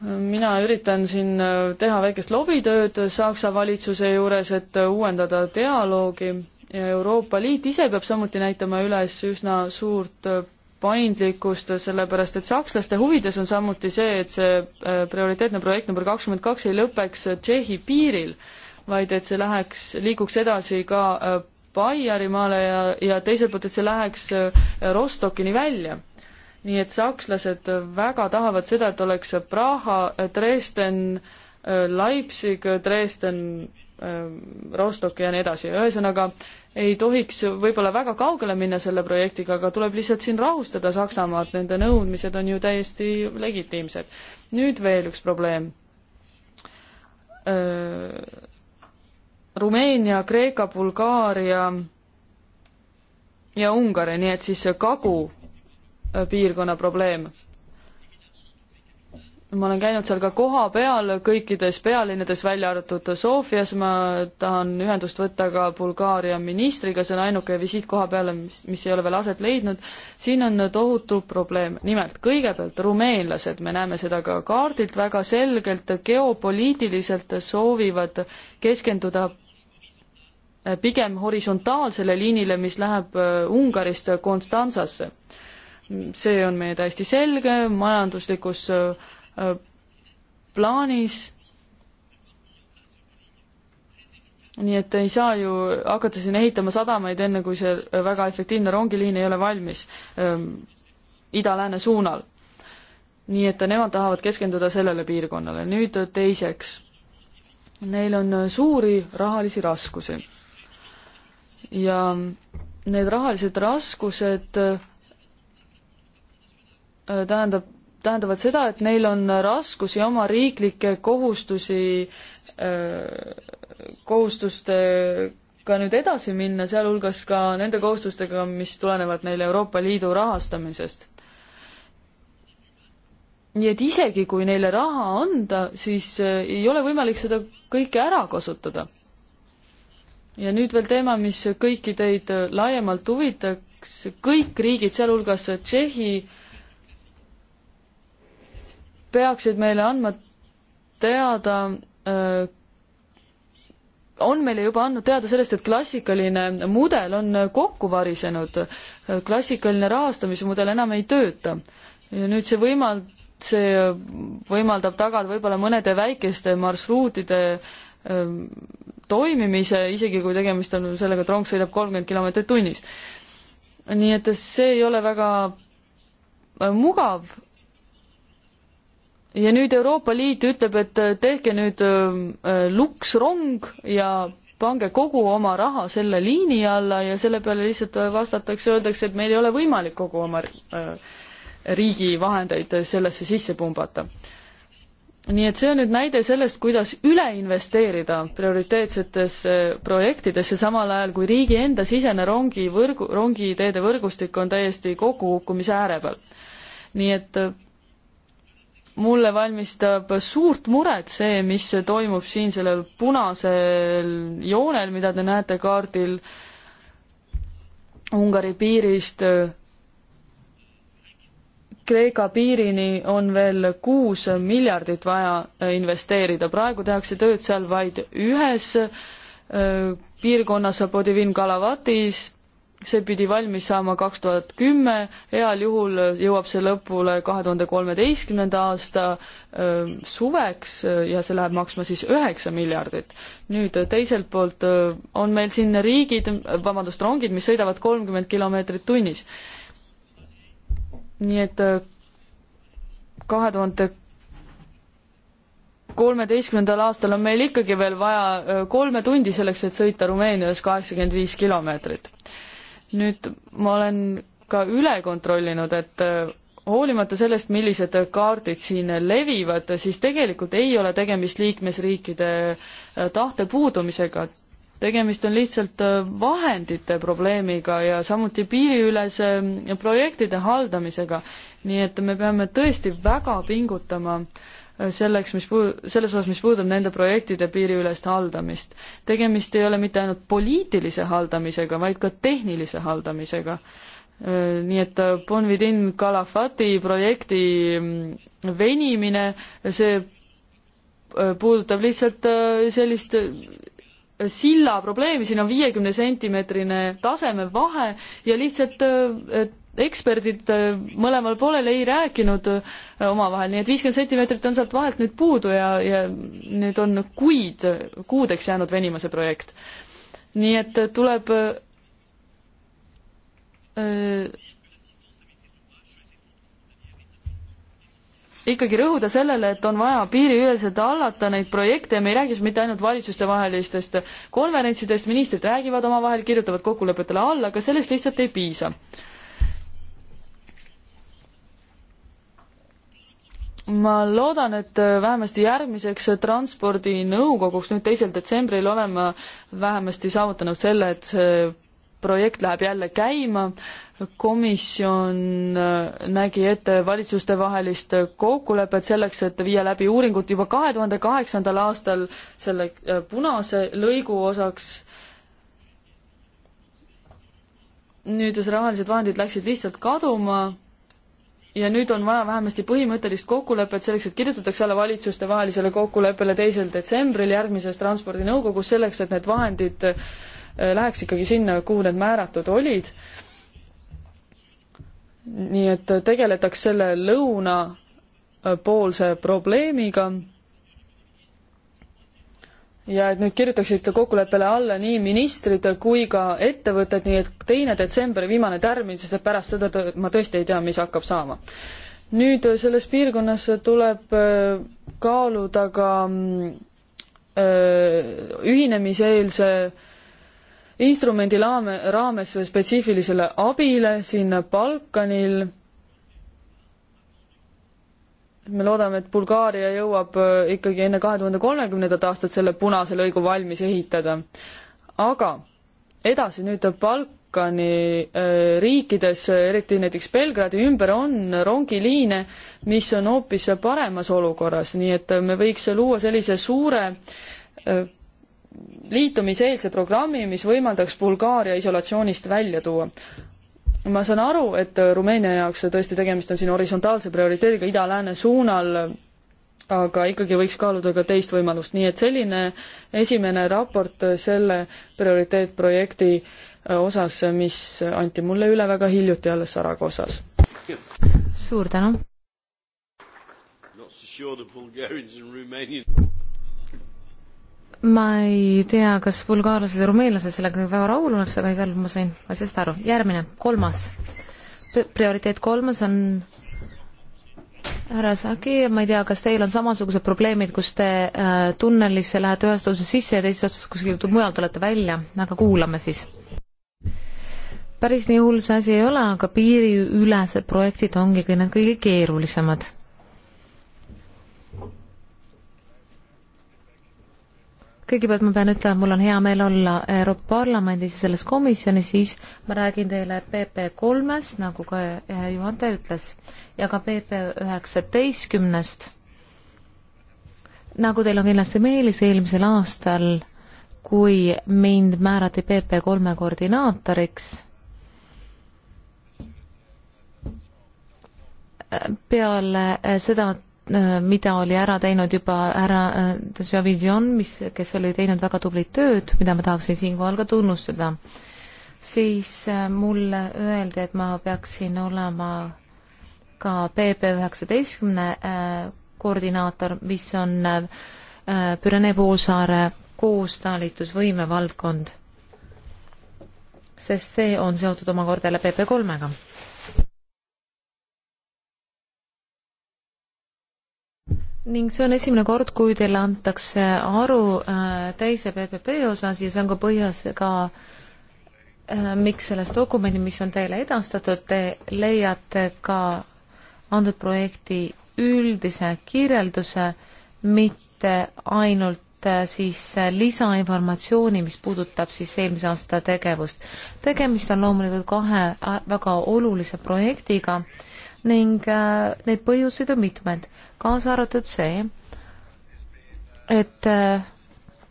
mina üritan siin äh, teha väikest lobitööd Saksa valitsuse juures, et uuendada dialoogi Euroopa Liit ise peab samuti näitama üles üsna suurt äh, paindlikkust, sellepärast et sakslaste huvides on samuti see, et see äh, prioriteetne projekt number kakskümmend kaks ei lõpeks äh, Tšehhi piiril, vaid et see läheks, liiguks edasi ka Baierimaale ja, ja teiselt poolt, et see läheks Rostokini välja. nii et sakslased väga tahavad seda, et oleks Praha, Dresden, Leipzig, Dresden, Äh, Rostoki ja nii edasi, ühesõnaga ei tohiks võib-olla väga kaugele minna selle projektiga, aga tuleb lihtsalt siin rahustada Saksamaad, nende nõudmised on ju täiesti legitiimsed. nüüd veel üks probleem. Äh, Rumeenia, Kreeka, Bulgaaria ja Ungari, nii et siis see kagu äh, piirkonna probleem ma olen käinud seal ka kohapeal kõikides pealinnades, välja arvatud Sofias, ma tahan ühendust võtta ka Bulgaaria ministriga, see on ainuke visiit koha peale, mis, mis ei ole veel aset leidnud. siin on tohutu probleem, nimelt kõigepealt rumeenlased, me näeme seda ka kaardilt väga selgelt, geopoliitiliselt soovivad keskenduda pigem horisontaalsele liinile, mis läheb äh, Ungarist Konstantsasse. see on meie täiesti selge, majanduslikus äh, Äh, plaanis. nii et ei saa ju hakata siin ehitama sadamaid, enne kui see äh, väga efektiivne rongiliin ei ole valmis ähm, ida-lääne suunal. nii et nemad tahavad keskenduda sellele piirkonnale. nüüd teiseks, neil on äh, suuri rahalisi raskusi. ja need rahalised raskused tähendab, tähendavad seda, et neil on raskusi oma riiklikke kohustusi, kohustustega nüüd edasi minna, sealhulgas ka nende kohustustega, mis tulenevad neile Euroopa Liidu rahastamisest. nii et isegi, kui neile raha anda, siis ei ole võimalik seda kõike ära kasutada. ja nüüd veel teema, mis kõiki teid laiemalt huvitaks, kõik riigid, sealhulgas Tšehhi, peaksid meile andma teada on meile juba andnud teada sellest, et klassikaline mudel on kokku varisenud. klassikaline rahastamismudel enam ei tööta. ja nüüd see võimal-, see võimaldab tagada võib-olla mõnede väikeste marsruutide toimimise, isegi kui tegemist on sellega, et rong sõidab kolmkümmend kilomeetrit tunnis. nii et see ei ole väga äh, mugav ja nüüd Euroopa Liit ütleb, et äh, tehke nüüd äh, äh, luksrong ja pange kogu oma raha selle liini alla ja selle peale lihtsalt vastatakse, öeldakse, et meil ei ole võimalik kogu oma riigi vahendeid sellesse sisse pumbata. nii et see on nüüd näide sellest, kuidas üle investeerida prioriteetsetesse projektidesse, samal ajal kui riigi enda sisene rongi võrgu, rongiteede võrgustik on täiesti kokkukukkumise ääre peal. nii et mulle valmistab suurt muret see, mis toimub siin sellel punasel joonel, mida te näete kaardil Ungari piirist Kreeka piirini on veel kuus miljardit vaja investeerida, praegu tehakse tööd seal vaid ühes äh, piirkonnas, Podivin Kalavatis, see pidi valmis saama kaks tuhat kümme, heal juhul jõuab see lõpule kahe tuhande kolmeteistkümnenda aasta suveks ja see läheb maksma siis üheksa miljardit. nüüd teiselt poolt on meil siin riigid, vabandust, rongid, mis sõidavad kolmkümmend kilomeetrit tunnis. nii et kahe tuhande kolmeteistkümnendal aastal on meil ikkagi veel vaja kolme tundi selleks, et sõita Rumeenias kaheksakümmend viis kilomeetrit nüüd ma olen ka üle kontrollinud, et äh, hoolimata sellest, millised kaardid siin levivad, siis tegelikult ei ole tegemist liikmesriikide äh, tahte puudumisega, tegemist on lihtsalt äh, vahendite probleemiga ja samuti piiriülese projektide haldamisega. nii et me peame tõesti väga pingutama äh, selleks, mis puu-, selles osas, mis puudub nende projektide piiriülest haldamist. tegemist ei ole mitte ainult poliitilise haldamisega, vaid ka tehnilise haldamisega. Nii et äh, Bonvidin Calafati projekti mm, venimine, see äh, puudutab lihtsalt äh, sellist silla probleemi, siin on viiekümne sentimeetrine tasemevahe ja lihtsalt eksperdid äh, mõlemal poolel ei rääkinud äh, omavahel, nii et viiskümmend sentimeetrit on sealt vahelt nüüd puudu ja, ja nüüd on kuid, kuudeks jäänud venima see projekt. nii et äh, tuleb äh, ikkagi rõhuda sellele, et on vaja piiriüleselt hallata neid projekte ja me ei räägi siin mitte ainult valitsustevahelistest konverentsidest, ministrid räägivad omavahel, kirjutavad kokkulepetele alla, aga sellest lihtsalt ei piisa ma loodan, et äh, vähemasti järgmiseks äh, transpordinõukoguks nüüd teisel detsembril oleme vähemasti saavutanud selle, et see projekt läheb jälle käima. komisjon äh, nägi ette valitsustevahelist kokkulepet selleks, et viia läbi uuringut juba kahe tuhande kaheksandal aastal selle punase lõigu osaks. nüüd rahalised vahendid läksid lihtsalt kaduma ja nüüd on vaja vähemasti põhimõttelist kokkulepet selleks, et kirjutatakse alla valitsustevahelisele kokkuleppele teisel detsembril järgmises Transpordinõukogus, selleks et need vahendid äh, läheks ikkagi sinna, kuhu need määratud olid. nii et tegeletaks selle lõunapoolse probleemiga ja et nüüd kirjutaksid kokkuleppele alla nii ministrid kui ka ettevõtted, nii et teine detsember, viimane tärmin, sest et pärast seda tõ ma tõesti ei tea, mis hakkab saama. nüüd äh, selles piirkonnas tuleb äh, kaaluda ka mm, äh, ühinemiseelse instrumendi raame, raames spetsiifilisele abile siin Balkanil me loodame, et Bulgaaria jõuab äh, ikkagi enne kahe tuhande kolmekümnendat aastat selle punase lõigu valmis ehitada. aga edasi nüüd Balkani äh, riikides, eriti näiteks Belgradi ümber on rongiliine, mis on hoopis paremas olukorras, nii et me võiks luua sellise suure äh, liitumiseelse programmi, mis võimaldaks Bulgaaria isolatsioonist välja tuua ma saan aru, et äh, Rumeenia jaoks tõesti tegemist on siin horisontaalse prioriteediga ida-lääne suunal, aga ikkagi võiks kaaluda ka teist võimalust, nii et selline esimene raport selle prioriteetprojekti äh, osas, mis anti mulle üle väga hiljuti alles Saragossas. suur tänu!
ma ei tea, kas bulgaarlased ja rumeenlased sellega väga rahul oleks, aga igal juhul ma sain asjast aru. järgmine, kolmas P. prioriteet kolmas on härra Sagi, ma ei tea, kas teil on samasugused probleemid, kus te äh, tunnelisse lähete ühest otsast sisse ja teisest otsast kuskilt mujalt tulete välja, aga kuulame siis. päris nii hull see asi ei ole, aga piiriülesed projektid ongi need kõige keerulisemad kõigepealt ma pean ütlema, et mul on hea meel olla Euroopa Parlamendis ja selles komisjonis, siis ma räägin teile PP3-st, nagu ka eh, juhataja ütles, ja ka PP19-st. nagu teil on kindlasti meeles, eelmisel aastal, kui mind määrati PP3 koordinaatoriks, eh, peale eh, seda Äh, mida oli ära teinud juba härra Javidjon, äh, mis, kes oli teinud väga tublit tööd, mida ma tahaksin siinkohal ka tunnustada, siis äh, mulle öeldi, et ma peaksin olema ka PB üheksateistkümne koordinaator, mis on Pürenee poolsaare koostalitusvõime valdkond. sest see on seotud omakorda jälle PP kolmega ning see on esimene kord, kui teile antakse aru äh, teise PPP osas ja see on ka põhjas ka äh, miks selles dokumendis, mis on teile edastatud, te leiate ka antud projekti üldise kirjelduse, mitte ainult äh, siis äh, lisainformatsiooni, mis puudutab siis eelmise aasta tegevust. tegemist on loomulikult kahe äh, väga olulise projektiga äh,, ning äh, neid põhjuseid on mitmed, kaasa arvatud see, et äh,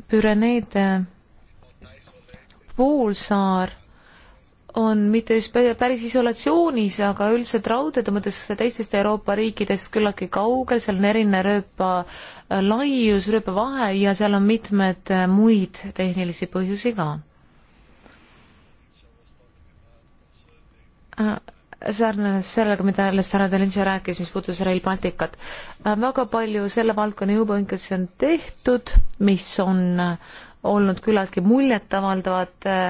Püreneede äh, poolsaar on mitte just päris isolatsioonis, aga üldiselt raudade mõttes teistest Euroopa riikidest küllaltki kaugel, seal on erinev rööpa laius, rööpavahe ja seal on mitmed muid tehnilisi põhjusi ka sarnane sellega, mida alles härra Delintši rääkis, mis puudutas Rail Balticut. Äh, väga palju selle valdkonna jõupingutusi on tehtud, mis on äh, olnud küllaltki muljetavaldavad. Äh,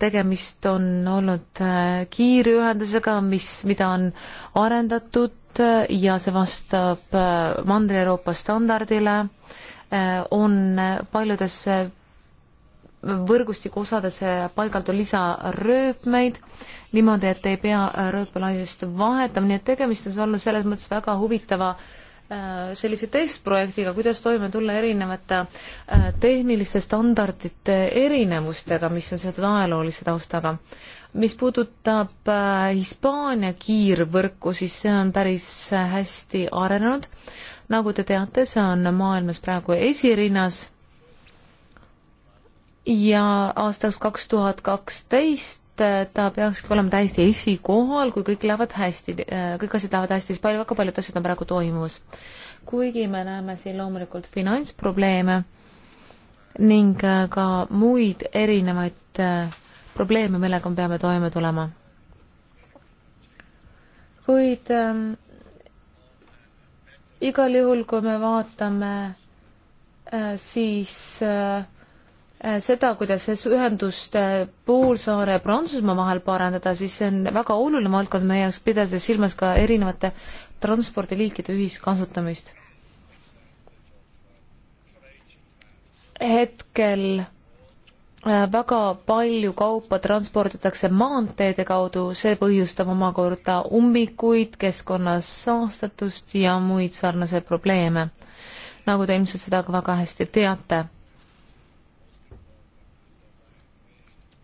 tegemist on olnud kiirühendusega, mis, mida on arendatud ja see vastab Mandri-Euroopa standardile on paljudes võrgustiku osadesse eh, paigaldada lisarööpmeid niimoodi, et ei pea eh, rööpalaiust vahetama, nii et tegemist on olnud selles mõttes väga huvitava eh, sellise testprojektiga, kuidas toime tulla erinevate tehniliste standardite erinevustega, mis on seotud ajaloolise taustaga. mis puudutab Hispaania kiirvõrku, siis see on päris hästi arenenud. nagu te teate, see on maailmas praegu esirinnas ja aastaks kaks tuhat kaksteist äh, ta peakski olema täiesti esikohal, kui kõik lähevad hästi, äh, kõik asjad lähevad hästi, siis palju, väga paljud asjad on praegu toimumas. kuigi me näeme siin loomulikult finantsprobleeme ning äh, ka muid erinevaid probleeme, millega me peame toime tulema. kuid ähm, igal juhul, kui me vaatame äh, siis äh, Äh, seda, kuidas ühendust poolsaare ja Prantsusmaa vahel parandada, siis see on väga oluline valdkond meie jaoks, pidades silmas ka erinevate transpordiliikide ühiskasutamist. hetkel äh, väga palju kaupa transporditakse maanteede kaudu, see põhjustab omakorda ummikuid, keskkonnas saastatust ja muid sarnaseid probleeme, nagu te ilmselt seda ka väga hästi teate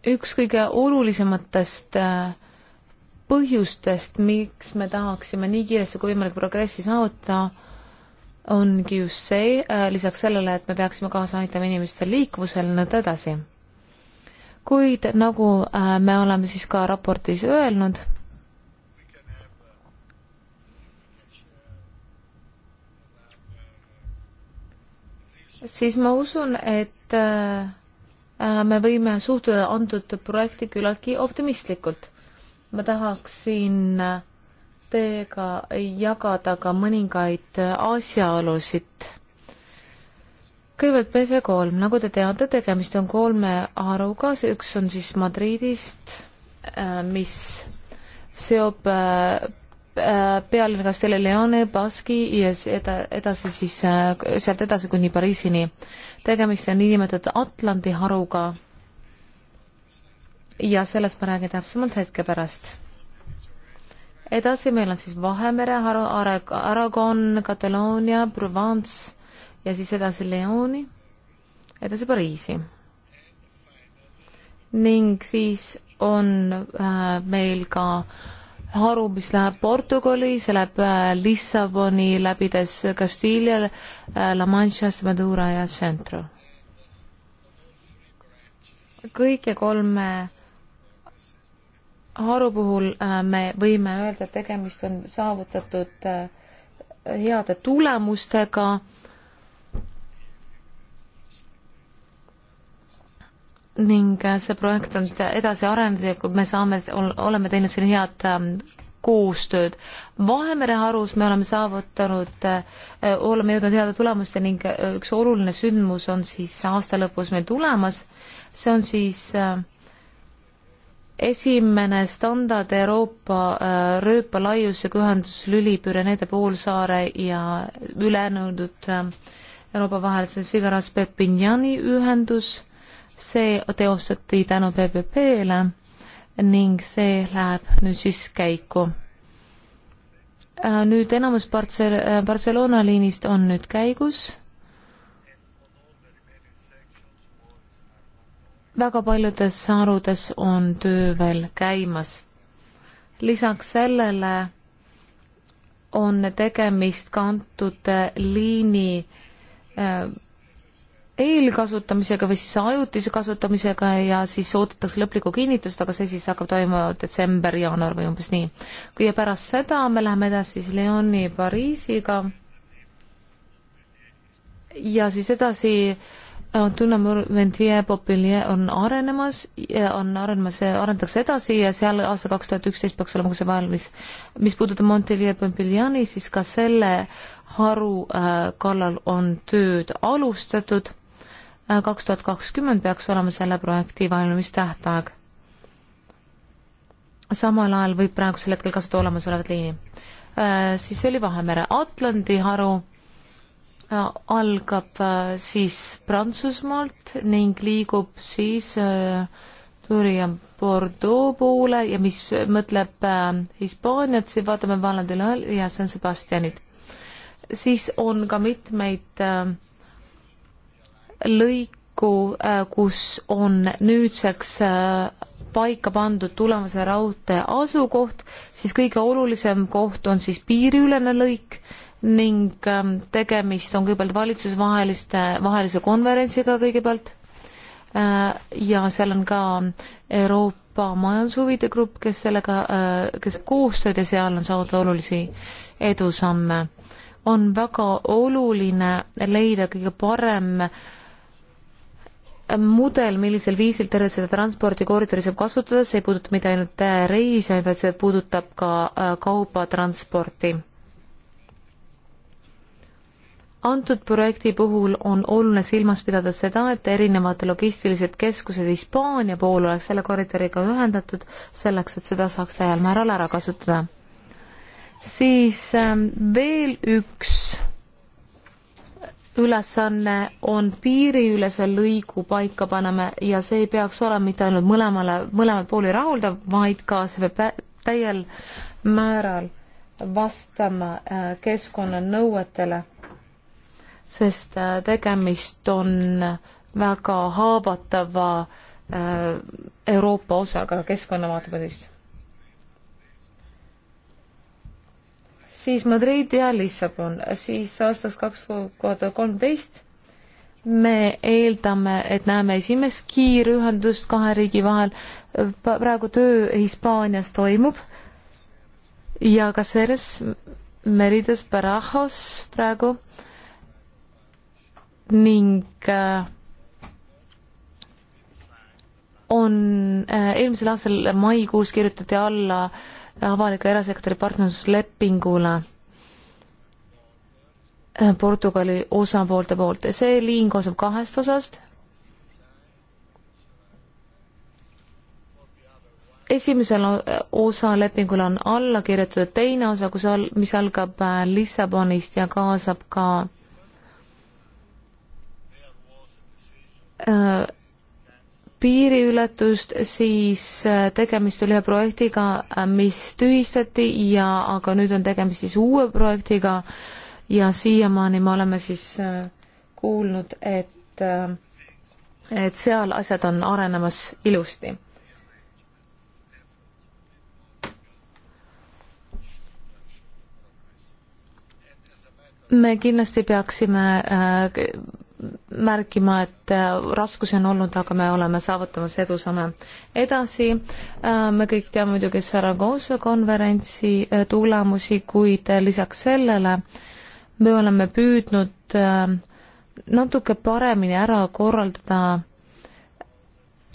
üks kõige olulisematest äh, põhjustest, miks me tahaksime nii kiiresti kui võimalik progressi saavutada, ongi just see, äh, lisaks sellele, et me peaksime kaasa aitama inimestel liikuvusel ja nõnda edasi. kuid nagu äh, me oleme siis ka raportis öelnud, siis ma usun, et Äh, me võime suhtuda antud projekti küllaltki optimistlikult. ma tahaksin äh, teiega jagada ka mõningaid äh, asjaolusid. kõigepealt PV3, nagu te teate, tegemist on kolme haruga, see üks on siis Madridist, mis seob pealinna Castellane, Baski ja eda-, edasi siis, sealt edasi kuni Pariisini tegemist on niinimetatud Atlandi haruga. ja sellest ma räägin täpsemalt hetke pärast. edasi meil on siis Vahemere haru, Aragon, Kataloonia, Provence ja siis edasi Leoni, edasi Pariisi. ning siis on äh, meil ka äh, haru, mis läheb Portugali, see läheb äh, Lissaboni, läbides Castilla, äh, La Mancha, Extremadura ja Centro. kõigi kolme haru puhul äh, me võime öelda, et tegemist on saavutatud heade tulemustega ning äh, see projekt on edasi arenenud ja kui me saame, oleme teinud siin head ähm, koostööd. Vahemere harus me oleme saavutanud, äh, äh, oleme jõudnud heade tulemuste ning üks oluline sündmus on siis aasta lõpus meil tulemas, see on siis esimene standard Euroopa rööpalaiusega ühenduslüli Pürenede poolsaare ja ülejäänud Euroopa vahel siis Figueras Perpignani ühendus see teostati tänu PPP-le ning see läheb nüüd siis käiku. Äh, nüüd enamus Barcel-, äh, Barcelona liinist on nüüd käigus. väga paljudes harudes on töö veel käimas. lisaks sellele on tegemist kantud liini äh, eelkasutamisega või siis ajutise kasutamisega ja siis oodatakse lõplikku kinnitust, aga see siis hakkab toimuma detsember, jaanuar või umbes nii. ja pärast seda me läheme edasi siis Lyoni Pariisiga ja siis edasi äh, on arenemas, on arenemas, arendatakse edasi ja seal aasta kaks tuhat üksteist peaks olema ka see valmis. mis puudutab Montpellier-Pompiljani, siis ka selle haru äh, kallal on tööd alustatud kaks tuhat kakskümmend peaks olema selle projekti valmimistähtaeg. samal ajal võib praegusel hetkel kasutada olemasolevat liini. Äh, siis oli Vahemere Atlandi haru, äh, algab äh, siis Prantsusmaalt ning liigub siis Turi ja Bordeaux poole ja mis mõtleb Hispaaniat, siis vaatame Valladolid ja San Sebastianit. siis on ka mitmeid äh, lõiku, äh, kus on nüüdseks äh, paika pandud tulemuse raudtee asukoht, siis kõige olulisem koht on siis piiriülene lõik ning ähm, tegemist on kõigepealt valitsusvaheliste, vahelise konverentsiga kõigepealt äh, ja seal on ka Euroopa majandushuvide grupp, kes sellega, kes koostööd ja seal on saanud olulisi edusamme. on väga oluline leida kõige parem äh, mudel, millisel viisil terve seda transpordikoridori saab kasutada, see ei puuduta mitte ainult äh, reise, vaid see puudutab ka äh, kaubatransporti. antud projekti puhul on oluline silmas pidada seda, et erinevad logistilised keskused Hispaania pool oleks selle koridoriga ühendatud, selleks et seda saaks täiel määral ära kasutada. siis ähm, veel üks ülesanne on piiriülese lõigu paika panema ja see ei peaks olema mitte ainult mõlemale, mõlemad pooli rahuldav, vaid ka see peab täiel määral vastama äh, keskkonnanõuetele, sest äh, tegemist on väga haavatava äh, Euroopa osaga keskkonnavaatepunktist siis Madrid ja Lissabon, siis aastast kaks tuhat kolmteist me eeldame, et näeme esimest kiirühendust kahe riigi vahel. praegu töö Hispaanias toimub ja ka selles Merides Barajos praegu ning äh, on äh, eelmisel aastal maikuus kirjutati alla äh, avaliku erasektori partnerluslepingule äh, Portugali osapoolte poolt. see liin koosneb kahest osast. esimesel osa lepingul on alla kirjutatud teine osa, kus al-, mis algab äh, Lissabonist ja kaasab ka äh, piiriületust, siis äh, tegemist oli ühe projektiga, äh, mis tühistati ja, aga nüüd on tegemist siis uue projektiga ja siiamaani me oleme siis äh, kuulnud, et, et seal asjad on arenemas ilusti me kindlasti peaksime märkima, et äh, raskusi on olnud, aga me oleme saavutamas edusamme. edasi, äh, me kõik teame muidugi Saragossa konverentsi äh, tulemusi, kuid lisaks sellele me oleme püüdnud natuke paremini ära korraldada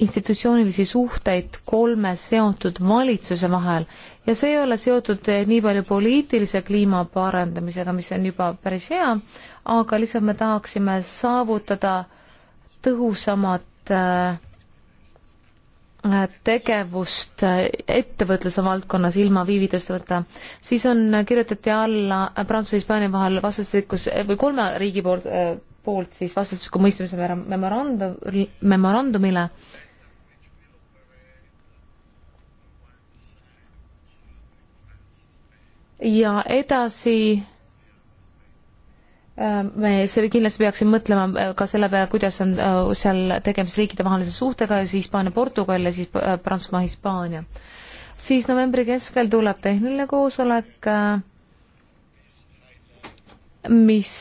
institutsioonilisi suhteid kolme seotud valitsuse vahel ja see ei ole seotud eh, nii palju poliitilise kliima parandamisega, mis on juba päris hea, aga lihtsalt me tahaksime saavutada tõhusamat eh, tegevust eh, ettevõtluse valdkonnas ilma viivitusteta, siis on, kirjutati alla Prantsuse-Hispaania vahel vastastikus või kolme riigi poolt, poolt siis vastastikku mõistmise memorandum, memorandumile, memorandumile ja edasi äh, me selle kindlasti peaksime mõtlema äh, ka selle peale, kuidas on äh, seal tegemist riikidevahelise suhtega, siis Hispaania-Portugal ja siis Prantsusmaa-Hispaania. siis novembri keskel tuleb tehniline koosolek, mis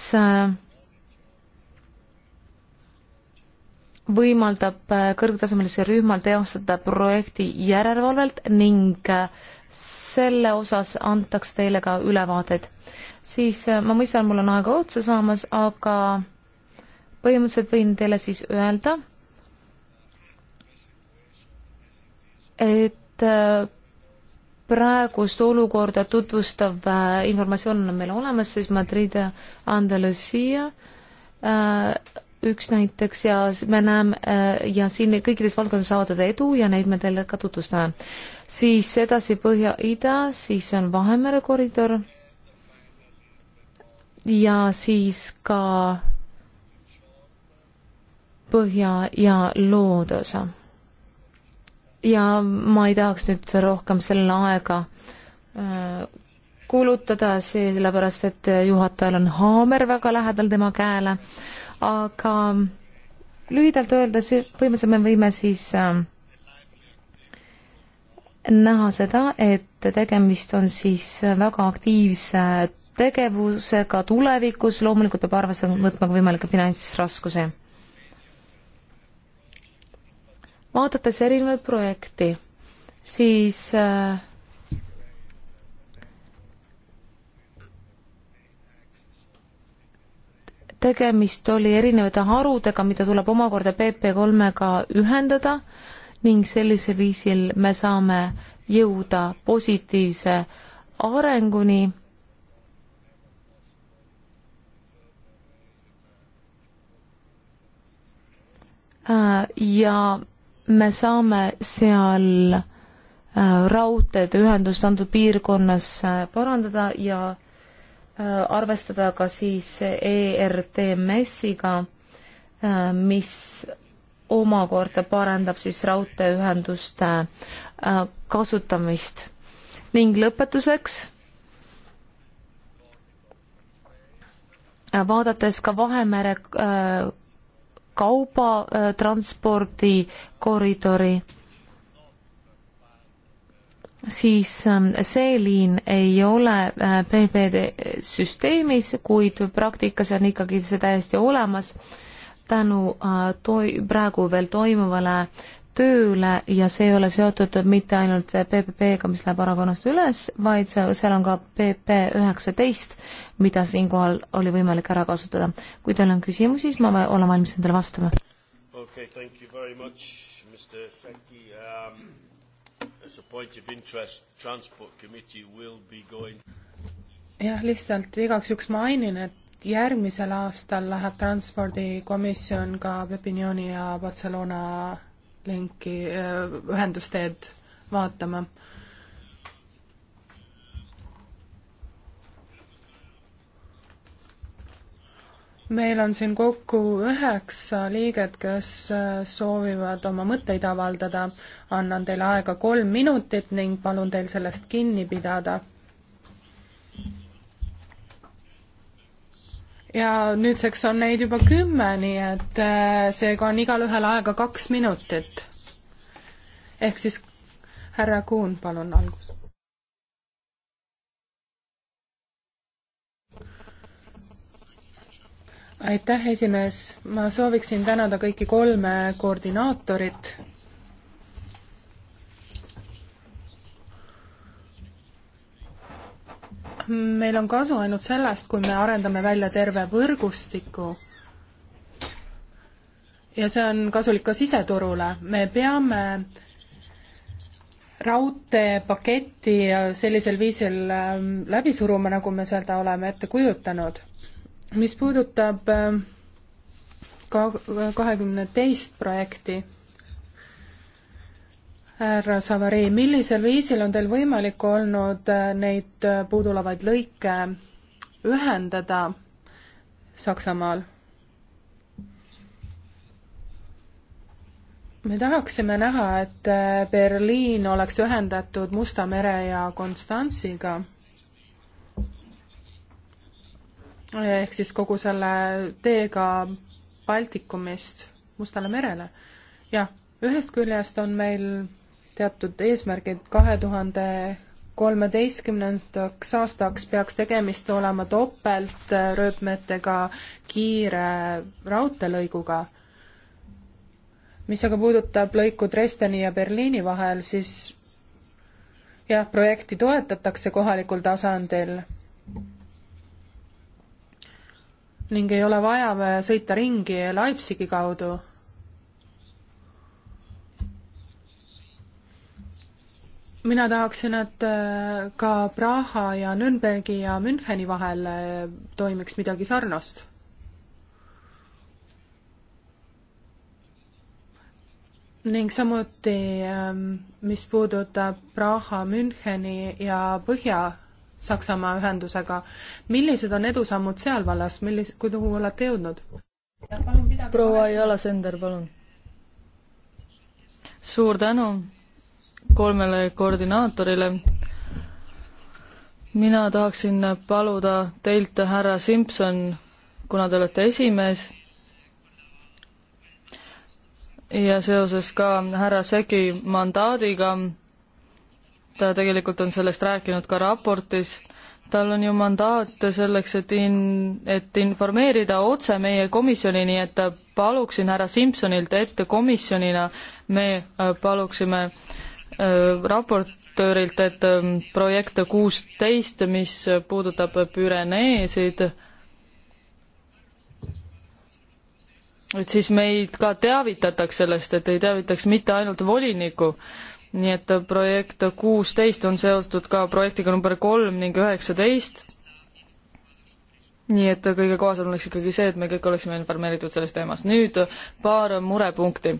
võimaldab kõrgtasemelisel rühmal teostada projekti järelevalvelt ning selle osas antaks teile ka ülevaadeid. siis äh, ma mõistan, mul on aega otsa saamas, aga põhimõtteliselt võin teile siis öelda, et äh, praegust olukorda tutvustav äh, informatsioon on meil olemas, siis Madrid Andalusia äh, üks näiteks ja me näeme äh, ja siin kõikides valdkondades saavutada edu ja neid me teile ka tutvustame. siis edasi Põhja-Ida, siis on Vahemere koridor ja siis ka põhja ja loodosa. ja ma ei tahaks nüüd rohkem selle aega äh, kulutada, sellepärast et juhatajal on haamer väga lähedal tema käele aga lühidalt öeldes põhimõtteliselt me võime siis ähm, näha seda, et tegemist on siis väga aktiivse tegevusega tulevikus, loomulikult peab arvesse võtma ka võimalikke finantsraskusi. vaadates erinevaid projekti, siis äh, tegemist oli erinevate harudega, mida tuleb omakorda PP3-ga ühendada ning sellisel viisil me saame jõuda positiivse arenguni äh, ja me saame seal äh, raudteede ühendust antud piirkonnas äh, parandada ja Äh, arvestada ka siis ERTMS-iga, äh, mis omakorda parandab siis raudteeühenduste äh, kasutamist. ning lõpetuseks, vaadates ka Vahemere kaubatranspordi koridori, siis ähm, see liin ei ole äh, PPD süsteemis, kuid praktikas on ikkagi see täiesti olemas tänu äh, toi-, praegu veel toimuvale tööle ja see ei ole seotud mitte ainult PPP-ga, mis läheb erakonnast üles, vaid see, seal on ka PP üheksateist, mida siinkohal oli võimalik ära kasutada. kui teil on küsimusi, siis ma olen valmis nendele vastama
okay, point of interest, transport committee will be going
jah, lihtsalt igaks juhuks mainin, et järgmisel aastal läheb Transpordikomisjon ka Pepinioni ja Barcelona linki, äh, ühendusteed vaatama meil on siin kokku üheksa liiget, kes äh, soovivad oma mõtteid avaldada. annan teile aega kolm minutit ning palun teil sellest kinni pidada. ja nüüdseks on neid juba kümme, nii et äh, seega on igalühel aega kaks minutit. ehk siis härra Kuhn, palun algust. aitäh, esimees, ma sooviksin tänada kõiki kolme koordinaatorit. meil on kasu ainult sellest, kui me arendame välja terve võrgustiku ja see on kasulik ka siseturule, me peame raudteepaketti sellisel viisil ähm, läbi suruma, nagu me seda oleme ette kujutanud mis puudutab ähm, ka-, äh, kahekümne teist projekti, härra Savari, millisel viisil on teil võimalik olnud äh, neid äh, puudulevaid lõike ühendada Saksamaal? me tahaksime näha, et Berliin oleks ühendatud Musta mere ja Konstantsiga ehk siis kogu selle teega Baltikumist Mustale merele. jah, ühest küljest on meil teatud eesmärgid kahe tuhande kolmeteistkümnendaks aastaks peaks tegemist olema topeltrööpmetega kiire raudteelõiguga. mis aga puudutab lõiku Dresdeni ja Berliini vahel, siis jah, projekti toetatakse kohalikul tasandil ning ei ole vaja sõita ringi Leipzigi kaudu. mina tahaksin, et äh, ka Praha ja Nürnbergi ja Müncheni vahel äh, toimiks midagi sarnast. ning samuti, ähm, mis puudutab Praha, Müncheni ja Põhja Saksamaa ühendusega. millised on edusammud seal vallas, millis-, kuhu olete jõudnud?
proua
Jala Sender, palun. suur tänu kolmele koordinaatorile. mina tahaksin paluda teilt, härra Simson, kuna te olete esimees ja seoses ka härra Segi mandaadiga ta tegelikult on sellest rääkinud ka raportis, tal on ju mandaat selleks, et in-, et informeerida otse meie komisjoni, nii et paluksin härra Simsonilt, et komisjonina me äh, paluksime äh, raportöörilt, et äh, projekt kuusteist, mis puudutab Püreneesid, et siis meid ka teavitataks sellest, et ei teavitaks mitte ainult volinikku äh,, nii et projekt kuusteist on seotud ka projektiga number kolm ning üheksateist. nii et kõige kohasem oleks ikkagi see, et me kõik oleksime informeeritud sellest teemast. nüüd paar murepunkti.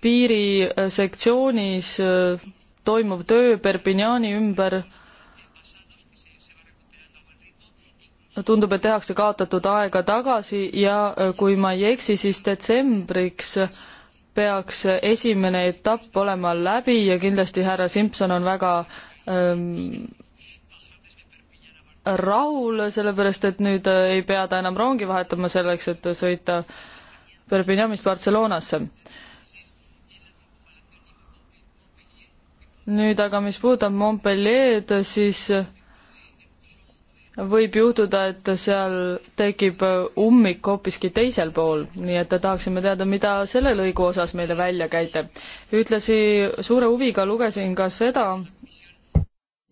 piirisektsioonis äh, toimuv töö Perpignani ümber tundub, et tehakse kaotatud aega tagasi ja äh, kui ma ei eksi, siis detsembriks äh, peaks esimene etapp olema läbi ja kindlasti härra Simson on väga ähm, rahul, sellepärast et nüüd äh, ei pea ta enam rongi vahetama selleks, et sõita Perpignanist Barcelonasse. nüüd aga, mis puudutab Montpellier'd, siis võib juhtuda, et seal tekib ummik hoopiski teisel pool, nii et tahaksime teada, mida selle lõigu osas meile välja käite. ühtlasi suure huviga lugesin ka seda,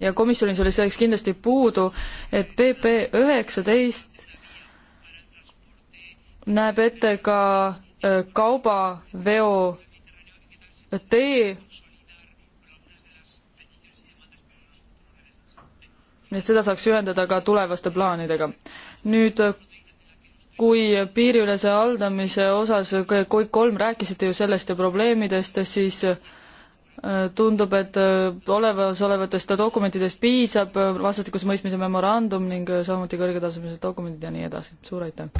ja komisjonis oli selleks kindlasti puudu, et PP üheksateist näeb ette ka kaubaveo tee et seda saaks ühendada ka tulevaste plaanidega. nüüd kui piiriülese haldamise osas kõik kolm rääkisite ju sellest ja probleemidest, siis äh, tundub, et äh, olemasolevatest dokumentidest piisab, äh, vastastikuse mõistmise memorandum ning samuti kõrgetasemelised dokumendid ja nii edasi. suur aitäh!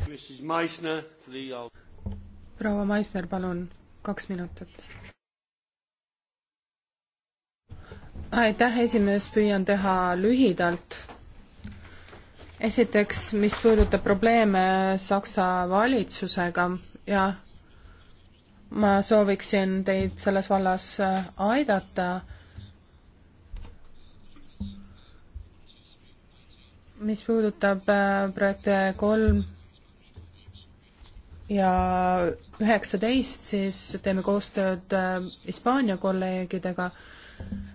proua Maisner, palun, kaks
minutit aitäh, esimees, püüan teha lühidalt. esiteks, mis puudutab probleeme Saksa valitsusega ja ma sooviksin teid selles vallas äh, aidata mis puudutab äh, projekte kolm ja üheksateist, siis teeme koostööd äh, Hispaania kolleegidega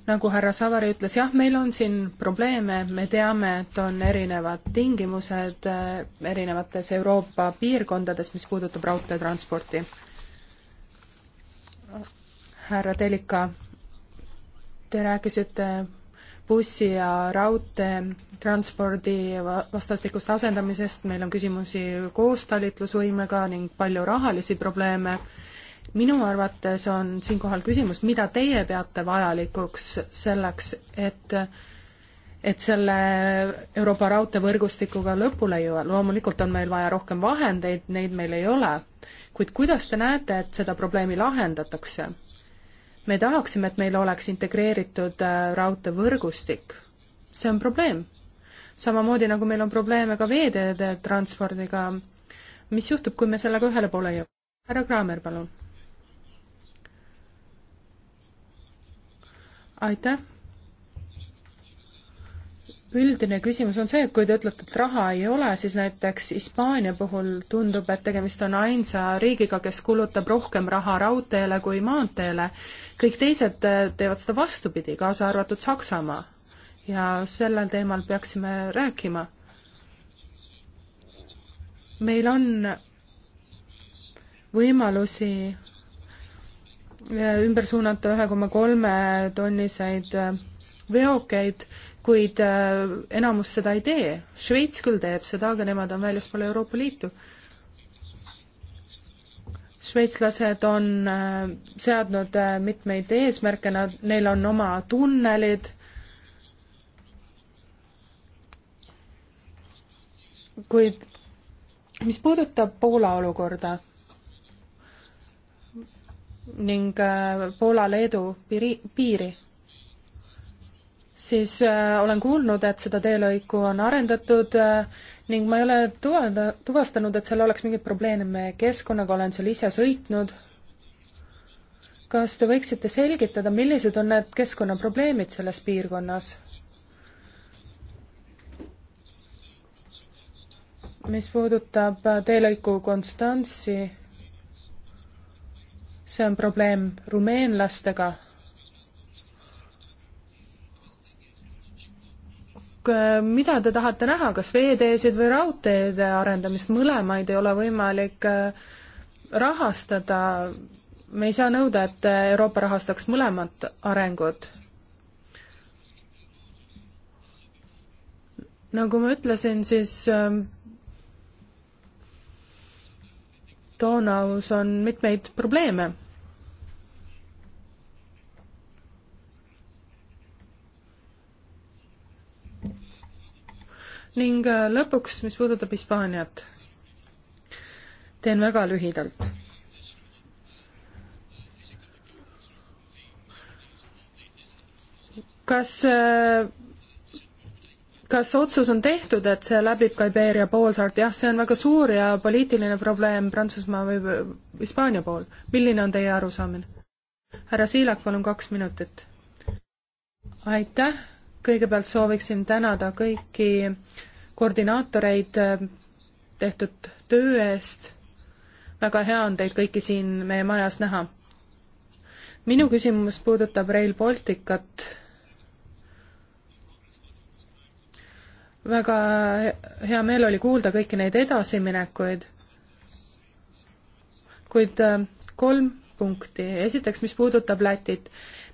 nagu härra Savari ütles, jah, meil on siin probleeme, me teame, et on erinevad tingimused eh, erinevates Euroopa piirkondades, mis puudutab raudteetransporti. härra Telika, te rääkisite bussi ja raudteetranspordi vastastikust asendamisest, meil on küsimusi koostalitlusvõimega ning palju rahalisi probleeme minu arvates on siinkohal küsimus, mida teie peate vajalikuks selleks, et et selle Euroopa raudteevõrgustikuga lõpule jõua, loomulikult on meil vaja rohkem vahendeid, neid meil ei ole, kuid kuidas te näete, et seda probleemi lahendatakse? me tahaksime, et meil oleks integreeritud äh, raudteevõrgustik. see on probleem. samamoodi, nagu meil on probleeme ka veeteede transpordiga, mis juhtub, kui me sellega ühele poole jõuame? härra Kraamer, palun aitäh. üldine küsimus on see, et kui te ütlete, et raha ei ole, siis näiteks Hispaania puhul tundub, et tegemist on ainsa riigiga, kes kulutab rohkem raha raudteele kui maanteele. kõik teised teevad seda vastupidi, kaasa arvatud Saksamaa. ja sellel teemal peaksime rääkima. meil on võimalusi ümber suunata ühe koma kolme tonniseid äh, veokeid, kuid äh, enamus seda ei tee. Šveits küll teeb seda, aga nemad on väljaspool Euroopa Liitu. šveitslased on äh, seadnud mitmeid eesmärke, nad, neil on oma tunnelid, kuid mis puudutab Poola olukorda ning äh, Poola-Leedu piiri, piiri. siis äh, olen kuulnud, et seda teelõiku on arendatud äh, ning ma ei ole tuvada, tuvastanud, et seal oleks mingeid probleeme keskkonnaga, olen seal ise sõitnud. kas te võiksite selgitada, millised on need keskkonnaprobleemid selles piirkonnas? mis puudutab äh, teelõiku Konstantsi see on probleem rumeenlastega. mida te tahate näha, kas veeteesid või raudteede arendamist, mõlemaid ei ole võimalik äh, rahastada. me ei saa nõuda, et Euroopa rahastaks mõlemat arengut. nagu ma ütlesin, siis ähm, Donaus on mitmeid probleeme. ning äh, lõpuks, mis puudutab Hispaaniat, teen väga lühidalt kas äh, kas otsus on tehtud, et see läbib ka Iberia poolsaart, jah, see on väga suur ja poliitiline probleem Prantsusmaa või Hispaania pool. milline on teie arusaamine? härra Siilak, palun kaks minutit. aitäh, kõigepealt sooviksin tänada kõiki koordinaatoreid äh, tehtud töö eest, väga hea on teid kõiki siin meie majas näha. minu küsimus puudutab Rail Balticut väga hea meel oli kuulda kõiki neid edasiminekuid, kuid äh, kolm punkti. esiteks, mis puudutab Lätit.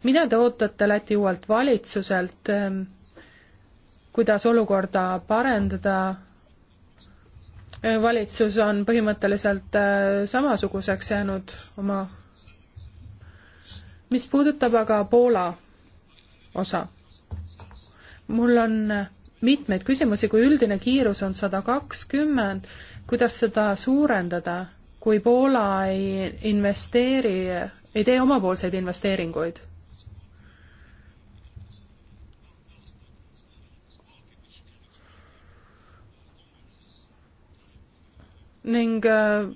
mida te ootate Läti uuelt valitsuselt, ähm, kuidas olukorda parendada? Äh, valitsus on põhimõtteliselt äh, samasuguseks jäänud oma mis puudutab aga Poola osa, mul on mitmeid küsimusi, kui üldine kiirus on sada kakskümmend, kuidas seda suurendada, kui Poola ei investeeri, ei tee omapoolseid investeeringuid? ning äh,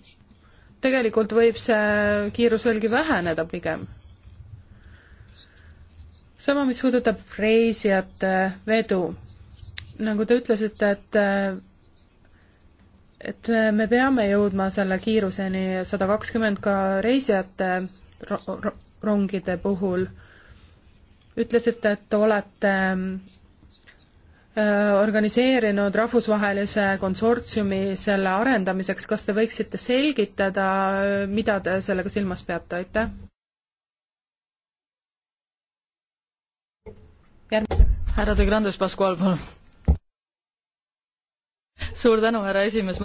tegelikult võib see kiirus veelgi väheneda pigem sama, mis puudutab reisijate vedu nagu te ütlesite, et äh, et äh, me peame jõudma selle kiiruseni sada kakskümmend ka reisijate ro ro rongide puhul. ütlesite, et olete äh, organiseerinud rahvusvahelise konsortsiumi selle arendamiseks, kas te võiksite selgitada, mida te sellega silmas peate, aitäh?
järgmiseks. härra De Grandes Pascual, palun suur tänu, härra esimees.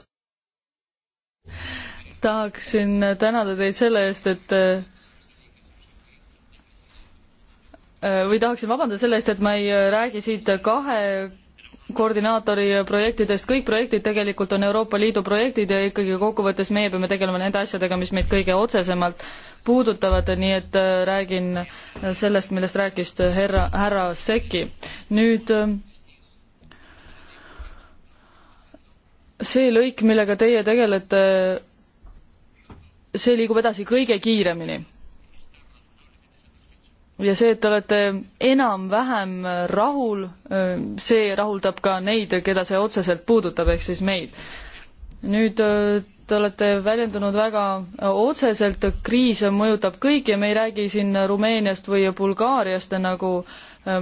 tahaksin tänada teid selle eest, et äh, või tahaksin vabandada selle eest, et ma ei äh, räägi siit kahe koordinaatori projektidest, kõik projektid tegelikult on Euroopa Liidu projektid ja ikkagi kokkuvõttes meie peame tegelema nende asjadega, mis meid kõige otsesemalt puudutavad, nii et äh, räägin sellest, millest rääkis härra, härra Sekki. nüüd see lõik, millega teie tegelete, see liigub edasi kõige kiiremini. ja see, et te olete enam-vähem rahul, see rahuldab ka neid, keda see otseselt puudutab, ehk siis meid. nüüd te olete väljendunud väga otseselt, kriis mõjutab kõiki ja me ei räägi siin Rumeeniast või Bulgaariast, nagu äh,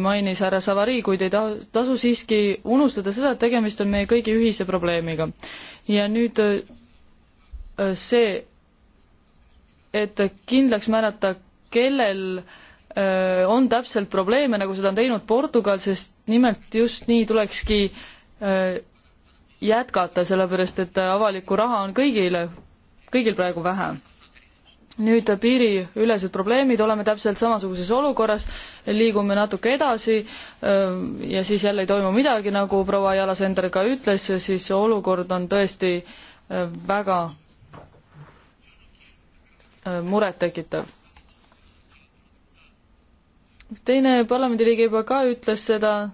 mainis härra Savari, kuid ei ta-, tasu siiski unustada seda, et tegemist on meie kõigi ühise probleemiga. ja nüüd äh, see, et kindlaks määrata, kellel äh, on täpselt probleeme, nagu seda on teinud Portugal, sest nimelt just nii tulekski äh, jätkata, sellepärast et avalikku raha on kõigile, kõigil praegu vähe nüüd piiriülesed probleemid, oleme täpselt samasuguses olukorras, liigume natuke edasi ja siis jälle ei toimu midagi, nagu proua Jala Sender ka ütles, siis olukord on tõesti väga murettekitav. teine parlamendiliige juba ka ütles seda,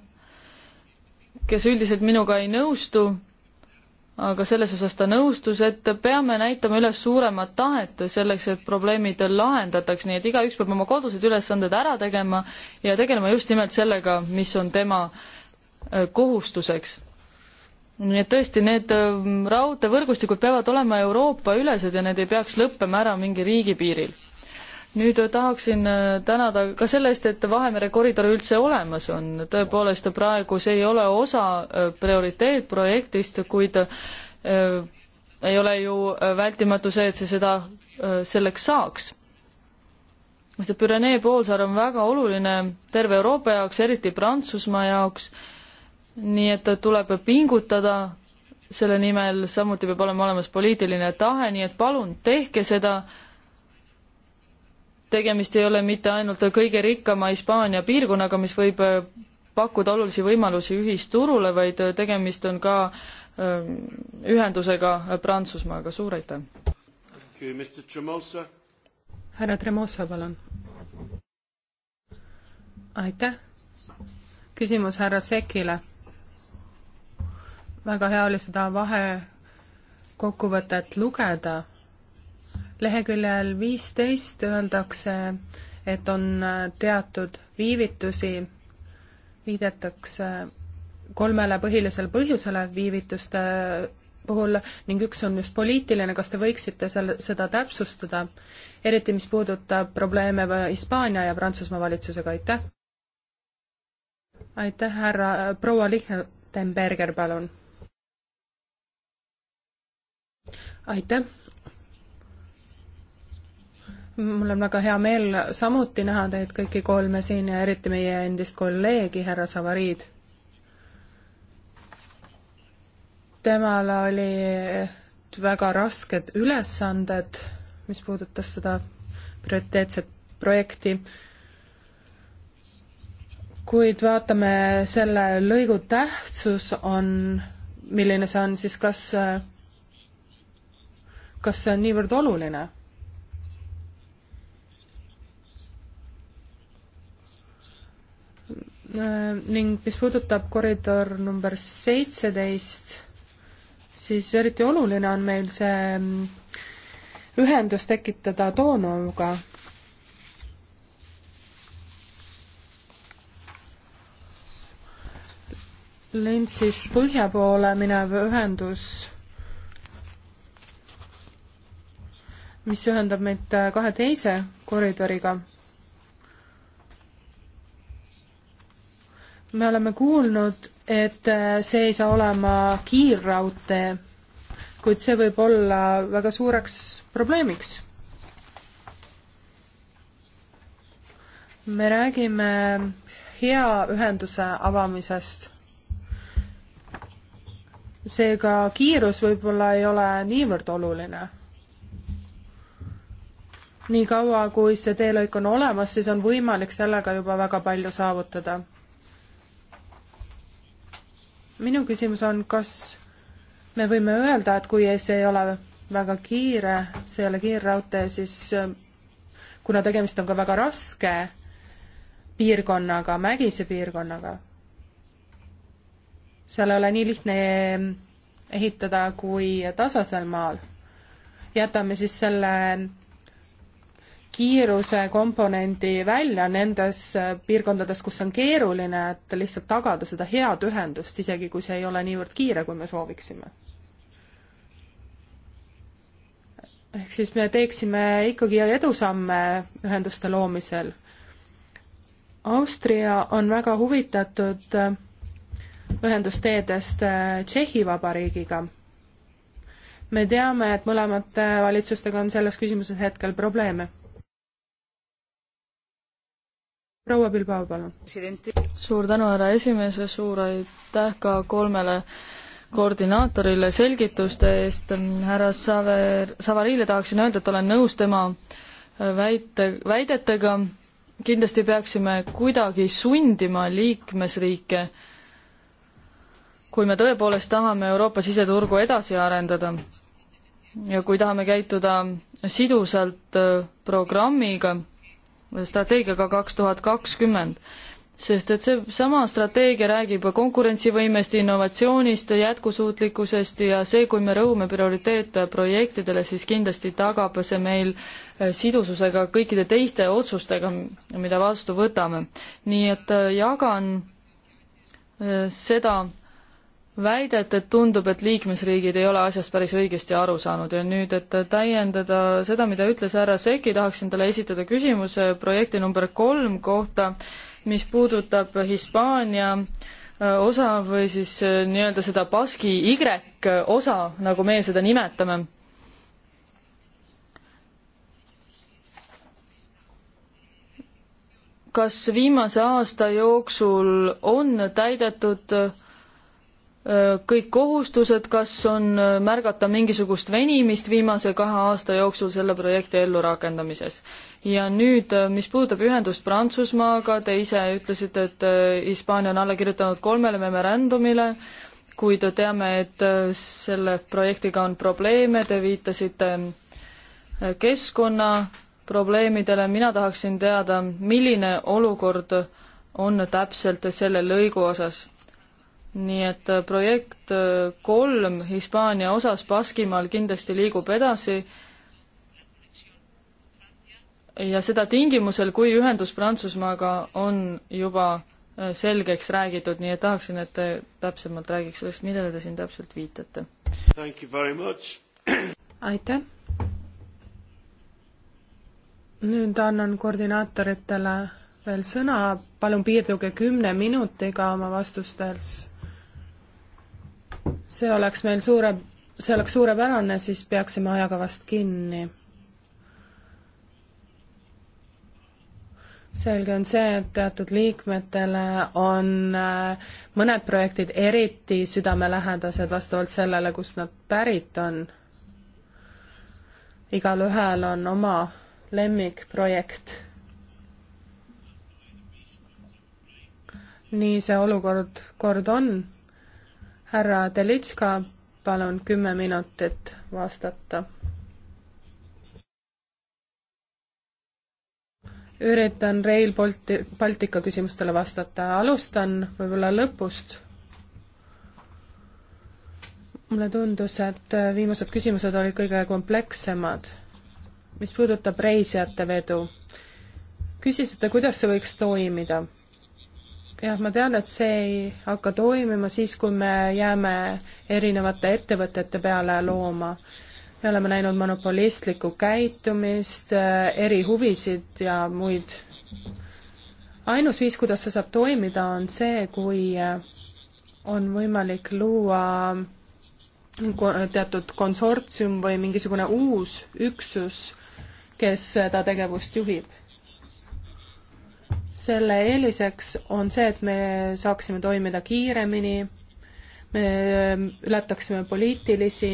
kes üldiselt minuga ei nõustu aga selles osas ta nõustus, et peame näitama üles suuremat tahet selleks, et probleemid lahendataks, nii et igaüks peab oma kodused ülesanded ära tegema ja tegelema just nimelt sellega, mis on tema äh, kohustuseks. nii et tõesti, need äh, raudteevõrgustikud peavad olema Euroopa-ülesed ja need ei peaks lõppema ära mingi riigi piiril nüüd tahaksin äh, tänada ka selle eest, et Vahemere koridor üldse olemas on, tõepoolest praegu see ei ole osa äh, prioriteetprojektist, kuid äh, ei ole ju vältimatu see, et see seda, selleks saaks. sest Pürenee poolsaar on väga oluline terve Euroopa jaoks, eriti Prantsusmaa jaoks, nii et tuleb pingutada selle nimel, samuti peab olema olemas poliitiline tahe, nii et palun tehke seda tegemist ei ole mitte ainult kõige rikkama Hispaania piirkonnaga, mis võib äh, pakkuda olulisi võimalusi ühisturule, vaid äh, tegemist on ka ähm, ühendusega Prantsusmaaga, suur aitäh! härra Tremosa,
palun! aitäh! küsimus härra Sekile. väga hea oli seda vahekokkuvõtet lugeda leheküljel viisteist öeldakse, et on äh, teatud viivitusi, viidetakse kolmele põhilisele põhjusele viivituste äh, puhul ning üks on just poliitiline, kas te võiksite selle, seda täpsustada, eriti mis puudutab probleeme Hispaania ja Prantsusmaa valitsusega, aitäh! aitäh, härra, äh, proua Lichtenberger, palun! aitäh! mul on väga hea meel samuti näha teid kõiki kolme siin ja eriti meie endist kolleegi, härra Savariid. temal oli väga rasked ülesanded, mis puudutas seda prioriteetset projekti, kuid vaatame selle lõigu tähtsus on, milline see on siis, kas, kas see on niivõrd oluline Äh, ning mis puudutab koridor number seitseteist, siis eriti oluline on meil see mm, ühendus tekitada Donauga. Lintsist põhja poole minev ühendus, mis ühendab meid äh, kahe teise koridoriga me oleme kuulnud, et äh, see ei saa olema kiirraudtee, kuid see võib olla väga suureks probleemiks. me räägime hea ühenduse avamisest. seega kiirus võib-olla ei ole niivõrd oluline niikaua, kui see teelõik on olemas, siis on võimalik sellega juba väga palju saavutada minu küsimus on, kas me võime öelda, et kui see ei ole väga kiire, see ei ole kiirraudtee, siis äh, kuna tegemist on ka väga raske piirkonnaga, mägise piirkonnaga, seal ei ole nii lihtne äh, ehitada kui tasasel maal. jätame siis selle kiiruse komponendi välja nendes äh, piirkondades, kus on keeruline, et lihtsalt tagada seda head ühendust, isegi kui see ei ole niivõrd kiire, kui me sooviksime ehk siis me teeksime ikkagi edusamme ühenduste loomisel. Austria on väga huvitatud äh, ühendusteedest äh, Tšehhi Vabariigiga. me teame, et mõlemate valitsustega on selles küsimuses hetkel probleeme
proua Bilbao, palun. suur tänu, härra esimees ja suur aitäh ka kolmele koordinaatorile selgituste eest. härra Saver, Savarile tahaksin öelda, et olen nõus tema väite, väidetega. kindlasti peaksime kuidagi sundima liikmesriike, kui me tõepoolest tahame Euroopa siseturgu edasi arendada ja kui tahame käituda sidusalt äh, programmiga strateegiaga kaks tuhat kakskümmend sest et seesama strateegia räägib konkurentsivõimest, innovatsioonist, jätkusuutlikkusest ja see, kui me rõhume prioriteetprojektidele, siis kindlasti tagab see meil äh, sidususega kõikide teiste otsustega, mida vastu võtame. nii et äh, jagan äh, seda väidet, et tundub, et liikmesriigid ei ole asjast päris õigesti aru saanud ja nüüd, et täiendada seda, mida ütles härra Seki, tahaksin talle esitada küsimuse projekti number kolm kohta, mis puudutab Hispaania äh, osa või siis äh, nii-öelda seda Baski Y äh, osa, nagu meie seda nimetame kas viimase aasta jooksul on täidetud kõik kohustused, kas on märgata mingisugust venimist viimase kahe aasta jooksul selle projekti ellurakendamises? ja nüüd, mis puudutab ühendust Prantsusmaaga, te ise ütlesite, et Hispaania on alla kirjutanud kolmele memorandumile, kuid teame, et selle projektiga on probleeme, te viitasite keskkonnaprobleemidele, mina tahaksin teada, milline olukord on täpselt selle lõigu osas nii et äh, projekt äh, kolm Hispaania osas Baskimaal kindlasti liigub edasi ja seda tingimusel, kui ühendus Prantsusmaaga on juba äh, selgeks räägitud, nii et tahaksin, et te täpsemalt räägiks sellest, millele te siin täpselt viitate. [CLEARS THROAT] aitäh! nüüd annan
koordinaatoritele veel sõna, palun piirduge kümne minutiga oma vastustes see oleks meil suure, see oleks suurepärane, siis peaksime ajakavast kinni. selge on see, et teatud liikmetele on äh, mõned projektid eriti südamelähedased vastavalt sellele, kust nad pärit on. igalühel on oma lemmikprojekt. nii see olukord kord on härra Delitska, palun kümme minutit vastata. üritan Rail Balti-, Baltica küsimustele vastata, alustan võib-olla lõpust. mulle tundus, et viimased küsimused olid kõige komplekssemad. mis puudutab reisijate vedu, küsisite, kuidas see võiks toimida jah, ma tean, et see ei hakka toimima siis, kui me jääme erinevate ettevõtete peale looma. me oleme näinud monopolistlikku käitumist, erihuvisid ja muid. ainus viis, kuidas see saab toimida, on see, kui on võimalik luua teatud konsortsium või mingisugune uus üksus, kes seda tegevust juhib selle eeliseks on see, et me saaksime toimida kiiremini, me ähm, ületaksime poliitilisi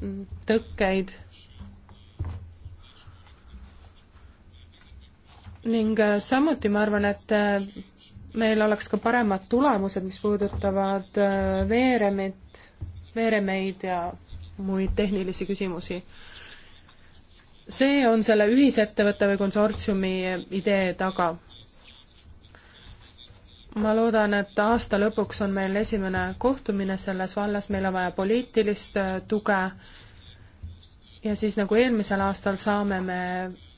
mm, tõkkeid ning äh, samuti ma arvan, et äh, meil oleks ka paremad tulemused, mis puudutavad äh, veeremit, veeremeid ja muid tehnilisi küsimusi see on selle ühisettevõtte või konsortsiumi idee taga. ma loodan, et aasta lõpuks on meil esimene kohtumine selles vallas, meil on vaja poliitilist äh, tuge ja siis nagu eelmisel aastal saame me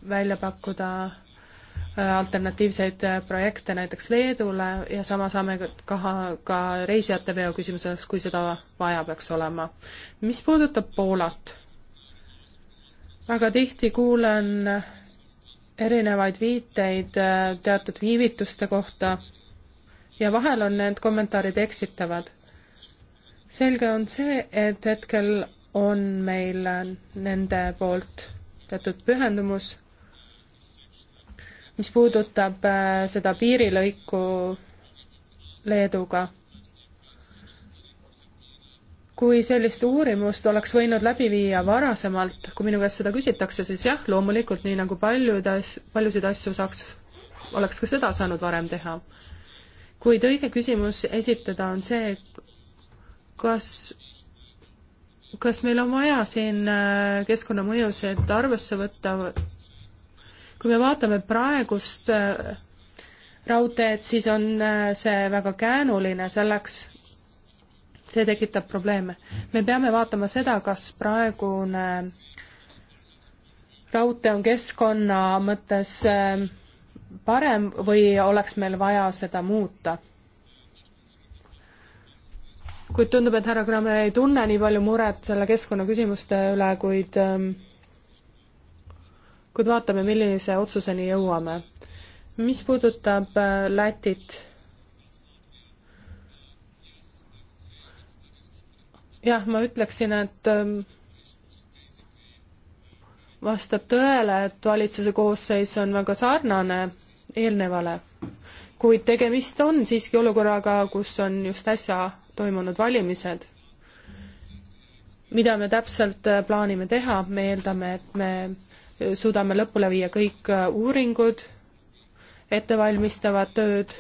välja pakkuda äh, alternatiivseid äh, projekte näiteks Leedule ja sama saame ka, ka reisijate veo küsimuses, kui seda vaja peaks olema. mis puudutab Poolat, väga tihti kuulen erinevaid viiteid äh, teatud viivituste kohta ja vahel on need kommentaarid eksitavad. selge on see, et hetkel on meil nende poolt teatud pühendumus, mis puudutab äh, seda piirilõiku Leeduga kui sellist uurimust oleks võinud läbi viia varasemalt, kui minu käest seda küsitakse, siis jah, loomulikult nii nagu paljud as-, paljusid asju saaks, oleks ka seda saanud varem teha. kuid õige küsimus esitada on see, kas, kas meil on vaja siin äh, keskkonnamõjusid arvesse võtta, kui me vaatame praegust äh, raudteed, siis on äh, see väga käänuline selleks, see tekitab probleeme. me peame vaatama seda, kas praegune raudtee on keskkonna mõttes ähm, parem või oleks meil vaja seda muuta. kuid tundub, et härra Kramer ei tunne nii palju muret selle keskkonnaküsimuste üle, kuid ähm, kuid vaatame, millise otsuseni jõuame. mis puudutab äh, Lätit jah, ma ütleksin, et ähm, vastab tõele, et valitsuse koosseis on väga sarnane eelnevale, kuid tegemist on siiski olukorraga, kus on just äsja toimunud valimised. mida me täpselt äh, plaanime teha, me eeldame, et me äh, suudame lõpule viia kõik äh, uuringud, ettevalmistavad tööd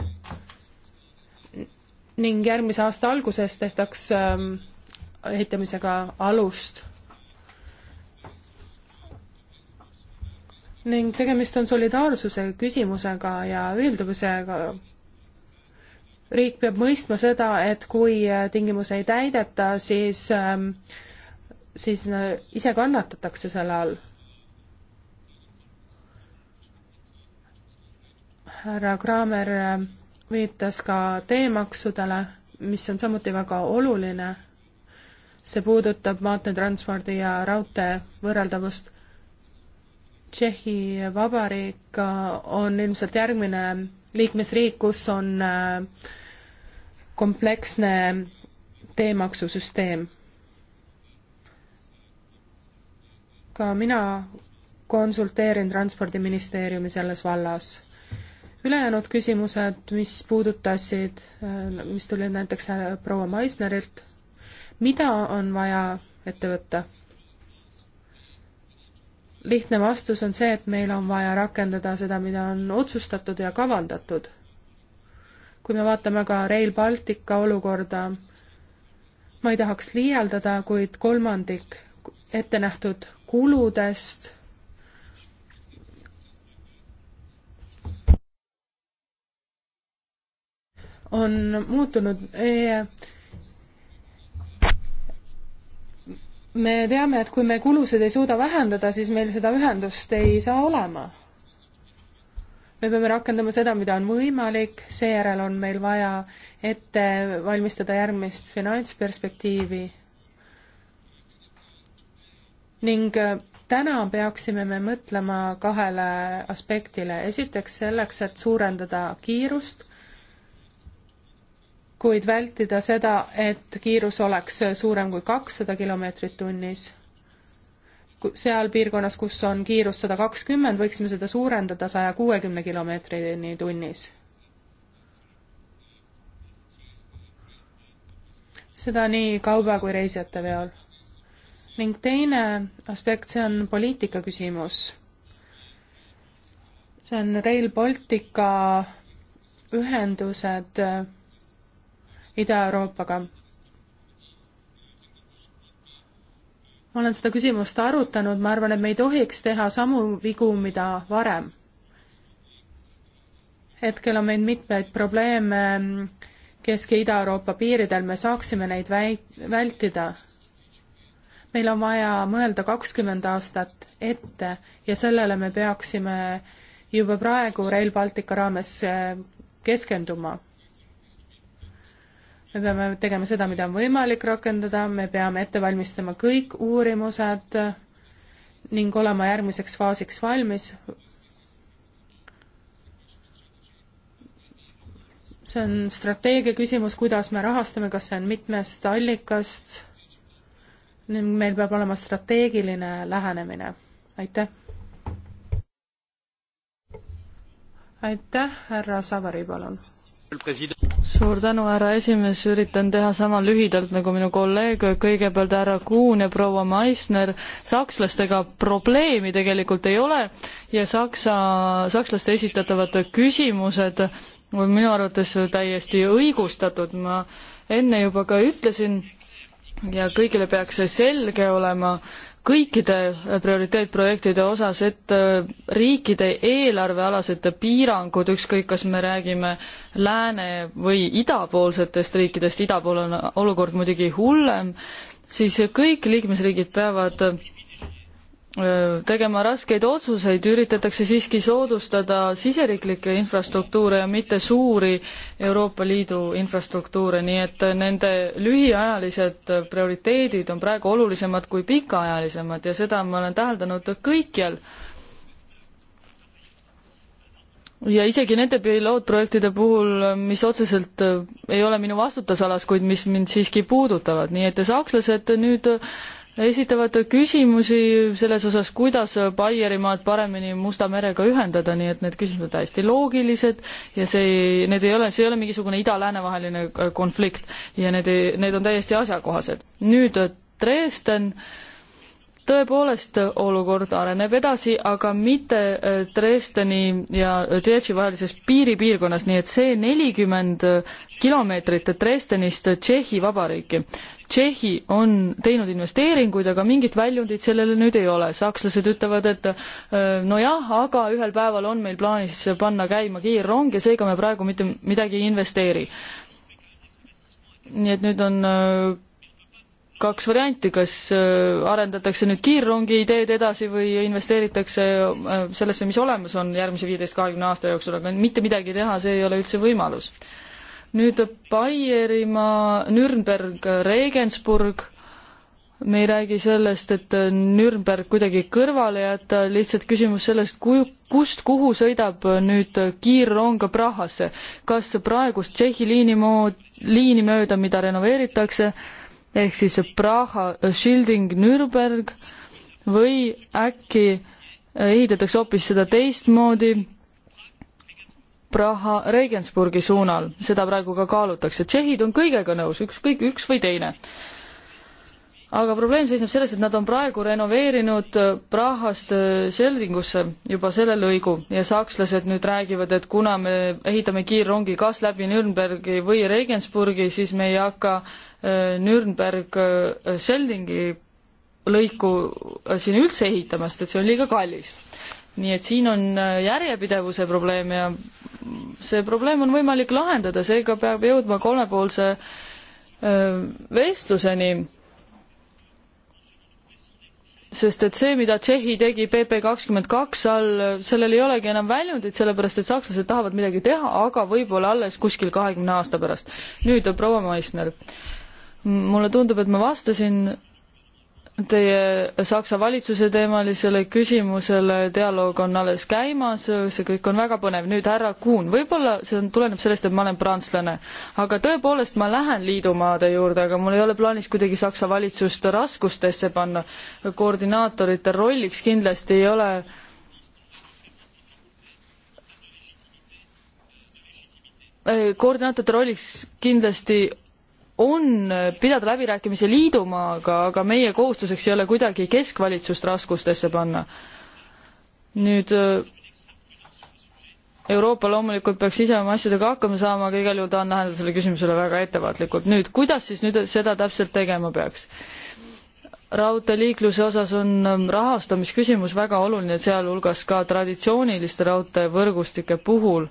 ning järgmise aasta alguses tehtaks ähm, ehitamisega alust. ning tegemist on solidaarsuse küsimusega ja ühilduvusega. riik peab mõistma seda, et kui tingimusi ei täideta, siis, ähm, siis äh, ise kannatatakse selle all. härra Kraamer äh, viitas ka teemaksudele, mis on samuti väga oluline see puudutab maanteetranspordi ja raudtee võrreldavust. Tšehhi Vabariik äh, on ilmselt järgmine liikmesriik, kus on äh, kompleksne teemaksusüsteem. ka mina konsulteerin Transpordiministeeriumi selles vallas. ülejäänud küsimused, mis puudutasid, äh, mis tulid näiteks proua Maisnerilt, mida on vaja ette võtta? lihtne vastus on see, et meil on vaja rakendada seda, mida on otsustatud ja kavandatud. kui me vaatame ka Rail Baltica olukorda, ma ei tahaks liialdada, kuid kolmandik ette nähtud kuludest on muutunud e me teame, et kui me kulusid ei suuda vähendada, siis meil seda ühendust ei saa olema. me peame rakendama seda, mida on võimalik, seejärel on meil vaja ette valmistada järgmist finantsperspektiivi ning äh, täna peaksime me mõtlema kahele aspektile. esiteks selleks, et suurendada kiirust kuid vältida seda, et kiirus oleks suurem kui kakssada kilomeetrit tunnis. seal piirkonnas, kus on kiirus sada kakskümmend, võiksime seda suurendada saja kuuekümne kilomeetrini tunnis. seda nii kauba kui reisijate veol. ning teine aspekt, see on poliitika küsimus. see on Rail Baltica ühendused Ida-Euroopaga. ma olen seda küsimust arutanud, ma arvan, et me ei tohiks teha samu vigu, mida varem. hetkel on meil mitmeid probleeme Kesk- ja Ida-Euroopa piiridel, me saaksime neid väi-, vältida. meil on vaja mõelda kakskümmend aastat ette ja sellele me peaksime juba praegu Rail Baltica raames eh, keskenduma me peame tegema seda, mida on võimalik rakendada, me peame ette valmistama kõik uurimused ning olema järgmiseks faasiks valmis. see on strateegia küsimus, kuidas me rahastame, kas see on mitmest allikast ning meil peab olema strateegiline lähenemine. aitäh! aitäh, härra Savari, palun!
suur
tänu, härra esimees, üritan teha sama lühidalt nagu minu kolleeg, kõigepealt härra Kuhn ja proua Meissner, sakslastega probleemi tegelikult ei ole ja saksa, sakslaste esitatavad küsimused on minu arvates täiesti õigustatud, ma enne juba ka ütlesin ja kõigile peaks see selge olema, kõikide äh, prioriteetprojektide osas, et äh, riikide eelarvealased piirangud, ükskõik kas me räägime lääne- või idapoolsetest riikidest, ida pool on olukord muidugi hullem, siis kõik liikmesriigid peavad tegema raskeid otsuseid, üritatakse siiski soodustada siseriiklikke infrastruktuure ja mitte suuri Euroopa Liidu infrastruktuure, nii et nende lühiajalised prioriteedid on praegu olulisemad kui pikaajalisemad ja seda ma olen täheldanud kõikjal. ja isegi nende pilootprojektide puhul, mis otseselt ei ole minu vastutusalas, kuid mis mind siiski puudutavad, nii et sakslased nüüd esitavad küsimusi selles osas, kuidas Baierimaad paremini Musta merega ühendada, nii et need küsimused on täiesti loogilised ja see ei, need ei ole, see ei ole mingisugune ida-lääne vaheline äh, konflikt ja need ei, need on täiesti asjakohased. nüüd äh, Dresden, tõepoolest äh, olukord areneb edasi, aga mitte Dresdeni ja Tšetši vahelises piiripiirkonnas, nii et see nelikümmend kilomeetrit Dresdenist Tšehhi Vabariiki, Tšehhi on teinud investeeringuid, aga mingit väljundit sellele nüüd ei ole. sakslased ütlevad, et äh, nojah, aga ühel päeval on meil plaanis panna käima kiirrong ja seega me praegu mitte midagi ei investeeri. nii et nüüd on äh, kaks varianti, kas äh, arendatakse nüüd kiirrongi ideed edasi või investeeritakse sellesse, mis olemas on järgmise viieteist-kahekümne aasta jooksul, aga mitte midagi teha, see ei ole üldse võimalus nüüd Baierimaa, Nürnberg, Regensburg, me ei räägi sellest, et Nürnberg kuidagi kõrvale jätta, lihtsalt küsimus sellest, kui, kust kuhu sõidab nüüd kiirrong Prahasse. kas praegust Tšehhi liini mood-, liini mööda, mida renoveeritakse, ehk siis Praha, Schilding, Nürnberg, või äkki ehitatakse hoopis seda teistmoodi Praha Regensburgi suunal, seda praegu ka kaalutakse, tšehhid on kõigega nõus, ükskõik üks või teine. aga probleem seisneb selles, et nad on praegu renoveerinud Prahast Sellingusse juba selle lõigu ja sakslased nüüd räägivad, et kuna me ehitame kiirrongi kas läbi Nürnbergi või Regensburgi, siis me ei hakka äh, Nürnberg äh, Sellingi lõiku äh, siin üldse ehitama, sest et see on liiga kallis nii et siin on järjepidevuse probleem ja see probleem on võimalik lahendada, seega peab jõudma kolmepoolse vestluseni. sest et see, mida Tšehhi tegi PP kakskümmend kaks all, sellel ei olegi enam väljundit, sellepärast et sakslased tahavad midagi teha, aga võib-olla alles kuskil kahekümne aasta pärast. nüüd proua Meissner, mulle tundub, et ma vastasin teie Saksa valitsuse teemalisele küsimusele, dialoog on alles käimas, see kõik on väga põnev. nüüd härra Kuhn, võib-olla see on, tuleneb sellest, et ma olen prantslane, aga tõepoolest ma lähen liidumaade juurde, aga mul ei ole plaanis kuidagi Saksa valitsust raskustesse panna. koordinaatorite rolliks kindlasti ei ole koordinaatorite rolliks kindlasti on pidada läbirääkimisi liidumaaga, aga meie kohustuseks ei ole kuidagi keskvalitsust raskustesse panna. nüüd äh, Euroopa loomulikult peaks ise oma asjadega hakkama saama, aga igal juhul tahan läheneda sellele küsimusele väga ettevaatlikult. nüüd, kuidas siis nüüd seda täpselt tegema peaks? raudteeliikluse osas on ähm, rahastamisküsimus väga oluline, sealhulgas ka traditsiooniliste raudteevõrgustike puhul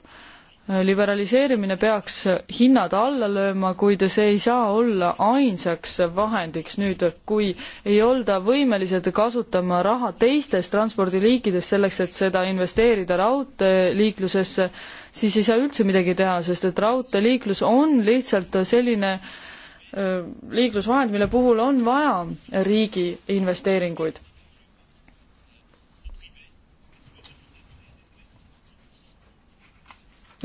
liberaliseerimine peaks hinnad alla lööma, kuid see ei saa olla ainsaks vahendiks nüüd, kui ei olda võimelised kasutama raha teistes transpordiliikides selleks, et seda investeerida raudteeliiklusesse, siis ei saa üldse midagi teha, sest et raudteeliiklus on lihtsalt selline äh, liiklusvahend, mille puhul on vaja riigi investeeringuid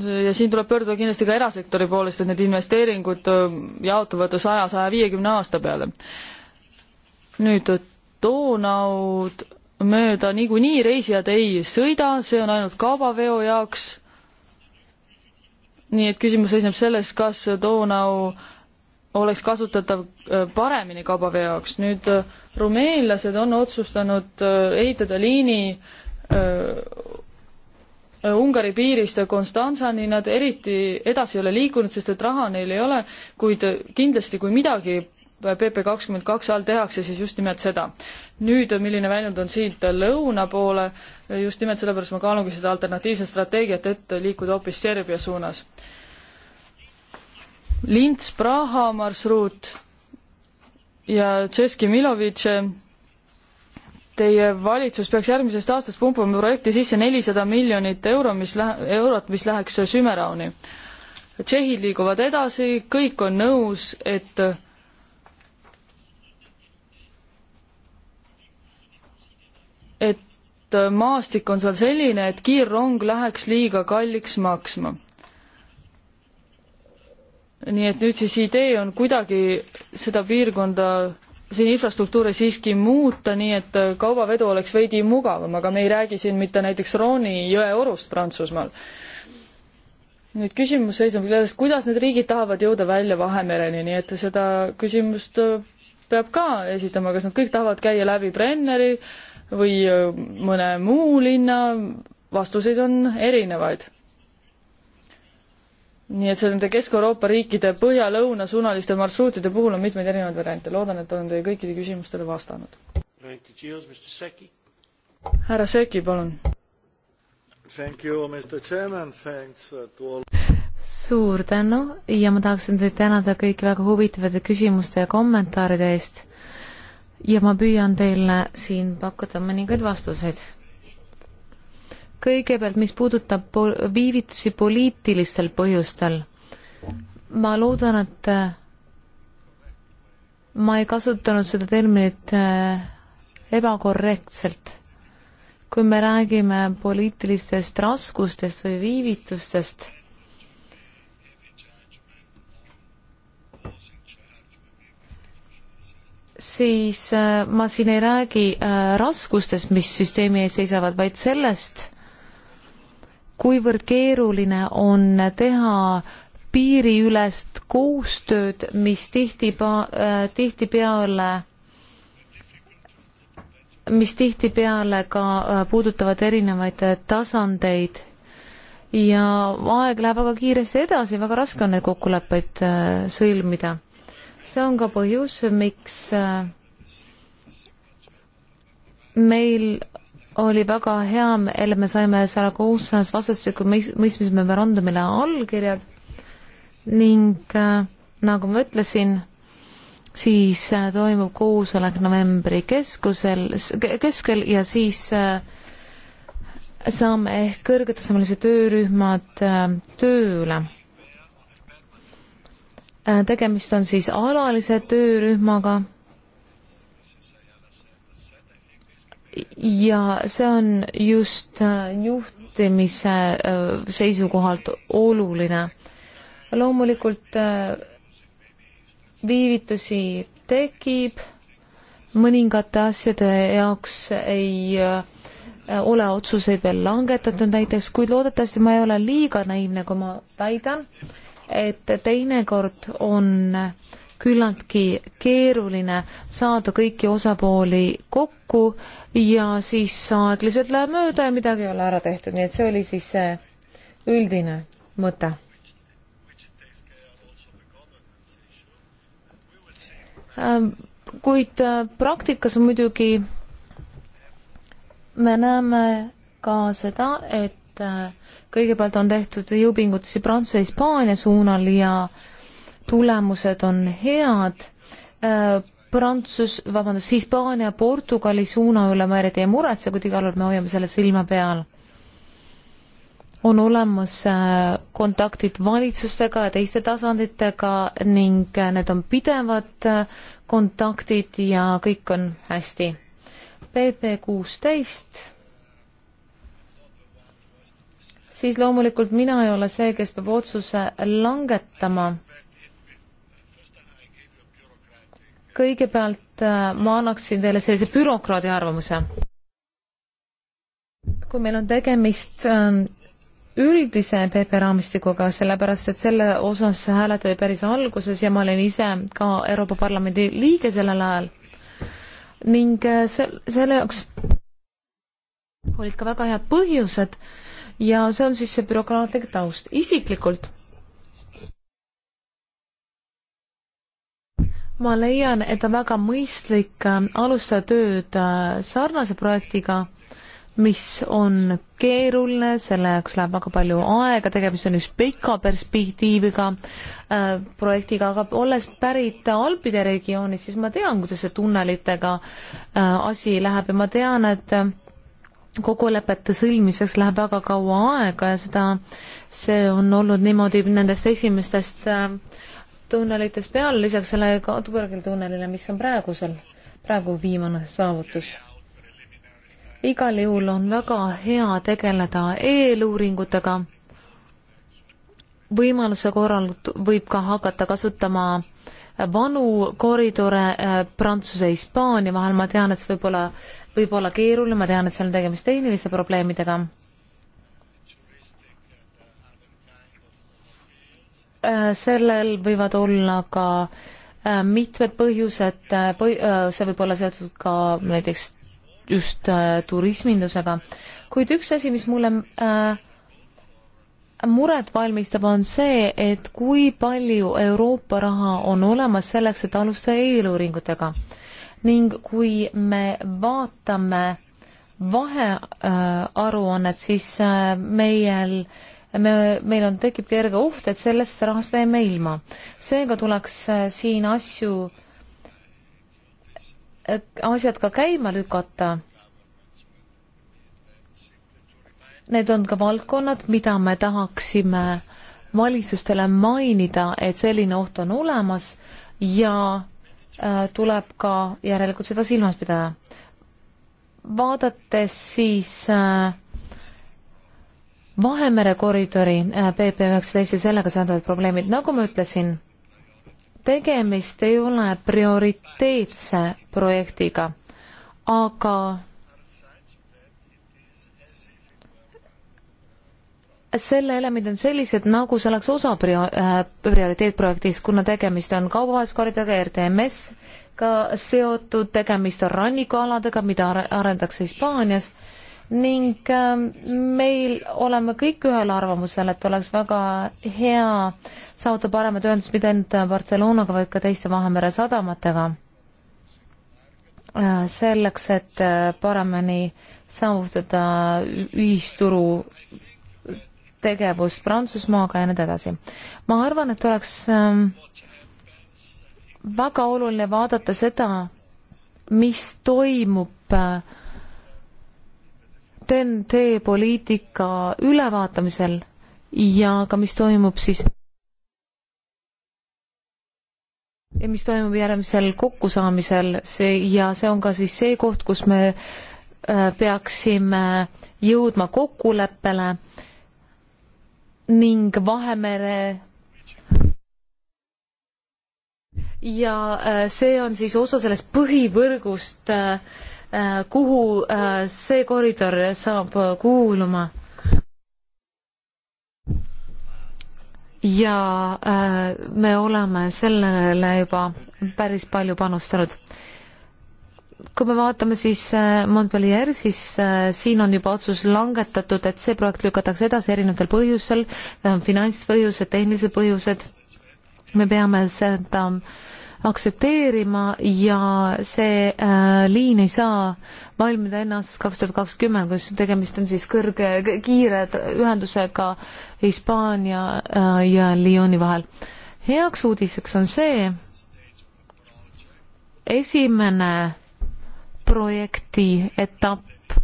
ja siin tuleb pöörduda kindlasti ka erasektori poolest, et need investeeringud äh, jaotuvad saja, saja viiekümne aasta peale. nüüd Donaud mööda niikuinii reisijad ei sõida, see on ainult kaubaveo jaoks. nii et küsimus seisneb selles, kas Donau oleks kasutatav äh, paremini kaubaveo jaoks. nüüd äh, rumeenlased on otsustanud ehitada liini Ungari piirist Konstantsani, nad eriti edasi ei ole liikunud, sest et raha neil ei ole, kuid kindlasti kui midagi PP kakskümmend kaks all tehakse, siis just nimelt seda. nüüd, milline väljund on siit lõuna poole, just nimelt sellepärast ma kaalungi seda alternatiivset strateegiat, et liikuda hoopis Serbia suunas. Lints-Praha marsruut ja Tšeski Milovitše Teie valitsus peaks järgmisest aastast pumpama projekti sisse nelisada miljonit euro, mis lähe-, eurot, mis läheks Sümerani. Tšehhid liiguvad edasi, kõik on nõus, et et maastik on seal selline, et kiirrong läheks liiga kalliks maksma. nii et nüüd siis idee on kuidagi seda piirkonda siin infrastruktuure siiski muuta, nii et kaubavedu oleks veidi mugavam, aga me ei räägi siin mitte näiteks Rooni jõeorust Prantsusmaal. nüüd küsimus seisneb selles, kuidas need riigid tahavad jõuda välja Vahemereni, nii et seda küsimust äh, peab ka esitama, kas nad kõik tahavad käia läbi Brenneri või äh, mõne muu linna, vastuseid on erinevaid nii et nende Kesk-Euroopa riikide põhja-lõuna suunaliste marsruutide puhul on mitmeid erinevaid variante. loodan, et olen teie kõikide küsimustele vastanud. härra Seki, palun.
Uh,
suur tänu ja ma tahaksin teid tänada kõiki väga huvitavate küsimuste ja kommentaaride eest. ja ma püüan teile siin pakkuda mõningaid vastuseid kõigepealt, mis puudutab po-, viivitusi poliitilistel põhjustel, ma loodan, et äh, ma ei kasutanud seda terminit äh, ebakorrektselt. kui me räägime poliitilistest raskustest või viivitustest, siis äh, ma siin ei räägi raskustest, mis süsteemi ees seisavad, vaid sellest, kuivõrd keeruline on teha piiriülest koostööd, mis tihti, äh, tihtipeale, mis tihtipeale ka äh, puudutavad erinevaid äh, tasandeid ja aeg läheb väga kiiresti edasi, väga raske on neid kokkuleppeid sõlmida. see on ka põhjus, miks meil oli väga hea, et me saime Saragossas vastastikku mõistmise memorandumile allkirjad ning äh, nagu ma ütlesin, siis äh, toimub koosolek novembri keskusel, keskel ja siis äh, saame ehk kõrgetasemelised töörühmad äh, tööle. Äh, tegemist on siis alalise töörühmaga ja see on just äh, juhtimise äh, seisukohalt oluline. loomulikult äh, viivitusi tekib, mõningate asjade jaoks ei ole otsuseid veel langetatud näiteks, kuid loodetavasti ma ei ole liiga naiivne, kui ma väidan, et teinekord on äh, küllaltki keeruline saada kõiki osapooli kokku ja siis aeg lihtsalt läheb mööda ja midagi ei ole ära tehtud, nii et see oli siis see üldine mõte. Ähm, kuid äh, praktikas muidugi me näeme ka seda, et äh, kõigepealt on tehtud jõupingutusi Prantsuse ja Hispaania suunal ja äh, tulemused on head. Äh, Prantsus, vabandust, Hispaania, Portugali suuna üle ma eriti ei muretse, kuid igal juhul me hoiame selle silma peal. on olemas äh, kontaktid valitsustega ja teiste tasanditega ning äh, need on pidevad kontaktid ja kõik on hästi. PP kuusteist siis loomulikult mina ei ole see, kes peab otsuse langetama kõigepealt äh, ma annaksin teile sellise bürokraadi arvamuse. kui meil on tegemist ähm, üldise PP raamistikuga, sellepärast et selle osas hääletati päris alguses ja ma olin ise ka Euroopa Parlamendi liige sellel ajal ning äh, se-, selle jaoks olid ka väga head põhjused ja see on siis see bürokraatlik taust. isiklikult ma leian, et on väga mõistlik äh, alustada tööd äh, sarnase projektiga, mis on keeruline, selle jaoks läheb väga palju aega, tegemist on just pika perspektiiviga äh, projektiga, aga olles pärit Alpide regioonis, siis ma tean, kuidas see tunnelitega äh, asi läheb ja ma tean, et äh, kokkulepete sõlmiseks läheb väga kaua aega ja seda, see on olnud niimoodi nendest esimestest äh, tunnelites peal, lisaks sellele ka Tubergli tunnelile, mis on praegusel, praegu viimane saavutus. igal juhul on väga hea tegeleda eeluuringutega, võimaluse korral võib ka hakata kasutama vanu koridore äh, Prantsuse ja Hispaania vahel, ma tean, et see võib olla, võib olla keeruline, ma tean, et seal on tegemist tehniliste probleemidega Äh, sellel võivad olla ka äh, mitmed põhjused, äh, see võib olla seotud ka näiteks just turismindusega, kuid üks asi, mis mulle muret valmistab, on see, et kui palju Euroopa raha on olemas selleks, et alustada eeluuringutega ning kui me vaatame vahearuannet, siis meil äh, me, meil on, tekib kerge oht, et sellest rahast me jääme ilma. seega tuleks äh, siin asju, äh, asjad ka käima lükata. Need on ka valdkonnad, mida me tahaksime valitsustele mainida, et selline oht on olemas ja äh, tuleb ka järelikult seda silmas pidada. vaadates siis äh, Vahemere koridori äh, PP19 ja sellega seonduvad probleemid, nagu ma ütlesin, tegemist ei ole prioriteetse projektiga, aga selle elemendid on sellised, nagu see oleks osa prio-, äh, prioriteetprojektist, kuna tegemist on kaubanduskoridoriga, RTMS-ga seotud, tegemist on rannikualadega, mida arendakse Hispaanias ning ähm, meil oleme kõik ühel arvamusel, et oleks väga hea saavutada paremad ühendused mitte ainult Barcelonaga, vaid ka teiste Vahemere sadamatega. Äh, selleks, et äh, paremini saavutada ühisturu tegevust Prantsusmaaga ja nii edasi. ma arvan, et oleks ähm, väga oluline vaadata seda, mis toimub äh, TEN-T poliitika ülevaatamisel ja ka mis toimub siis ja mis toimub järgmisel kokkusaamisel, see ja see on ka siis see koht, kus me äh, peaksime jõudma kokkuleppele ning Vahemere ja äh, see on siis osa sellest põhivõrgust äh, Äh, kuhu äh, see koridor saab äh, kuuluma. ja me oleme sellele juba päris palju panustanud. kui me vaatame siis Montpellier, siis siin on juba otsus langetatud, et see projekt lükatakse edasi erinevatel põhjusel, finantspõhjused, tehnilised põhjused, me peame seda äh, aktsepteerima ja see äh, liin ei saa valmida enne aastast kaks tuhat kakskümmend, kus tegemist on siis kõrge, kiire ühendusega Hispaania äh, ja Lyoni vahel. heaks uudiseks on see, esimene projekti etapp,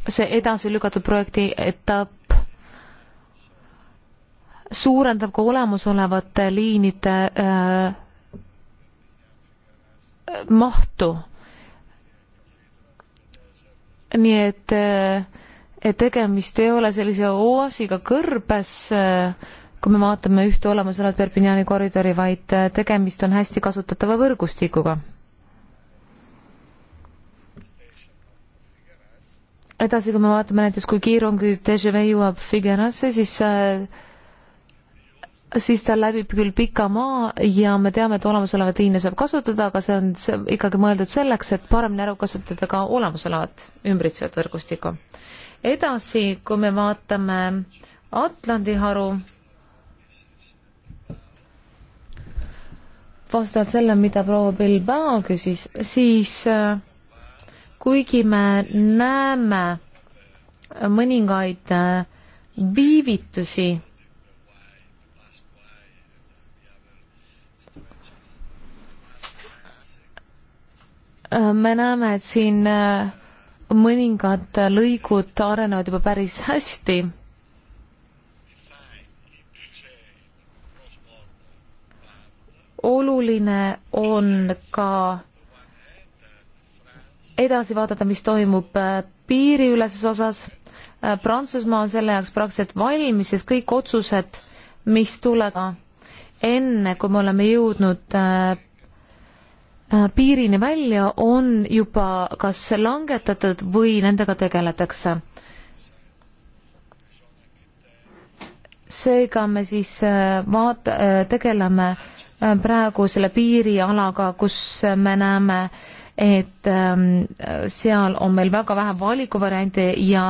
see edasi lükatud projekti etapp suurendab ka olemasolevate liinide äh, mahtu. nii et, et tegemist ei ole sellise oaasiga kõrbes, kui me vaatame ühte olemasolevat Perpignani koridori, vaid tegemist on hästi kasutatava võrgustikuga. edasi, kui me vaatame näiteks, kui kiirrongi DŽV jõuab Figuerasse, siis siis tal läbib küll pika maa ja me teame, et olemasolevat liine saab kasutada, aga see on ikkagi mõeldud selleks, et paremini ära kasutada ka olemasolevat ümbritsevat võrgustikku. edasi, kui me vaatame Atlandi haru, vastavalt sellele, mida proua Bilbao küsis, siis äh, kuigi me näeme mõningaid äh, viivitusi Äh, me näeme, et siin äh, mõningad lõigud arenevad juba päris hästi. oluline on ka edasi vaadata, mis toimub äh, piiriüleses osas. Prantsusmaa on selle jaoks praktiliselt valmis, sest kõik otsused, mis tulevad enne, kui me oleme jõudnud Äh, piirini välja on juba kas langetatud või nendega tegeletakse. seega me siis äh, vaat-, äh, tegeleme praegu selle piirialaga, kus me näeme, et ähm, seal on meil väga vähe valikuvariante ja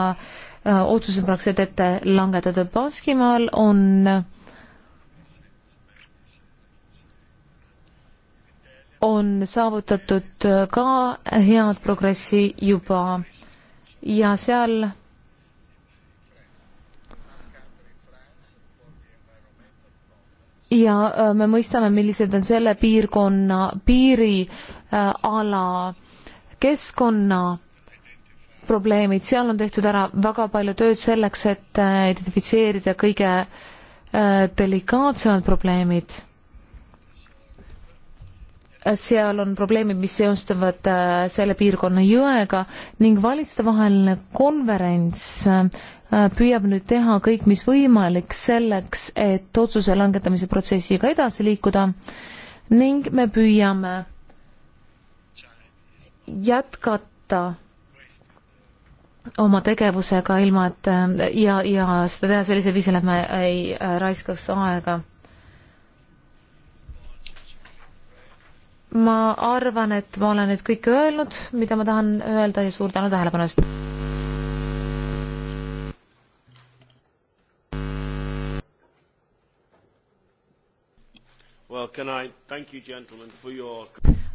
otsused praktiliselt ette langetatud. Baskimaal on äh, on saavutatud ka head progressi juba ja seal ja äh, me mõistame, millised on selle piirkonna piiriala äh, keskkonna probleemid, seal on tehtud ära väga palju tööd selleks, et äh, identifitseerida kõige delikaatsemad probleemid seal on probleemid, mis seostuvad äh, selle piirkonna jõega ning valitsustevaheline konverents äh, püüab nüüd teha kõik, mis võimalik selleks, et otsuse langetamise protsessiga edasi liikuda ning me püüame jätkata oma tegevusega ilma, et äh, ja, ja seda teha sellisel viisil, et me ei raiskaks aega ma arvan, et ma olen nüüd kõik öelnud, mida ma tahan öelda ja suur tänu tähelepanu eest.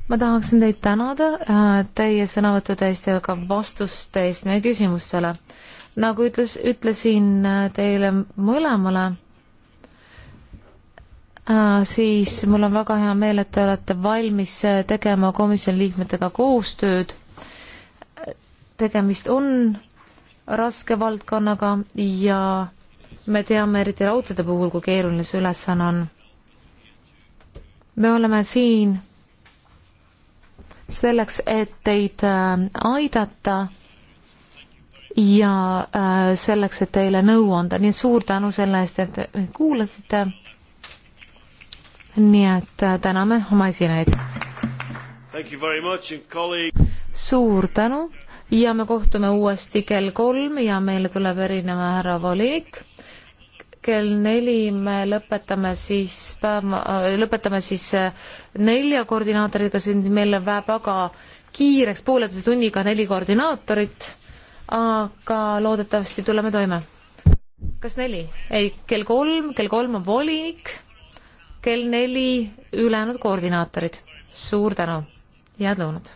ma tahaksin teid tänada äh, teie sõnavõttude eest ja ka vastuste eest meie küsimustele. nagu ütles, ütlesin äh, teile mõlemale Äh, siis mul on väga hea meel, et te olete valmis äh, tegema komisjoni liikmetega koostööd. tegemist on raske valdkonnaga ja me teame eriti raudteede puhul, kui keeruline see ülesanne on. me oleme siin selleks, et teid äh, aidata ja selleks, et teile nõu anda, nii et suur tänu selle eest, et kuulasite nii et äh, täname oma esinejaid. suur tänu ja me kohtume uuesti kell kolm ja meile tuleb erineva härra volinik. kell neli me lõpetame siis päeva, äh, lõpetame siis äh, nelja koordinaatoriga, siin meil on väga kiireks pooleteise tunniga neli koordinaatorit, aga loodetavasti tuleme toime. kas neli? ei, kell kolm, kell kolm on volinik kell neli ülejäänud koordinaatorid. suur tänu, head lõunat!